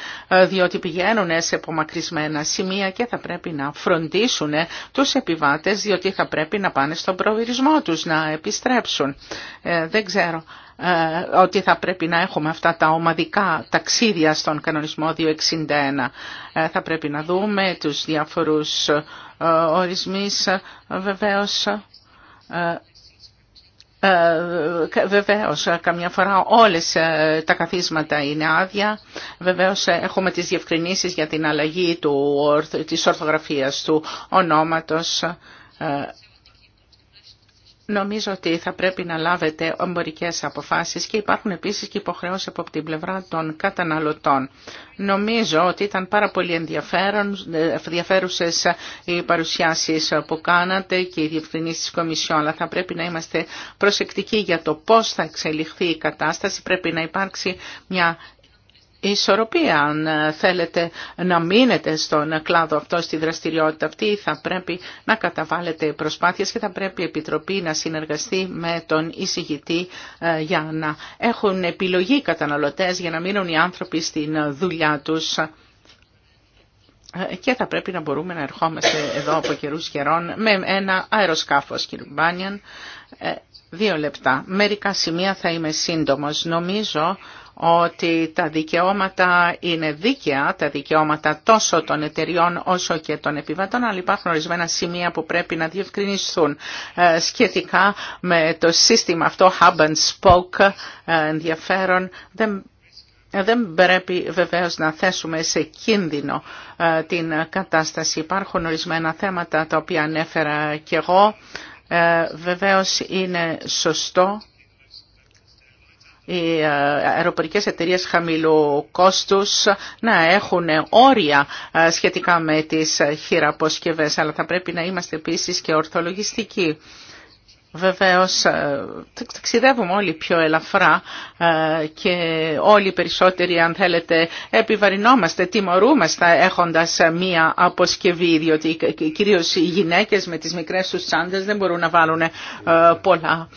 διότι πηγαίνουν σε απομακρυσμένα σημεία και θα πρέπει να φροντίσουν τους επιβάτες διότι θα πρέπει να πάνε στον προορισμό τους να επιστρέψουν. Ε, δεν ξέρω ε, ότι θα πρέπει να έχουμε αυτά τα ομαδικά ταξίδια στον κανονισμό 261. Ε, θα πρέπει να δούμε τους διάφορους ε, ορισμούς βεβαίως. Βεβαίως, καμιά φορά όλες τα καθίσματα είναι άδεια. Βεβαίως έχουμε τις διευκρινήσεις για την αλλαγή του, της ορθογραφίας του ονόματος Νομίζω ότι θα πρέπει να λάβετε εμπορικέ αποφάσει και υπάρχουν επίση και υποχρεώσεις από την πλευρά των καταναλωτών. Νομίζω ότι ήταν πάρα πολύ ε, ενδιαφέρουσε οι παρουσιάσει που κάνατε και οι διευθυνήσεις τη Κομισιόν, αλλά θα πρέπει να είμαστε προσεκτικοί για το πώ θα εξελιχθεί η κατάσταση. Πρέπει να υπάρξει μια ισορροπία. Αν ε, θέλετε να μείνετε στον κλάδο αυτό, στη δραστηριότητα αυτή, θα πρέπει να καταβάλλετε προσπάθειες και θα πρέπει η Επιτροπή να συνεργαστεί με τον εισηγητή ε, για να έχουν επιλογή οι καταναλωτές, για να μείνουν οι άνθρωποι στην ε, δουλειά τους και θα πρέπει να μπορούμε να ερχόμαστε εδώ από καιρού καιρών με ένα αεροσκάφος, κύριε Μπάνιαν. Δύο λεπτά. Μερικά σημεία θα είμαι σύντομος. Νομίζω ότι τα δικαιώματα είναι δίκαια, τα δικαιώματα τόσο των εταιριών όσο και των επιβατών, αλλά υπάρχουν ορισμένα σημεία που πρέπει να διευκρινιστούν ε, σχετικά με το σύστημα αυτό, hub and spoke, ε, ενδιαφέρον, δεν δεν πρέπει βεβαίως να θέσουμε σε κίνδυνο ε, την κατάσταση. Υπάρχουν ορισμένα θέματα τα οποία ανέφερα και εγώ. Βεβαίως είναι σωστό οι ε, αεροπορικές εταιρείες χαμηλού κόστους να έχουν όρια ε, σχετικά με τις ε, χειραποσκευές, αλλά θα πρέπει να είμαστε επίσης και ορθολογιστικοί. Βεβαίως ε, ταξιδεύουμε όλοι πιο ελαφρά ε, και όλοι περισσότεροι αν θέλετε επιβαρυνόμαστε, τιμωρούμαστε έχοντας μία αποσκευή διότι κυρίως οι γυναίκες με τις μικρές τους τσάντες δεν μπορούν να βάλουν ε, πολλά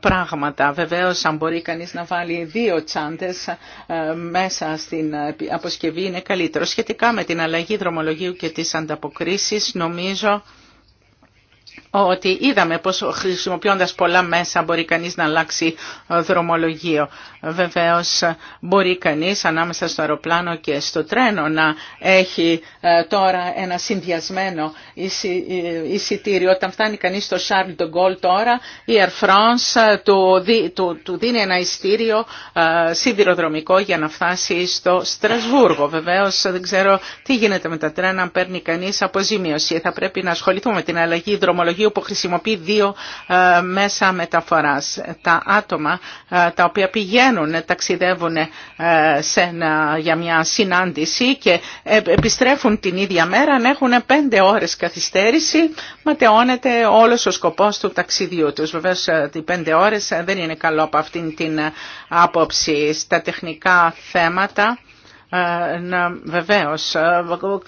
πράγματα. Βεβαίως αν μπορεί κανείς να βάλει δύο τσάντες μέσα στην αποσκευή είναι καλύτερο. Σχετικά με την αλλαγή δρομολογίου και τι ανταποκρίσει, νομίζω ότι είδαμε πως χρησιμοποιώντας πολλά μέσα μπορεί κανείς να αλλάξει δρομολογείο. Βεβαίως μπορεί κανείς ανάμεσα στο αεροπλάνο και στο τρένο να έχει ε, τώρα ένα συνδυασμένο ε, εισιτήριο. Όταν φτάνει κανείς στο Charles de Gaulle τώρα, η Air France ε, του, δίνει ένα εισιτήριο σιδηροδρομικό για να φτάσει στο Στρασβούργο. Βεβαίως δεν ξέρω τι γίνεται με τα τρένα αν παίρνει κανείς αποζημίωση. Θα πρέπει να ασχοληθούμε με την αλλαγή δρομολογίου που χρησιμοποιεί δύο ε, μέσα μεταφοράς. Τα άτομα ε, τα οποία πηγαίνουν, ταξιδεύουν ε, σε, για μια συνάντηση και επιστρέφουν την ίδια μέρα αν έχουν πέντε ώρες καθυστέρηση ματαιώνεται όλος ο σκοπός του ταξιδιού τους. Βεβαίως οι πέντε ώρες δεν είναι καλό από αυτήν την άποψη στα τεχνικά θέματα ε, να, βεβαίως,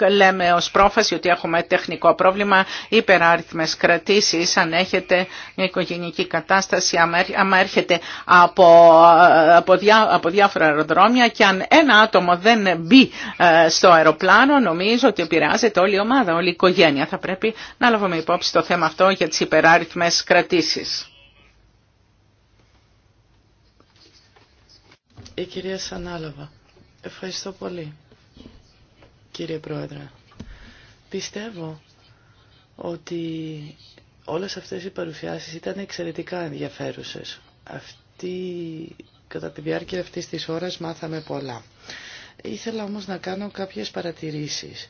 ε, λέμε ως πρόφαση ότι έχουμε τεχνικό πρόβλημα, υπεράριθμες κρατήσεις, αν έχετε μια οικογενική κατάσταση, άμα έρχεται από, ε, από, διά, από διάφορα αεροδρόμια και αν ένα άτομο δεν μπει στο αεροπλάνο, νομίζω ότι επηρεάζεται όλη η ομάδα, όλη η οικογένεια. Θα πρέπει να λάβουμε υπόψη το θέμα αυτό για τις υπεράριθμες κρατήσεις. Η κυρία Σανάλαβα.
Ευχαριστώ πολύ, κύριε Πρόεδρε. Πιστεύω ότι όλες αυτές οι παρουσιάσεις ήταν εξαιρετικά ενδιαφέρουσες. Αυτή, κατά τη διάρκεια αυτής της ώρας μάθαμε πολλά. Ήθελα όμως να κάνω κάποιες παρατηρήσεις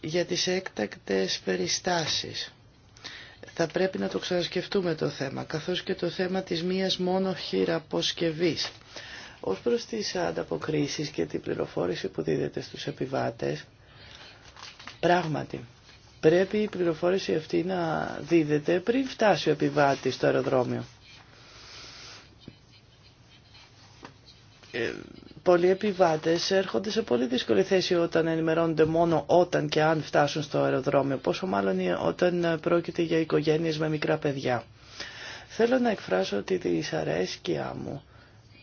για τις έκτακτες περιστάσεις. Θα πρέπει να το ξανασκεφτούμε το θέμα, καθώς και το θέμα της μίας μόνο χειραποσκευής. Ως προς τις ανταποκρίσεις και την πληροφόρηση που δίδεται στους επιβάτες, πράγματι πρέπει η πληροφόρηση αυτή να δίδεται πριν φτάσει ο επιβάτης στο αεροδρόμιο. Ε, πολλοί επιβάτες έρχονται σε πολύ δύσκολη θέση όταν ενημερώνονται μόνο όταν και αν φτάσουν στο αεροδρόμιο, πόσο μάλλον όταν πρόκειται για οικογένειες με μικρά παιδιά. Θέλω να εκφράσω τη δυσαρέσκεια μου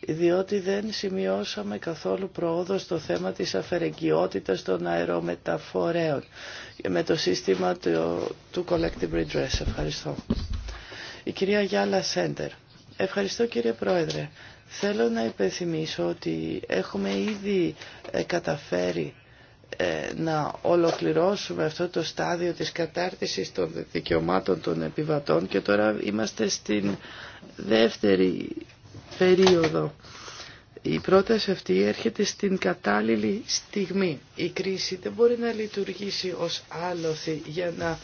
διότι δεν σημειώσαμε καθόλου προόδο στο θέμα της αφαιρεγγιότητας των αερομεταφορέων με το σύστημα του, του Collective Redress. Ευχαριστώ. Η κυρία Γιάλα Σέντερ. Ευχαριστώ κύριε Πρόεδρε. Θέλω να υπενθυμίσω ότι έχουμε ήδη ε, καταφέρει ε, να ολοκληρώσουμε αυτό το στάδιο της κατάρτισης των δικαιωμάτων των επιβατών και τώρα είμαστε στην δεύτερη περίοδο. Η πρόταση αυτή έρχεται στην κατάλληλη στιγμή. Η κρίση δεν μπορεί να λειτουργήσει ως άλοθη για να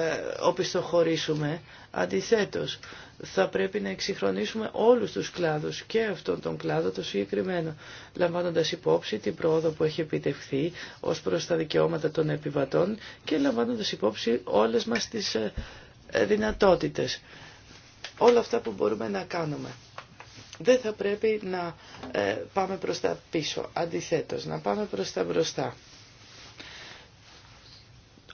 ε, οπισθοχωρήσουμε. Αντιθέτως, θα πρέπει να εξυγχρονίσουμε όλους τους κλάδους και αυτόν τον κλάδο το συγκεκριμένο, λαμβάνοντας υπόψη την πρόοδο που έχει επιτευχθεί ως προς τα δικαιώματα των επιβατών και λαμβάνοντας υπόψη όλες μας τις ε, ε, δυνατότητες. Όλα αυτά που μπορούμε να κάνουμε δεν θα πρέπει να ε, πάμε προς τα πίσω, αντιθέτως, να πάμε προς τα μπροστά.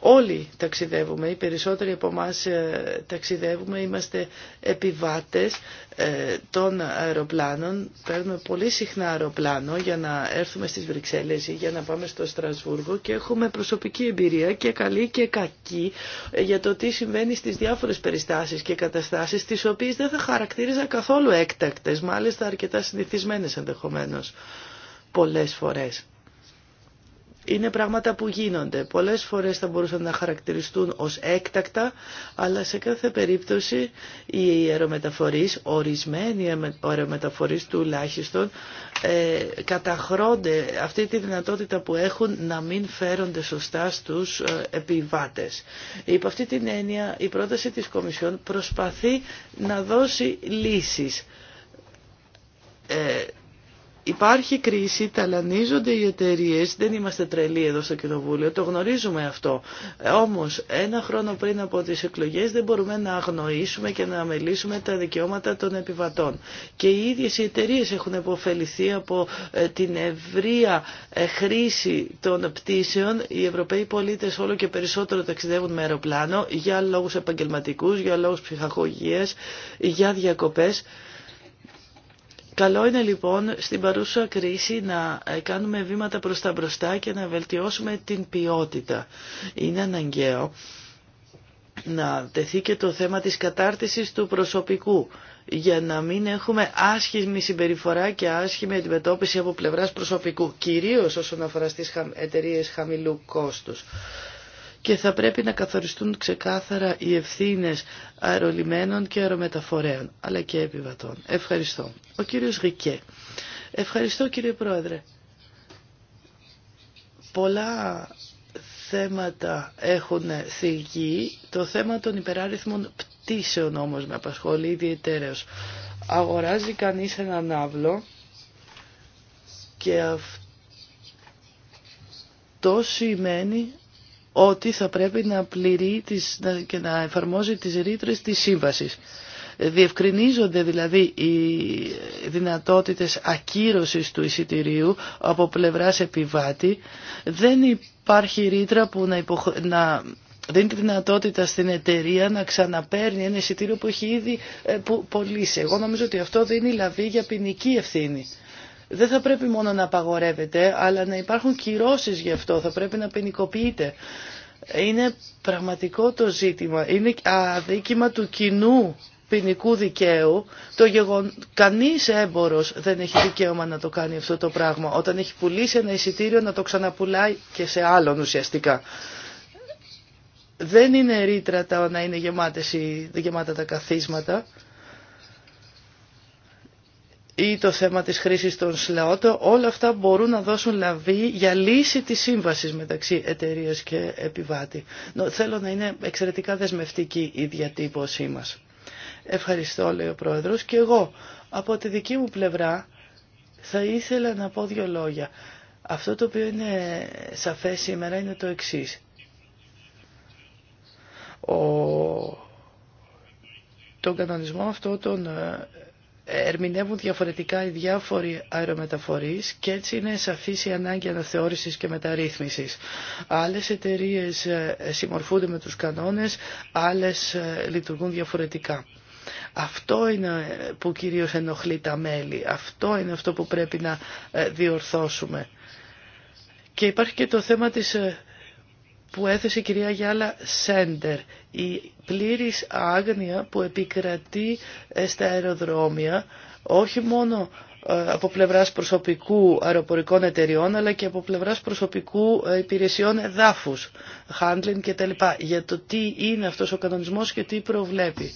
Όλοι ταξιδεύουμε, οι περισσότεροι από εμά ε, ταξιδεύουμε, είμαστε επιβάτες ε, των αεροπλάνων, παίρνουμε πολύ συχνά αεροπλάνο για να έρθουμε στις Βρυξέλλες ή για να πάμε στο Στρασβούργο και έχουμε προσωπική εμπειρία και καλή και κακή ε, για το τι συμβαίνει στις διάφορες περιστάσεις και καταστάσεις τις οποίες δεν θα χαρακτήριζα καθόλου έκτακτες, μάλιστα αρκετά συνηθισμένες ενδεχομένως πολλές φορές είναι πράγματα που γίνονται. Πολλές φορές θα μπορούσαν να χαρακτηριστούν ως έκτακτα, αλλά σε κάθε περίπτωση οι αερομεταφορείς, ορισμένοι αερομεταφορείς τουλάχιστον, ε, καταχρώνται αυτή τη δυνατότητα που έχουν να μην φέρονται σωστά στους ε, επιβάτες. Υπό αυτή την έννοια η πρόταση της Κομισιόν προσπαθεί να δώσει λύσεις. Ε, Υπάρχει κρίση, ταλανίζονται οι εταιρείε, δεν είμαστε τρελοί εδώ στο Κοινοβούλιο, το γνωρίζουμε αυτό. Ε, όμως ένα χρόνο πριν από τις εκλογές δεν μπορούμε να αγνοήσουμε και να αμελήσουμε τα δικαιώματα των επιβατών. Και οι ίδιε οι εταιρείε έχουν υποφεληθεί από ε, την ευρεία ε, χρήση των πτήσεων. Οι Ευρωπαίοι πολίτε όλο και περισσότερο ταξιδεύουν με αεροπλάνο για λόγου επαγγελματικού, για λόγου ψυχαγωγίας, για διακοπέ. Καλό είναι λοιπόν στην παρούσα κρίση να ε, κάνουμε βήματα προς τα μπροστά και να βελτιώσουμε την ποιότητα. Είναι αναγκαίο να τεθεί και το θέμα της κατάρτισης του προσωπικού για να μην έχουμε άσχημη συμπεριφορά και άσχημη αντιμετώπιση από πλευράς προσωπικού, κυρίως όσον αφορά στις εταιρείε χαμηλού κόστους και θα πρέπει να καθοριστούν ξεκάθαρα οι ευθύνες αερολιμένων και αερομεταφορέων, αλλά και επιβατών. Ευχαριστώ. Ο κύριος Γικέ. Ευχαριστώ κύριε Πρόεδρε. Πολλά θέματα έχουν θυγεί. Το θέμα των υπεράριθμων πτήσεων όμως με απασχολεί ιδιαιτέρως. Αγοράζει κανείς έναν άβλο και αυτό σημαίνει ότι θα πρέπει να πληρεί και να εφαρμόζει τις ρήτρες της σύμβασης. Διευκρινίζονται δηλαδή οι δυνατότητες ακύρωσης του εισιτηρίου από πλευράς επιβάτη. Δεν υπάρχει ρήτρα που να, να δίνει τη δυνατότητα στην εταιρεία να ξαναπαίρνει ένα εισιτήριο που έχει ήδη ε, πωλήσει. Εγώ νομίζω ότι αυτό δίνει λαβή για ποινική ευθύνη δεν θα πρέπει μόνο να απαγορεύεται, αλλά να υπάρχουν κυρώσεις γι' αυτό, θα πρέπει να ποινικοποιείται. Είναι πραγματικό το ζήτημα, είναι αδίκημα του κοινού ποινικού δικαίου, το γεγον... κανείς έμπορος δεν έχει δικαίωμα να το κάνει αυτό το πράγμα. Όταν έχει πουλήσει ένα εισιτήριο να το ξαναπουλάει και σε άλλον ουσιαστικά. Δεν είναι ρήτρα τα να είναι γεμάτες, γεμάτα τα καθίσματα ή το θέμα της χρήσης των ΣΛΑΟΤΟ, όλα αυτά μπορούν να δώσουν λαβή για λύση της σύμβασης μεταξύ εταιρεία και επιβάτη. Θέλω να είναι εξαιρετικά δεσμευτική η διατύπωσή μας. Ευχαριστώ, λέει ο Πρόεδρος. Και εγώ, από τη δική μου πλευρά, θα ήθελα να πω δύο λόγια. Αυτό το οποίο είναι σαφές σήμερα είναι το εξής. Ο... κανονισμό αυτό τον ε, ερμηνεύουν διαφορετικά οι διάφοροι αερομεταφορείς και έτσι είναι σαφής η ανάγκη αναθεώρησης και μεταρρύθμισης. Άλλες εταιρείε ε, συμμορφούνται με τους κανόνες, άλλες ε, λειτουργούν διαφορετικά. Αυτό είναι ε, που κυρίως ενοχλεί τα μέλη. Αυτό είναι αυτό που πρέπει να διορθώσουμε. Και υπάρχει και το θέμα της που έθεσε η κυρία Γιάλα Σέντερ, η πλήρης άγνοια που επικρατεί ε, στα αεροδρόμια, όχι μόνο ε, από πλευράς προσωπικού αεροπορικών εταιριών, αλλά και από πλευράς προσωπικού ε, υπηρεσιών εδάφους, handling κτλ. Για το τι είναι αυτός ο κανονισμός και τι προβλέπει.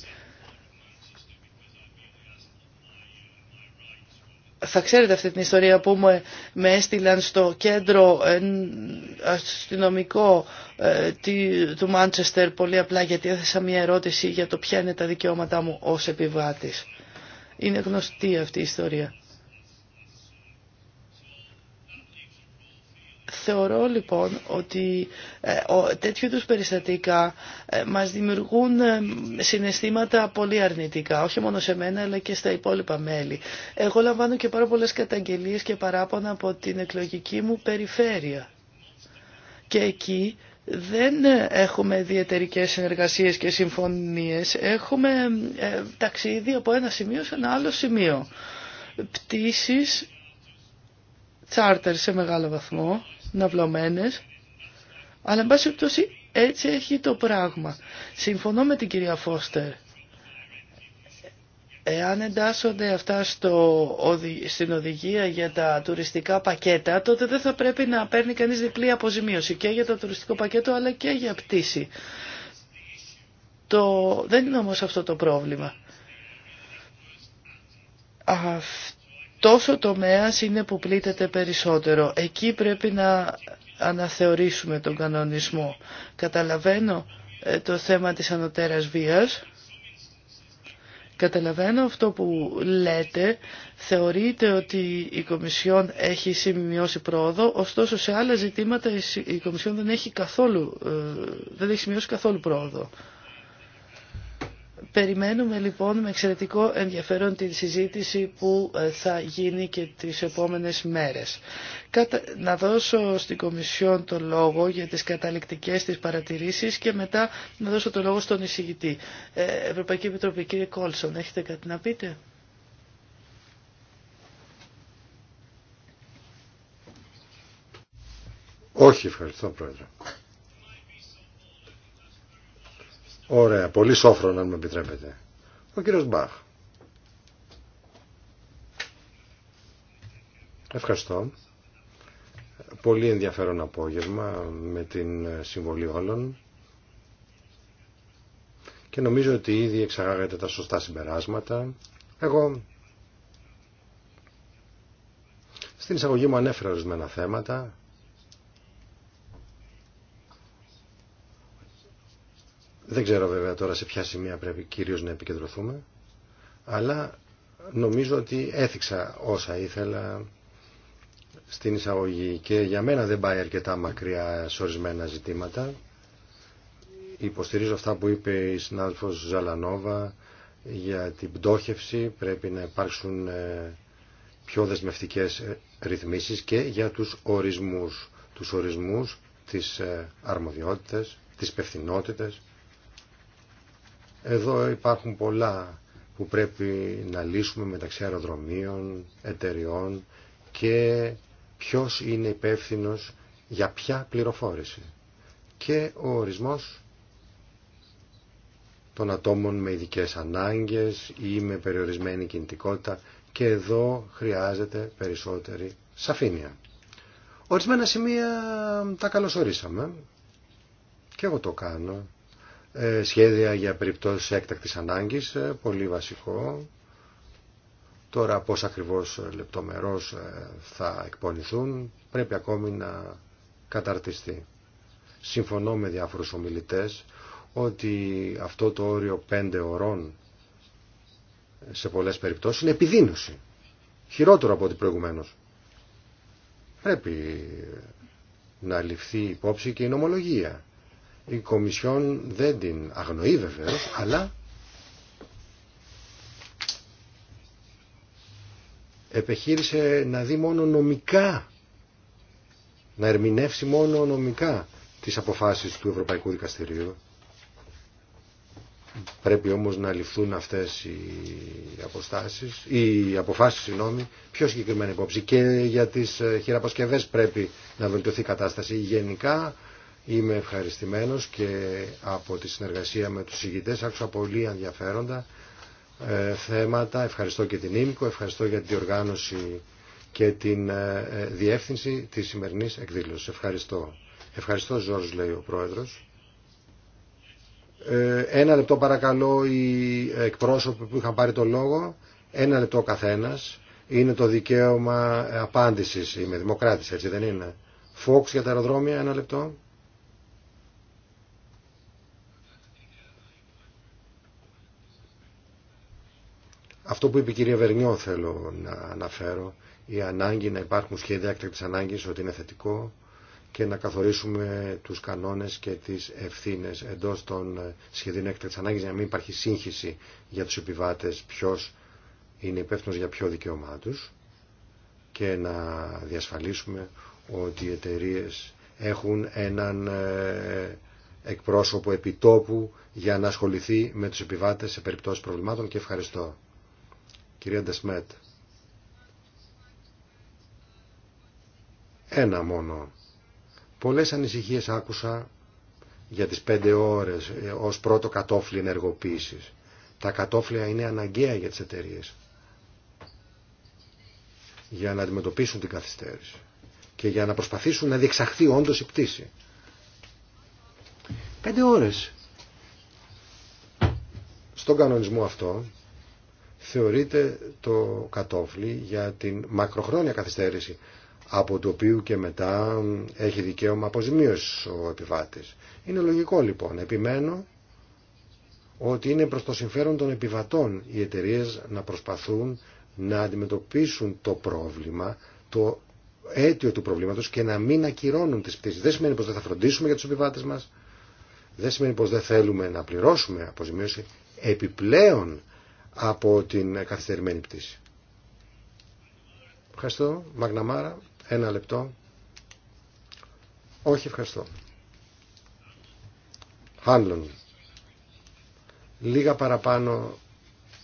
θα ξέρετε αυτή την ιστορία που ε, με έστειλαν στο κέντρο ε, αστυνομικό ε, του Μάντσεστερ πολύ απλά γιατί έθεσα μια ερώτηση για το ποια είναι τα δικαιώματά μου ως επιβάτης. Είναι γνωστή αυτή η ιστορία. Θεωρώ λοιπόν ότι ε, τέτοιου είδους περιστατικά ε, μας δημιουργούν ε, συναισθήματα πολύ αρνητικά, όχι μόνο σε μένα αλλά και στα υπόλοιπα μέλη. Εγώ λαμβάνω και πάρα πολλές καταγγελίες και παράπονα από την εκλογική μου περιφέρεια. Και εκεί δεν έχουμε διετερικές συνεργασίες και συμφωνίες. Έχουμε ταξίδι από ένα σημείο σε ένα άλλο σημείο. Πτήσεις, τσάρτερ σε μεγάλο βαθμό, ναυλωμένες, αλλά εν πάση πτώση έτσι έχει το πράγμα. Συμφωνώ με την κυρία Φώστερ. Εάν εντάσσονται αυτά στο, στην οδηγία για τα τουριστικά πακέτα, τότε δεν θα πρέπει να παίρνει κανείς διπλή αποζημίωση και για το τουριστικό πακέτο αλλά και για πτήση. Το, δεν είναι όμως αυτό το πρόβλημα. Αυτό Τόσο τομέα τομέας είναι που πλήττεται περισσότερο. Εκεί πρέπει να αναθεωρήσουμε τον κανονισμό. Καταλαβαίνω ε, το θέμα της ανωτέρας βίας. Καταλαβαίνω αυτό που λέτε. Θεωρείτε ότι η Κομισιόν έχει σημειώσει πρόοδο, ωστόσο σε άλλα ζητήματα η Κομισιόν δεν έχει, καθόλου, ε, δεν έχει σημειώσει καθόλου πρόοδο. Περιμένουμε λοιπόν με εξαιρετικό ενδιαφέρον τη συζήτηση που ε, θα γίνει και τις επόμενες μέρες. Να δώσω στην Κομισιόν το λόγο για τις καταληκτικές της παρατηρήσεις και μετά να δώσω το λόγο στον εισηγητή. Ε, Ευρωπαϊκή Επιτροπή, κύριε Κόλσον, έχετε κάτι να πείτε.
Όχι, ευχαριστώ πρόεδρε. Ωραία, πολύ σόφρον αν με επιτρέπετε. Ο κύριος Μπαχ. Ευχαριστώ. Πολύ ενδιαφέρον απόγευμα με την συμβολή όλων και νομίζω ότι ήδη εξαγάγατε τα σωστά συμπεράσματα. Εγώ στην εισαγωγή μου ανέφερα ορισμένα θέματα Δεν ξέρω βέβαια τώρα σε ποια σημεία πρέπει κυρίως να επικεντρωθούμε, αλλά νομίζω ότι έθιξα όσα ήθελα στην εισαγωγή και για μένα δεν πάει αρκετά μακριά σε ορισμένα ζητήματα. Υποστηρίζω αυτά που είπε η συνάδελφος Ζαλανόβα για την πτώχευση, πρέπει να υπάρξουν ε, πιο δεσμευτικές ε, ρυθμίσεις και για τους ορισμούς, τους ορισμούς, της ε, αρμοδιότητες, εδώ υπάρχουν πολλά που πρέπει να λύσουμε μεταξύ αεροδρομίων, εταιριών και ποιος είναι υπεύθυνο για ποια πληροφόρηση. Και ο ορισμός των ατόμων με ειδικέ ανάγκες ή με περιορισμένη κινητικότητα και εδώ χρειάζεται περισσότερη σαφήνεια. Ορισμένα σημεία τα καλωσορίσαμε και εγώ το κάνω ε, σχέδια για περιπτώσεις έκτακτης ανάγκης, ε, πολύ βασικό. Τώρα πώς ακριβώς ε, λεπτομερώς θα εκπονηθούν, πρέπει ακόμη να καταρτιστεί. Συμφωνώ με διάφορους ομιλητές ότι αυτό το όριο πέντε ωρών σε πολλές περιπτώσεις είναι επιδίνωση. Χειρότερο από ό,τι προηγουμένως. Πρέπει να ληφθεί υπόψη και η νομολογία η Κομισιόν δεν την αγνοεί βεβαίω, αλλά επεχείρησε να δει μόνο νομικά, να ερμηνεύσει μόνο νομικά τις αποφάσεις του Ευρωπαϊκού Δικαστηρίου. Πρέπει όμως να ληφθούν αυτές οι, αποστάσεις, οι αποφάσεις πιο συγκεκριμένα υπόψη και για τις ε, χειραποσκευές πρέπει να βελτιωθεί η κατάσταση. Γενικά Είμαι ευχαριστημένος και από τη συνεργασία με τους ηγητές άκουσα πολύ ενδιαφέροντα ε, θέματα. Ευχαριστώ και την ΙΜΚΟ, ευχαριστώ για την διοργάνωση και την ε, ε, διεύθυνση της σημερινής εκδήλωσης. Ευχαριστώ. Ευχαριστώ Ζόρζ λέει ο Πρόεδρος. ένα λεπτό παρακαλώ οι εκπρόσωποι που είχαν πάρει το λόγο. Ένα λεπτό καθένας. Είναι το δικαίωμα απάντησης. Είμαι δημοκράτης έτσι δεν είναι. Φόξ για τα αεροδρόμια ένα λεπτό. Αυτό που είπε η κυρία Βερνιό θέλω να αναφέρω, η ανάγκη να υπάρχουν σχέδια έκτακτης ανάγκης ότι είναι θετικό και να καθορίσουμε τους κανόνες και τις ευθύνες εντός των σχεδίων έκτακτης ανάγκης για να μην υπάρχει σύγχυση για τους επιβάτες ποιος είναι υπεύθυνο για ποιο δικαίωμά τους και να διασφαλίσουμε ότι οι εταιρείε έχουν έναν ε, εκπρόσωπο επιτόπου για να ασχοληθεί με τους επιβάτες σε περιπτώσεις προβλημάτων και ευχαριστώ. Κυρία Ντεσμέτ. Ένα μόνο. Πολλές ανησυχίες άκουσα για τις πέντε ώρες ε, ως πρώτο κατόφλι ενεργοποίησης. Τα κατόφλια είναι αναγκαία για τις εταιρείες για να αντιμετωπίσουν την καθυστέρηση και για να προσπαθήσουν να διεξαχθεί όντως η πτήση. Πέντε ώρες. Στον κανονισμό αυτό θεωρείται το κατόφλι για την μακροχρόνια καθυστέρηση από το οποίο και μετά έχει δικαίωμα αποζημίωση ο επιβάτης. Είναι λογικό λοιπόν. Επιμένω ότι είναι προς το συμφέρον των επιβατών οι εταιρείε να προσπαθούν να αντιμετωπίσουν το πρόβλημα, το αίτιο του προβλήματος και να μην ακυρώνουν τις πτήσεις. Δεν σημαίνει πως δεν θα φροντίσουμε για τους επιβάτες μας, δεν σημαίνει πως δεν θέλουμε να πληρώσουμε αποζημίωση. Επιπλέον από την καθυστερημένη πτήση. Ευχαριστώ. Μαγναμάρα, ένα λεπτό. Όχι, ευχαριστώ. Χάνλον. Λίγα παραπάνω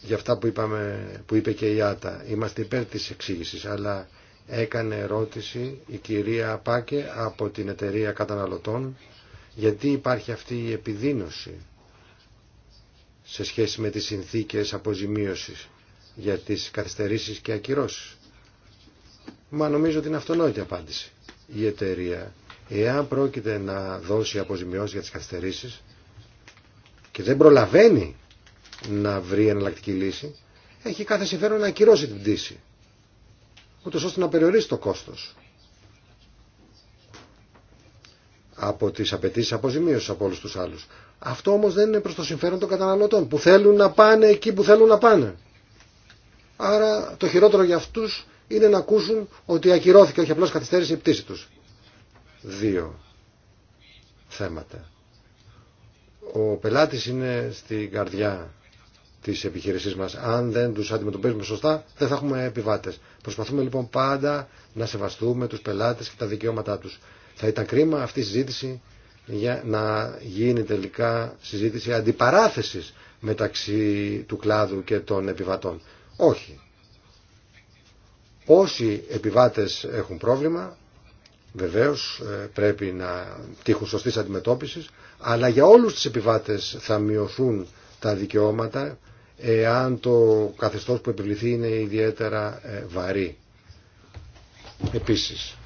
για αυτά που, είπαμε, που είπε και η Άτα. Είμαστε υπέρ της εξήγησης, αλλά έκανε ερώτηση η κυρία Πάκε από την εταιρεία καταναλωτών γιατί υπάρχει αυτή η επιδίνωση σε σχέση με τις συνθήκες αποζημίωσης για τις καθυστερήσεις και ακυρώσεις. Μα νομίζω ότι είναι αυτονόητη απάντηση. Η εταιρεία, εάν πρόκειται να δώσει αποζημιώσεις για τις καθυστερήσεις και δεν προλαβαίνει να βρει εναλλακτική λύση, έχει κάθε συμφέρον να ακυρώσει την πτήση, ούτως ώστε να περιορίσει το κόστος. από τι απαιτήσει αποζημίωση από όλου του άλλου. Αυτό όμω δεν είναι προ το συμφέρον των καταναλωτών που θέλουν να πάνε εκεί που θέλουν να πάνε. Άρα το χειρότερο για αυτού είναι να ακούσουν ότι ακυρώθηκε όχι απλώ καθυστέρησε η πτήση του. Δύο θέματα. Ο πελάτη είναι στην καρδιά τη επιχείρησή μα. Αν δεν του αντιμετωπίζουμε σωστά δεν θα έχουμε επιβάτε. Προσπαθούμε λοιπόν πάντα να σεβαστούμε του πελάτε και τα δικαιώματά του. Θα ήταν κρίμα αυτή η συζήτηση για να γίνει τελικά συζήτηση αντιπαράθεσης μεταξύ του κλάδου και των επιβατών. Όχι. Όσοι επιβάτες έχουν πρόβλημα, βεβαίως ε, πρέπει να τύχουν σωστής αντιμετώπισης, αλλά για όλους τους επιβάτες θα μειωθούν τα δικαιώματα εάν το καθεστώς που επιβληθεί είναι ιδιαίτερα ε, βαρύ. Επίσης,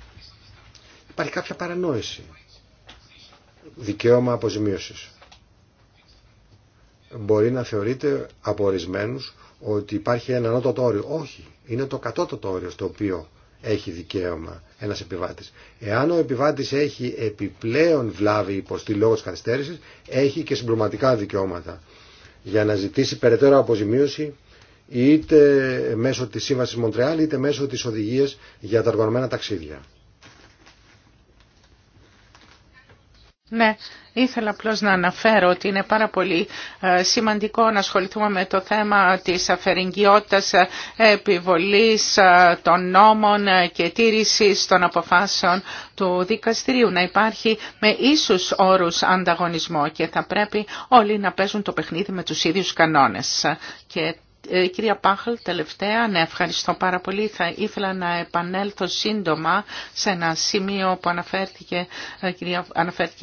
Υπάρχει κάποια παρανόηση. Δικαίωμα αποζημιώση. Μπορεί να θεωρείται από ορισμένου ότι υπάρχει ένα ανώτατο όριο. Όχι. Είναι το κατώτατο όριο στο οποίο έχει δικαίωμα ένας επιβάτης. Εάν ο επιβάτης έχει επιπλέον βλάβη υποστή λόγω τη καθυστέρηση, έχει και συμπληρωματικά δικαιώματα για να ζητήσει περαιτέρω αποζημίωση είτε μέσω της Σύμβασης Μοντρεάλ είτε μέσω της οδηγίας για τα οργανωμένα ταξίδια.
Ναι, ήθελα απλώς να αναφέρω ότι είναι πάρα πολύ ε, σημαντικό να ασχοληθούμε με το θέμα της αφαιρεγγιότητας ε, επιβολής ε, των νόμων και τήρησης των αποφάσεων του δικαστηρίου. Να υπάρχει με ίσους όρους ανταγωνισμό και θα πρέπει όλοι να παίζουν το παιχνίδι με τους ίδιους κανόνες. Και ε, κυρία Πάχλ, τελευταία, ναι, ευχαριστώ πάρα πολύ. Θα ήθελα να επανέλθω σύντομα σε ένα σημείο που ε, αναφέρθηκε,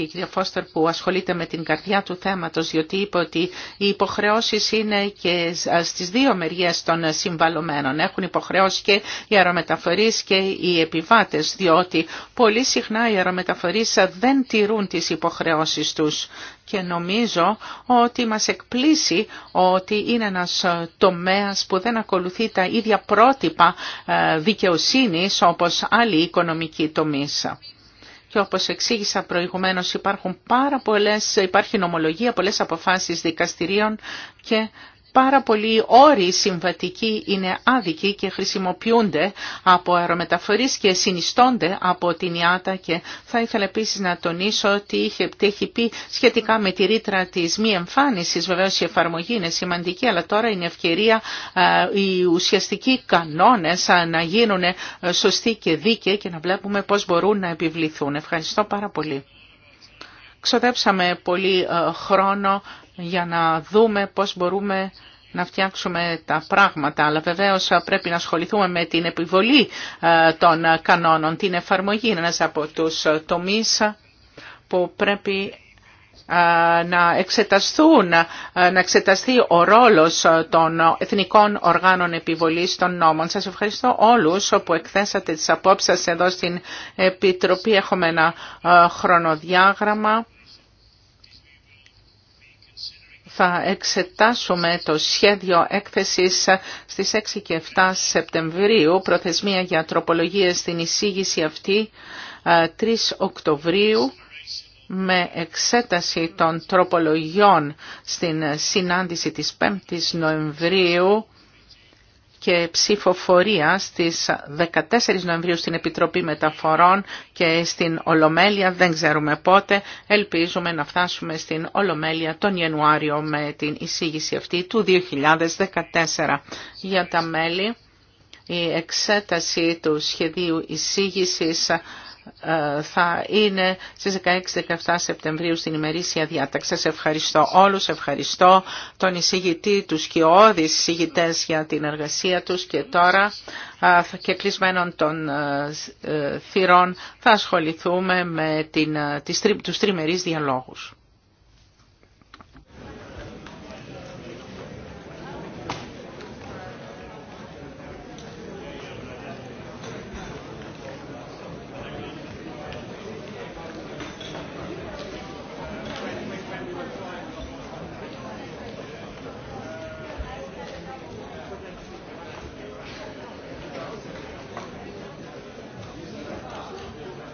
η κυρία Φώστερ που ασχολείται με την καρδιά του θέματος, διότι είπε ότι οι υποχρεώσεις είναι και ε, στις δύο μεριές των συμβαλωμένων. Έχουν υποχρεώσει και οι αερομεταφορείς και οι επιβάτες, διότι πολύ συχνά οι αερομεταφορείς δεν τηρούν τις υποχρεώσεις τους και νομίζω ότι μας εκπλήσει ότι είναι ένας τομέας που δεν ακολουθεί τα ίδια πρότυπα ε, δικαιοσύνης όπως άλλοι οικονομικοί τομείς. Και όπως εξήγησα προηγουμένως υπάρχουν πάρα πολλές, υπάρχει νομολογία, πολλές αποφάσεις δικαστηρίων και πάρα πολλοί όροι συμβατικοί είναι άδικοι και χρησιμοποιούνται από αερομεταφορείς και συνιστώνται από την ΙΑΤΑ και θα ήθελα επίσης να τονίσω ότι είχε, έχει πει σχετικά με τη ρήτρα της μη εμφάνισης. Βεβαίως η εφαρμογή είναι σημαντική αλλά τώρα είναι ευκαιρία ε, οι ουσιαστικοί κανόνες να γίνουν σωστοί και δίκαιοι και να βλέπουμε πώς μπορούν να επιβληθούν. Ευχαριστώ πάρα πολύ. Ξοδέψαμε πολύ ε, χρόνο για να δούμε πώς μπορούμε να φτιάξουμε τα πράγματα, αλλά βεβαίως πρέπει να ασχοληθούμε με την επιβολή ε, των κανόνων, την εφαρμογή από τους ε, τομείς που πρέπει ε, να εξεταστούν, να εξεταστεί ο ρόλος των εθνικών οργάνων επιβολής των νόμων. Σας ευχαριστώ όλους που εκθέσατε τις απόψεις εδώ στην Επιτροπή. Έχουμε ένα χρονοδιάγραμμα θα εξετάσουμε το σχέδιο έκθεσης στις 6 και 7 Σεπτεμβρίου, προθεσμία για τροπολογίες στην εισήγηση αυτή 3 ε, Οκτωβρίου με εξέταση των τροπολογιών στην συνάντηση της 5ης Νοεμβρίου και ψηφοφορία στις 14 Νοεμβρίου στην Επιτροπή Μεταφορών και στην Ολομέλεια, δεν ξέρουμε πότε. Ελπίζουμε να φτάσουμε στην Ολομέλεια τον Ιανουάριο με την εισήγηση αυτή του 2014. Για τα μέλη, η εξέταση του σχεδίου εισήγησης ε, θα είναι στις 16-17 Σεπτεμβρίου στην ημερήσια διάταξη. Σας ευχαριστώ όλους, ευχαριστώ τον εισηγητή, τους Όδης εισηγητές για την εργασία τους και τώρα ε, και κλεισμένων των ε, θυρών θα ασχοληθούμε με την, τους τριμερείς διαλόγους.